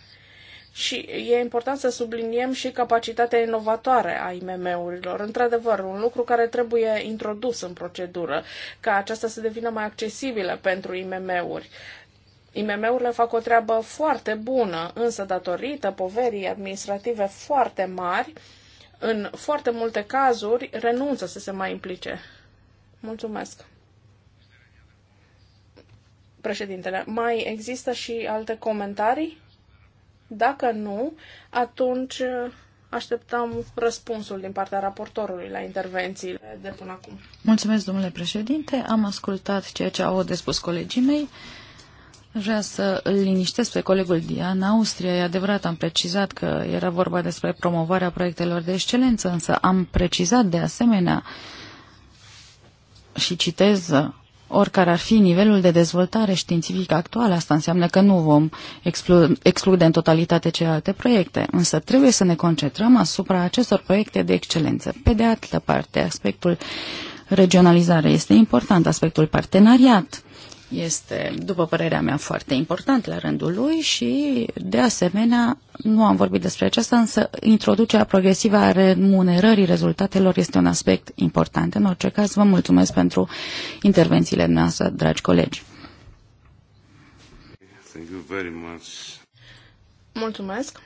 Și e important să subliniem și capacitatea inovatoare a IMM-urilor. Într-adevăr, un lucru care trebuie introdus în procedură, ca aceasta să devină mai accesibilă pentru IMM-uri. IMM-urile fac o treabă foarte bună, însă datorită poverii administrative foarte mari, în foarte multe cazuri renunță să se mai implice. Mulțumesc. Președintele, mai există și alte comentarii? Dacă nu, atunci uh, așteptăm răspunsul din partea raportorului la intervențiile de până acum. Mulțumesc, domnule președinte. Am ascultat ceea ce au de spus colegii mei. Vreau să îl liniștesc pe colegul Dian. Austria, e adevărat, am precizat că era vorba despre promovarea proiectelor de excelență, însă am precizat de asemenea și citez Oricare ar fi nivelul de dezvoltare științifică actual, asta înseamnă că nu vom exclu exclude în totalitate celelalte proiecte, însă trebuie să ne concentrăm asupra acestor proiecte de excelență. Pe de altă parte, aspectul regionalizare este important, aspectul parteneriat este, după părerea mea, foarte important la rândul lui și, de asemenea, nu am vorbit despre aceasta, însă introducerea progresivă a remunerării rezultatelor este un aspect important. În orice caz, vă mulțumesc pentru intervențiile noastre, dragi colegi. Thank you very much. Mulțumesc.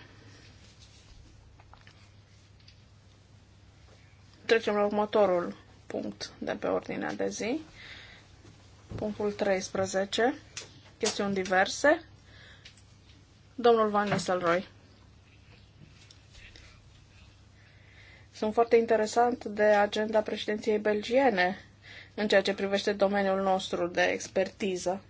Trecem la următorul punct de pe ordinea de zi. Punctul 13. Chestiuni diverse. Domnul Van Nistelrooy. Sunt foarte interesant de agenda președinției belgiene în ceea ce privește domeniul nostru de expertiză.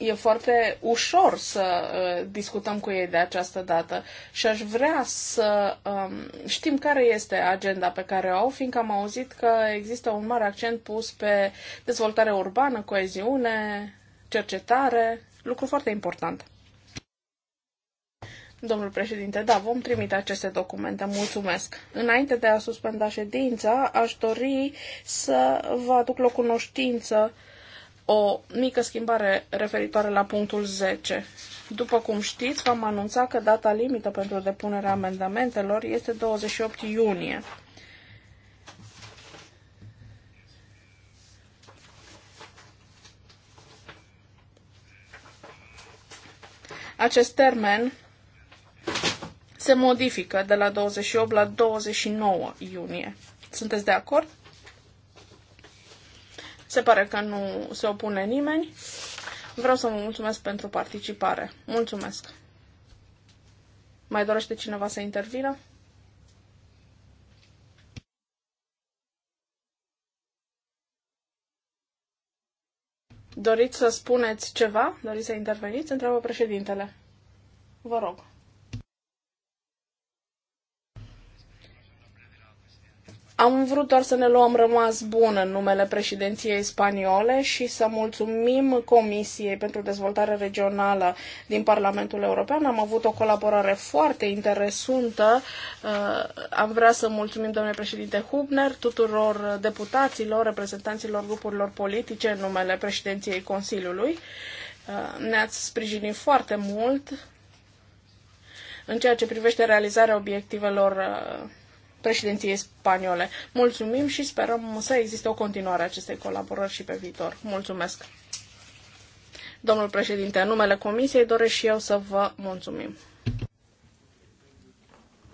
e foarte ușor să uh, discutăm cu ei de această dată și aș vrea să um, știm care este agenda pe care o au, fiindcă am auzit că există un mare accent pus pe dezvoltare urbană, coeziune, cercetare, lucru foarte important. Domnul președinte, da, vom trimite aceste documente. Mulțumesc. Înainte de a suspenda ședința, aș dori să vă aduc la cunoștință o mică schimbare referitoare la punctul 10. După cum știți, v-am anunțat că data limită pentru depunerea amendamentelor este 28 iunie. Acest termen se modifică de la 28 la 29 iunie. Sunteți de acord? Se pare că nu se opune nimeni. Vreau să vă mulțumesc pentru participare. Mulțumesc! Mai dorește cineva să intervină? Doriți să spuneți ceva? Doriți să interveniți? Întreabă președintele. Vă rog. Am vrut doar să ne luăm rămas bun în numele președinției spaniole și să mulțumim Comisiei pentru Dezvoltare Regională din Parlamentul European. Am avut o colaborare foarte interesantă. Uh, am vrea să mulțumim, domnule președinte Hubner, tuturor deputaților, reprezentanților grupurilor politice în numele președinției Consiliului. Uh, ne-ați sprijinit foarte mult în ceea ce privește realizarea obiectivelor uh, președinției spaniole. Mulțumim și sperăm să existe o continuare a acestei colaborări și pe viitor. Mulțumesc! Domnul președinte, în numele Comisiei doresc și eu să vă mulțumim.